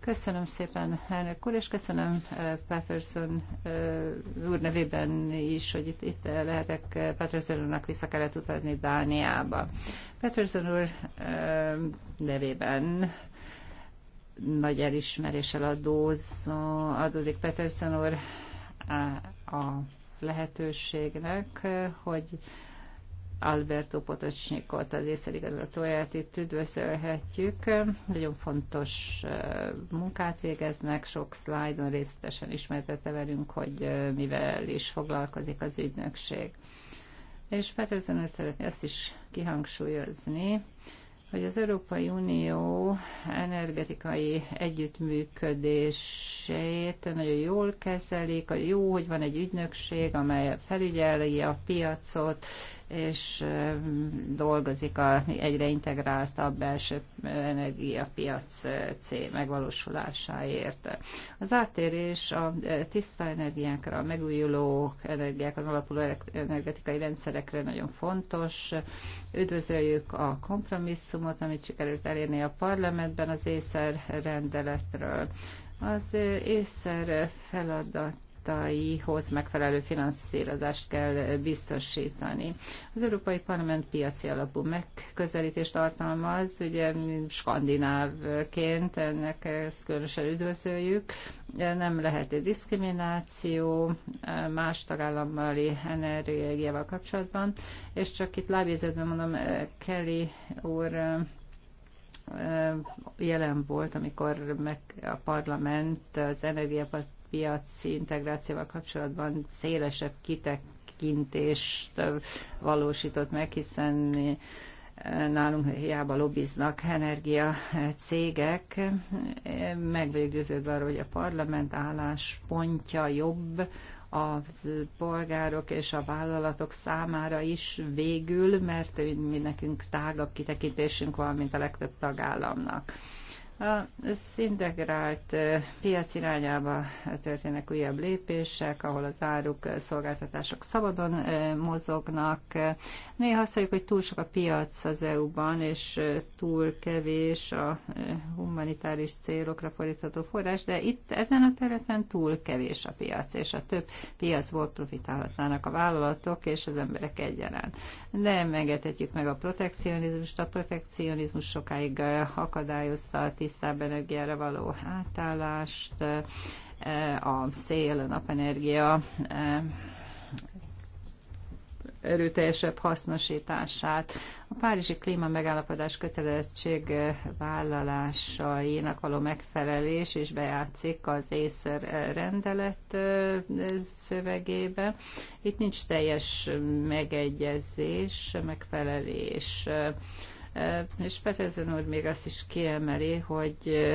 Köszönöm szépen, elnök úr, és köszönöm Patterson úr nevében is, hogy itt, itt lehetek. Patterson úrnak vissza kellett utazni Dániába. Patterson úr nevében nagy elismeréssel adózó, adózik Patterson úr a lehetőségnek, hogy Alberto Potocsnyikot, az észeligazgatóját itt üdvözölhetjük. Nagyon fontos munkát végeznek, sok szlájdon részletesen ismertette velünk, hogy mivel is foglalkozik az ügynökség. És Peterson szeretné azt is kihangsúlyozni, hogy az Európai Unió energetikai együttműködését nagyon jól kezelik, jó, hogy van egy ügynökség, amely felügyeli a piacot, és dolgozik a egyre integráltabb belső energiapiac megvalósulásáért. Az áttérés a tiszta energiákra, a megújuló az alapuló energetikai rendszerekre nagyon fontos. Üdvözöljük a kompromisszumot, amit sikerült elérni a parlamentben az észer rendeletről. Az észer feladat feladataihoz megfelelő finanszírozást kell biztosítani. Az Európai Parlament piaci alapú megközelítést tartalmaz, ugye skandinávként ennek ezt különösen üdvözöljük, nem lehet diszkrimináció más tagállambali energiával kapcsolatban, és csak itt lábjegyzetben mondom, Kelly úr jelen volt, amikor meg a parlament az energiapat piaci integrációval kapcsolatban szélesebb kitekintést valósított meg, hiszen nálunk hiába lobbiznak energia cégek. Meg vagyok győződve arról, hogy a parlament álláspontja jobb, a polgárok és a vállalatok számára is végül, mert mi nekünk tágabb kitekintésünk van, mint a legtöbb tagállamnak. Az integrált piac irányába történnek újabb lépések, ahol az áruk, szolgáltatások szabadon mozognak. Néha azt mondjuk, hogy túl sok a piac az EU-ban, és túl kevés a humanitáris célokra fordítható forrás, de itt ezen a területen túl kevés a piac, és a több piacból profitálhatnának a vállalatok és az emberek egyaránt. De engedhetjük meg a protekcionizmust, a protekcionizmus sokáig akadályozta a tisztább energiára való átállást, eh, a szél, a napenergia eh, erőteljesebb hasznosítását, a Párizsi Klíma megállapodás kötelezettség eh, vállalásainak való megfelelés is bejátszik az észer rendelet szövegébe. Itt nincs teljes megegyezés, megfelelés és Peterson úr még azt is kiemeli, hogy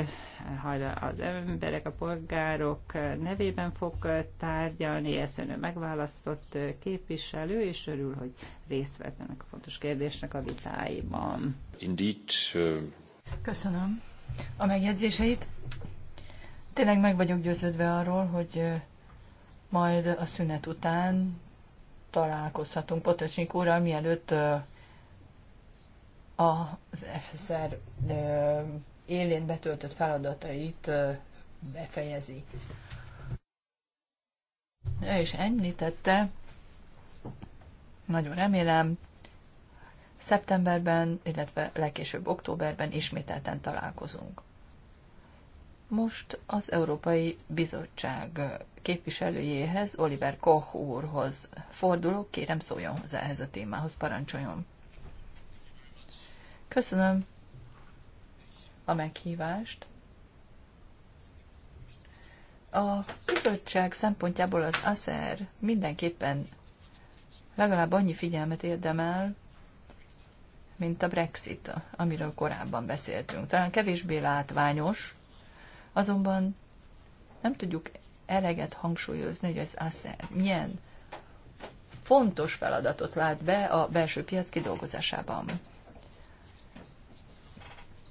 ha az emberek, a polgárok nevében fog tárgyalni, ezen ő megválasztott képviselő, és örül, hogy részt vett ennek a fontos kérdésnek a vitáiban. Indeed. Köszönöm a megjegyzéseit. Tényleg meg vagyok győződve arról, hogy majd a szünet után találkozhatunk Potocsnik úrral, mielőtt az FSR élén betöltött feladatait befejezi. Ja, és említette, nagyon remélem, szeptemberben, illetve legkésőbb októberben ismételten találkozunk. Most az Európai Bizottság képviselőjéhez, Oliver Koch úrhoz fordulok, kérem szóljon hozzá ehhez a témához, parancsoljon. Köszönöm a meghívást. A bizottság szempontjából az ASZER mindenképpen legalább annyi figyelmet érdemel, mint a Brexit, amiről korábban beszéltünk. Talán kevésbé látványos, azonban nem tudjuk eleget hangsúlyozni, hogy az ASZER milyen fontos feladatot lát be a belső piac kidolgozásában.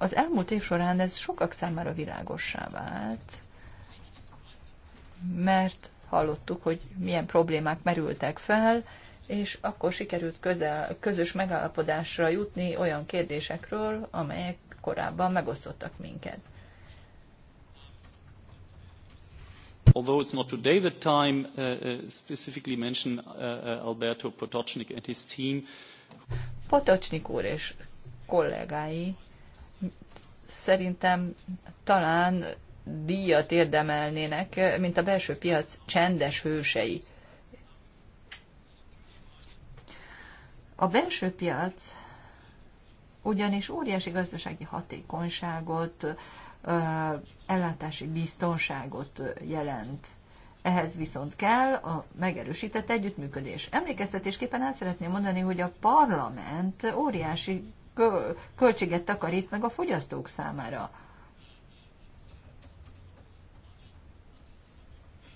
Az elmúlt év során ez sokak számára világossá vált, mert hallottuk, hogy milyen problémák merültek fel, és akkor sikerült közel, közös megállapodásra jutni olyan kérdésekről, amelyek korábban megosztottak minket. although it's not today the time uh, uh specifically mention uh, uh, Alberto Potocnik and his team. Potocnik úr és kollégái szerintem talán díjat érdemelnének, mint a belső piac csendes hősei. A belső piac ugyanis óriási gazdasági hatékonyságot, ellátási biztonságot jelent. Ehhez viszont kell a megerősített együttműködés. Emlékeztetésképpen el szeretném mondani, hogy a parlament óriási költséget takarít meg a fogyasztók számára.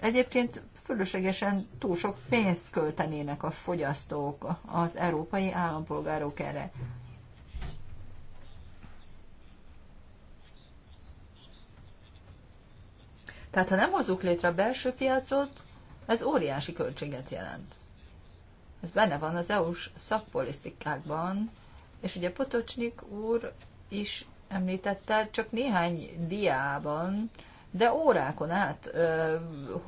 Egyébként fölöslegesen túl sok pénzt költenének a fogyasztók, az európai állampolgárok erre. Tehát ha nem hozzuk létre a belső piacot, ez óriási költséget jelent. Ez benne van az EU-s szakpolisztikákban, és ugye Potocsnik úr is említette, csak néhány diában, de órákon át ö,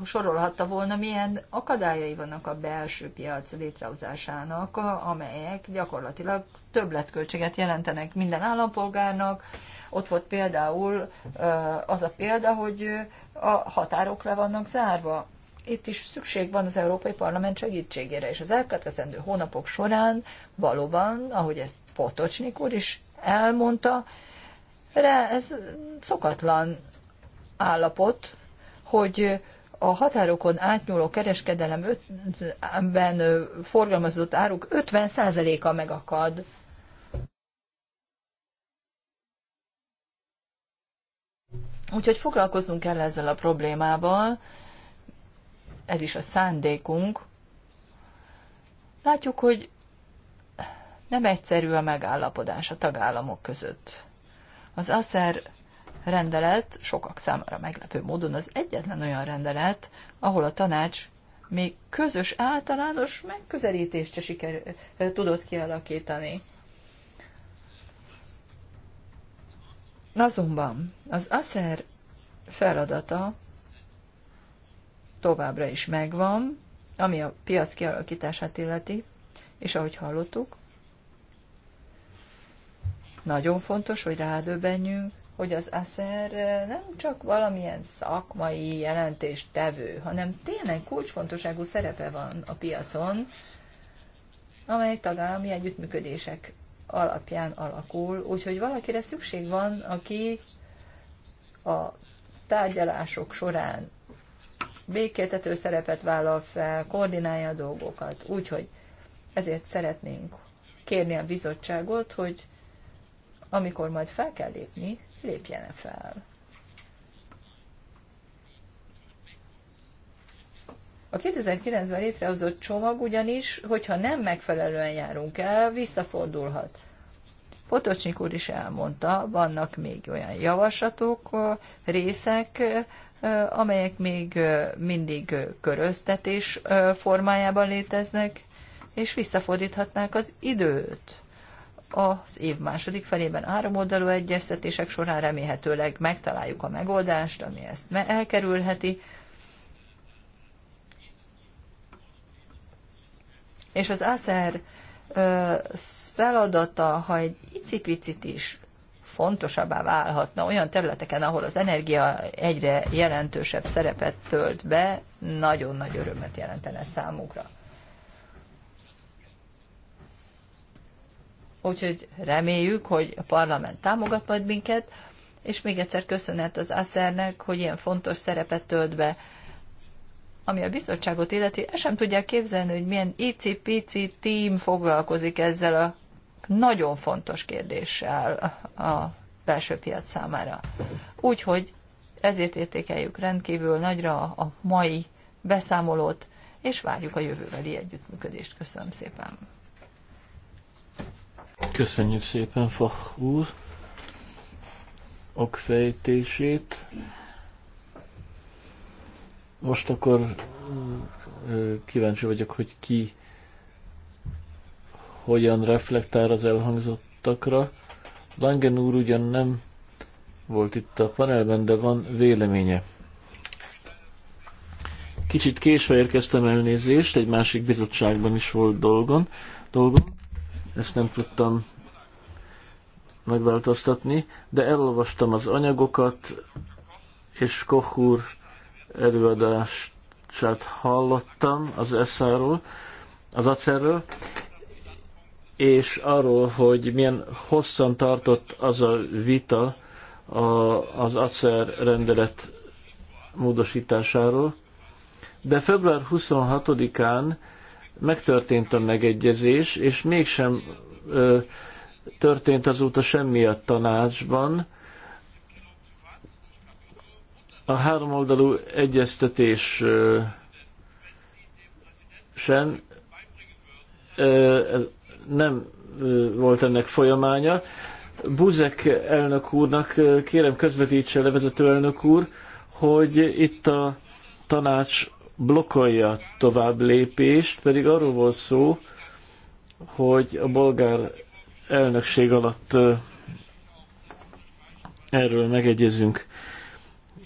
sorolhatta volna, milyen akadályai vannak a belső piac létrehozásának, amelyek gyakorlatilag többletköltséget jelentenek minden állampolgárnak. Ott volt például ö, az a példa, hogy a határok le vannak zárva. Itt is szükség van az Európai Parlament segítségére, és az elkövetkezendő hónapok során valóban, ahogy ezt Potocsnik úr is elmondta, de ez szokatlan állapot, hogy a határokon átnyúló kereskedelemben forgalmazott áruk 50%-a megakad. Úgyhogy foglalkoznunk kell ezzel a problémával, ez is a szándékunk. Látjuk, hogy nem egyszerű a megállapodás a tagállamok között. Az ASZER rendelet sokak számára meglepő módon az egyetlen olyan rendelet, ahol a tanács még közös általános megközelítést se siker, tudott kialakítani. Azonban az ASZER feladata továbbra is megvan, ami a piac kialakítását illeti, és ahogy hallottuk, nagyon fontos, hogy rádöbbenjünk, hogy az ASZER nem csak valamilyen szakmai tevő, hanem tényleg kulcsfontosságú szerepe van a piacon, amely tagállami együttműködések alapján alakul, úgyhogy valakire szükség van, aki a tárgyalások során békéltető szerepet vállal fel, koordinálja a dolgokat. Úgyhogy ezért szeretnénk kérni a bizottságot, hogy amikor majd fel kell lépni, lépjen fel. A 2009-ben létrehozott csomag ugyanis, hogyha nem megfelelően járunk el, visszafordulhat. Potocsnik úr is elmondta, vannak még olyan javaslatok, részek, amelyek még mindig köröztetés formájában léteznek, és visszafordíthatnák az időt az év második felében áramoldalú egyeztetések során remélhetőleg megtaláljuk a megoldást, ami ezt elkerülheti. És az ASZER feladata, ha egy icipicit is fontosabbá válhatna olyan területeken, ahol az energia egyre jelentősebb szerepet tölt be, nagyon nagy örömet jelentene számukra. úgyhogy reméljük, hogy a parlament támogat majd minket, és még egyszer köszönet az ASZER-nek, hogy ilyen fontos szerepet tölt be. Ami a bizottságot illeti, el sem tudják képzelni, hogy milyen icipici tím foglalkozik ezzel a nagyon fontos kérdéssel a belső piac számára. Úgyhogy ezért értékeljük rendkívül nagyra a mai beszámolót, és várjuk a jövőbeli együttműködést. Köszönöm szépen! Köszönjük szépen, Fach úr, okfejtését. Most akkor kíváncsi vagyok, hogy ki hogyan reflektál az elhangzottakra. Langen úr ugyan nem volt itt a panelben, de van véleménye. Kicsit késve érkeztem elnézést, egy másik bizottságban is volt dolgon, dolgon ezt nem tudtam megváltoztatni, de elolvastam az anyagokat, és kohúr előadását hallottam az eszáról, az acerről, és arról, hogy milyen hosszan tartott az a vita a, az acer rendelet módosításáról. De február 26-án megtörtént a megegyezés, és mégsem ö, történt azóta semmi a tanácsban. A háromoldalú egyeztetés ö, sem ö, nem ö, volt ennek folyamánya. Buzek elnök úrnak kérem közvetítse levezető elnök úr, hogy itt a tanács blokkolja tovább lépést, pedig arról volt szó, hogy a bolgár elnökség alatt erről megegyezünk.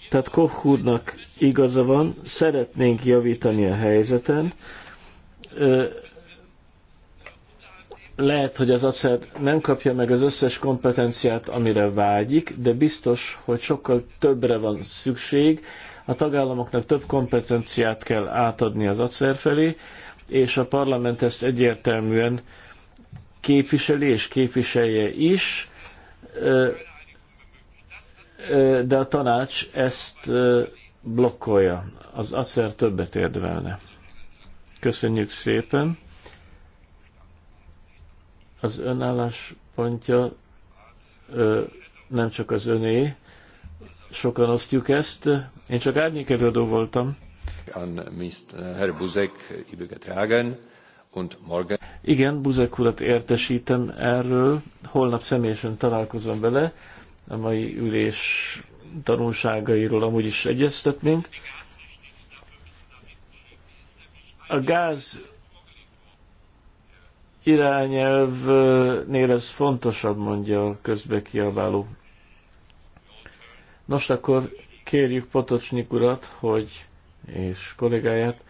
Tehát Koch úrnak igaza van, szeretnénk javítani a helyzeten. Lehet, hogy az acer nem kapja meg az összes kompetenciát, amire vágyik, de biztos, hogy sokkal többre van szükség, a tagállamoknak több kompetenciát kell átadni az acer felé, és a parlament ezt egyértelműen képviseli és képviselje is, de a tanács ezt blokkolja. Az acer többet érdemelne. Köszönjük szépen. Az önálláspontja nem csak az öné, sokan osztjuk ezt. Én csak árnyékelődő voltam. Mr. Buzek Igen, Buzek urat értesítem erről. Holnap személyesen találkozom vele. A mai ülés tanulságairól amúgy is egyeztetnénk. A gáz irányelvnél ez fontosabb, mondja a közbekiabáló Nos, akkor kérjük Potocsnik urat, hogy, és kollégáját,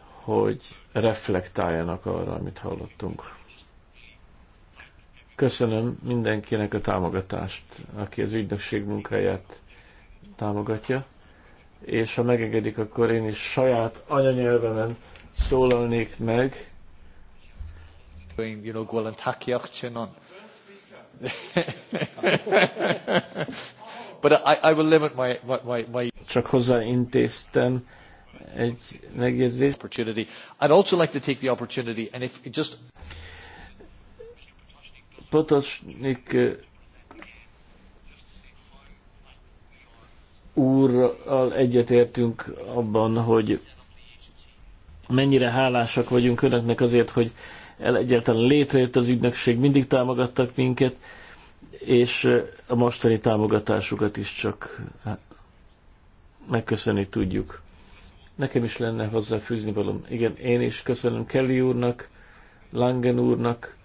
hogy reflektáljanak arra, amit hallottunk. Köszönöm mindenkinek a támogatást, aki az ügynökség munkáját támogatja, és ha megengedik, akkor én is saját anyanyelvemen szólalnék meg. Köszönöm, But I, I will limit my, my, my... Csak hozzáintéztem egy megjegyzést. Opportunity. I'd also like to take the opportunity, and if it just... Potosnik eh, úrral egyetértünk abban, hogy mennyire hálásak vagyunk önöknek azért, hogy el egyáltalán létrejött az ügynökség, mindig támogattak minket, és a mostani támogatásukat is csak hát, megköszönni tudjuk. Nekem is lenne hozzáfűzni valam. Igen, én is köszönöm Kelly úrnak, Langen úrnak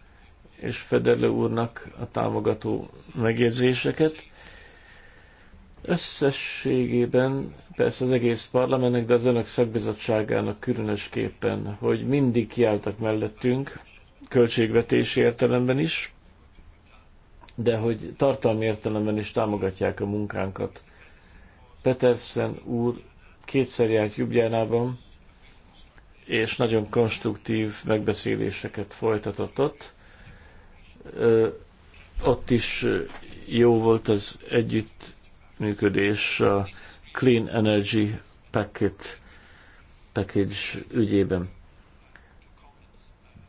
és Federle úrnak a támogató megjegyzéseket. Összességében persze az egész parlamentnek, de az önök szakbizottságának különösképpen, hogy mindig kiálltak mellettünk, költségvetési értelemben is, de hogy tartalmi értelemben is támogatják a munkánkat. Petersen úr kétszer járt Jubjánában, és nagyon konstruktív megbeszéléseket folytatott ott. Ott is jó volt az együttműködés a Clean Energy Packet package ügyében.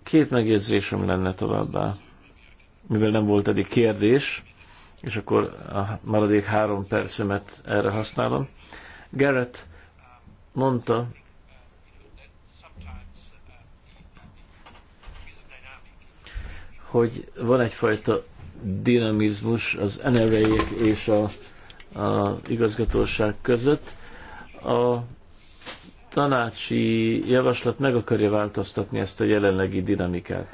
Két megjegyzésem lenne továbbá mivel nem volt eddig kérdés, és akkor a maradék három percemet erre használom. Garrett mondta, hogy van egyfajta dinamizmus az nra és a, a igazgatóság között. A tanácsi javaslat meg akarja változtatni ezt a jelenlegi dinamikát.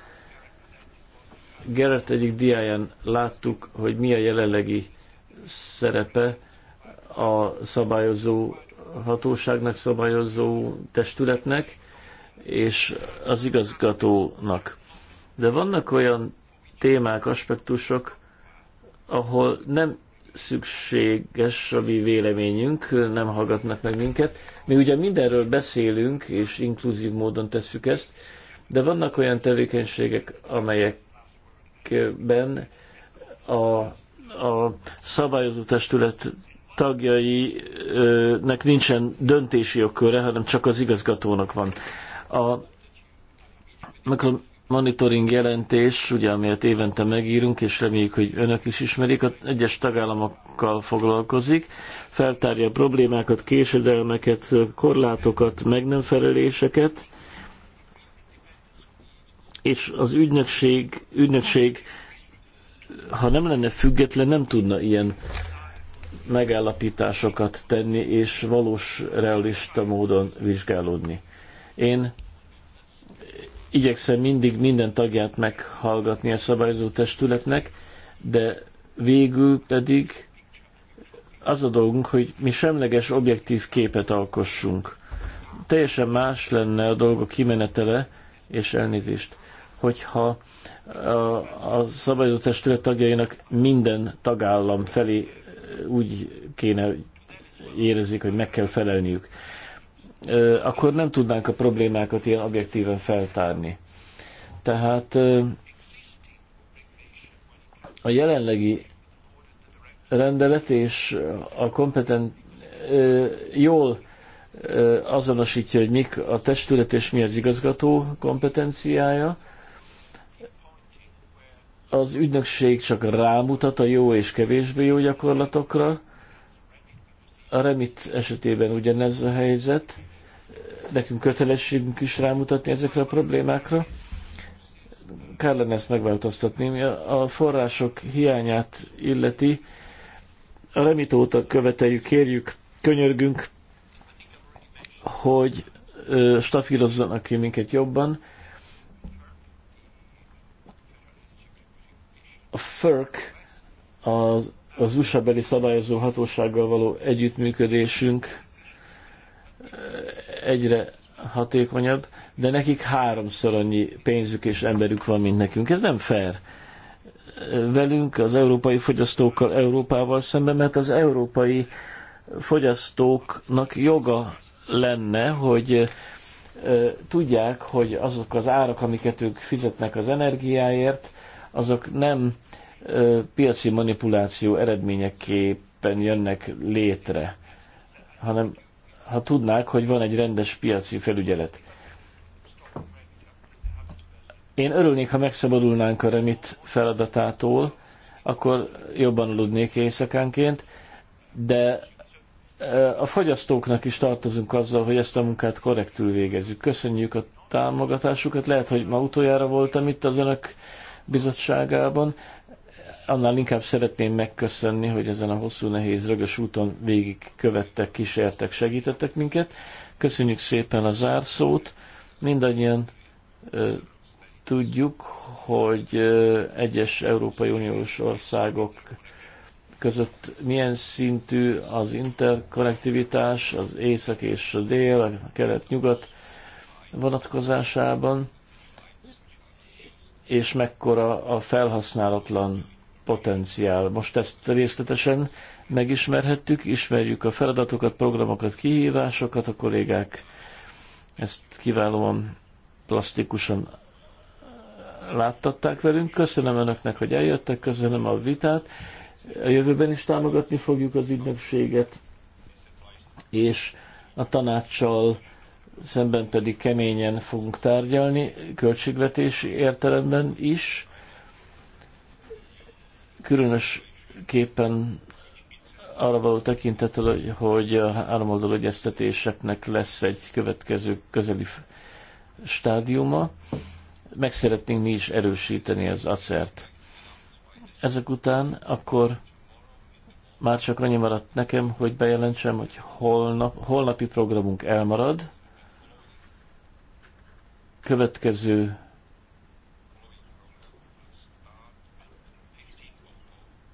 Gerett egyik diáján láttuk, hogy mi a jelenlegi szerepe a szabályozó hatóságnak, szabályozó testületnek és az igazgatónak. De vannak olyan témák, aspektusok, ahol nem szükséges a mi véleményünk, nem hallgatnak meg minket. Mi ugye mindenről beszélünk, és inkluzív módon tesszük ezt, de vannak olyan tevékenységek, amelyek években a, a szabályozó testület tagjainek nincsen döntési jogköre, hanem csak az igazgatónak van. A monitoring jelentés, ugye, amelyet évente megírunk, és reméljük, hogy önök is ismerik, az egyes tagállamokkal foglalkozik, feltárja problémákat, késedelmeket, korlátokat, meg nem feleléseket, és az ügynökség, ügynökség ha nem lenne független, nem tudna ilyen megállapításokat tenni, és valós, realista módon vizsgálódni. Én igyekszem mindig minden tagját meghallgatni a szabályozó testületnek, de végül pedig az a dolgunk, hogy mi semleges, objektív képet alkossunk. Teljesen más lenne a dolgok kimenetele, és elnézést hogyha a szabályozó testület tagjainak minden tagállam felé úgy kéne érezzék, hogy meg kell felelniük, akkor nem tudnánk a problémákat ilyen objektíven feltárni. Tehát a jelenlegi rendelet és a kompetent jól azonosítja, hogy mik a testület és mi az igazgató kompetenciája, az ügynökség csak rámutat a jó és kevésbé jó gyakorlatokra. A Remit esetében ugyanez a helyzet. Nekünk kötelességünk is rámutatni ezekre a problémákra. Kellene ezt megváltoztatni. A források hiányát illeti. A Remit óta követeljük, kérjük, könyörgünk, hogy stafírozzanak ki minket jobban a FERC, az, az USA beli szabályozó hatósággal való együttműködésünk eh, egyre hatékonyabb, de nekik háromszor annyi pénzük és emberük van, mint nekünk. Ez nem fair velünk, az európai fogyasztókkal, Európával szemben, mert az európai fogyasztóknak joga lenne, hogy eh, tudják, hogy azok az árak, amiket ők fizetnek az energiáért, azok nem ö, piaci manipuláció eredményeképpen jönnek létre, hanem ha tudnák, hogy van egy rendes piaci felügyelet. Én örülnék, ha megszabadulnánk a remit feladatától, akkor jobban aludnék éjszakánként, de a fogyasztóknak is tartozunk azzal, hogy ezt a munkát korrektül végezzük. Köszönjük a támogatásukat. Lehet, hogy ma utoljára voltam itt az önök bizottságában. Annál inkább szeretném megköszönni, hogy ezen a hosszú, nehéz, rögös úton végig követtek, kísértek, segítettek minket. Köszönjük szépen a zárszót. Mindannyian ö, tudjuk, hogy ö, egyes Európai Uniós országok között milyen szintű az interkonnektivitás, az észak és a dél, a kelet-nyugat vonatkozásában és mekkora a felhasználatlan potenciál. Most ezt részletesen megismerhettük, ismerjük a feladatokat, programokat, kihívásokat, a kollégák ezt kiválóan, plastikusan láttatták velünk. Köszönöm Önöknek, hogy eljöttek, köszönöm a vitát. A jövőben is támogatni fogjuk az ügynökséget, és a tanácssal szemben pedig keményen fogunk tárgyalni, költségvetési értelemben is. Különösképpen arra való tekintettel, hogy a háromoldal egyeztetéseknek lesz egy következő közeli stádiuma, meg szeretnénk mi is erősíteni az acert. Ezek után akkor már csak annyi maradt nekem, hogy bejelentsem, hogy holnap, holnapi programunk elmarad, következő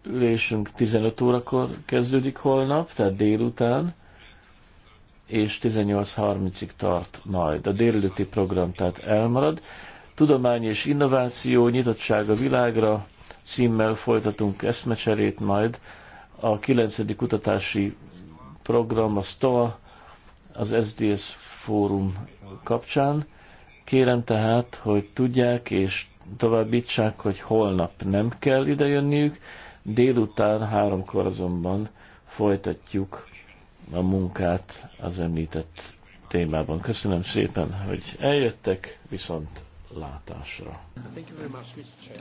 ülésünk 15 órakor kezdődik holnap, tehát délután, és 18.30-ig tart majd. A délelőtti program tehát elmarad. Tudomány és innováció, nyitottság a világra címmel folytatunk eszmecserét majd. A 9. kutatási program, a STOA, az SDS fórum kapcsán Kérem tehát, hogy tudják és továbbítsák, hogy holnap nem kell idejönniük, délután háromkor azonban folytatjuk a munkát az említett témában. Köszönöm szépen, hogy eljöttek, viszont látásra. Thank you very much, Mr. Chair.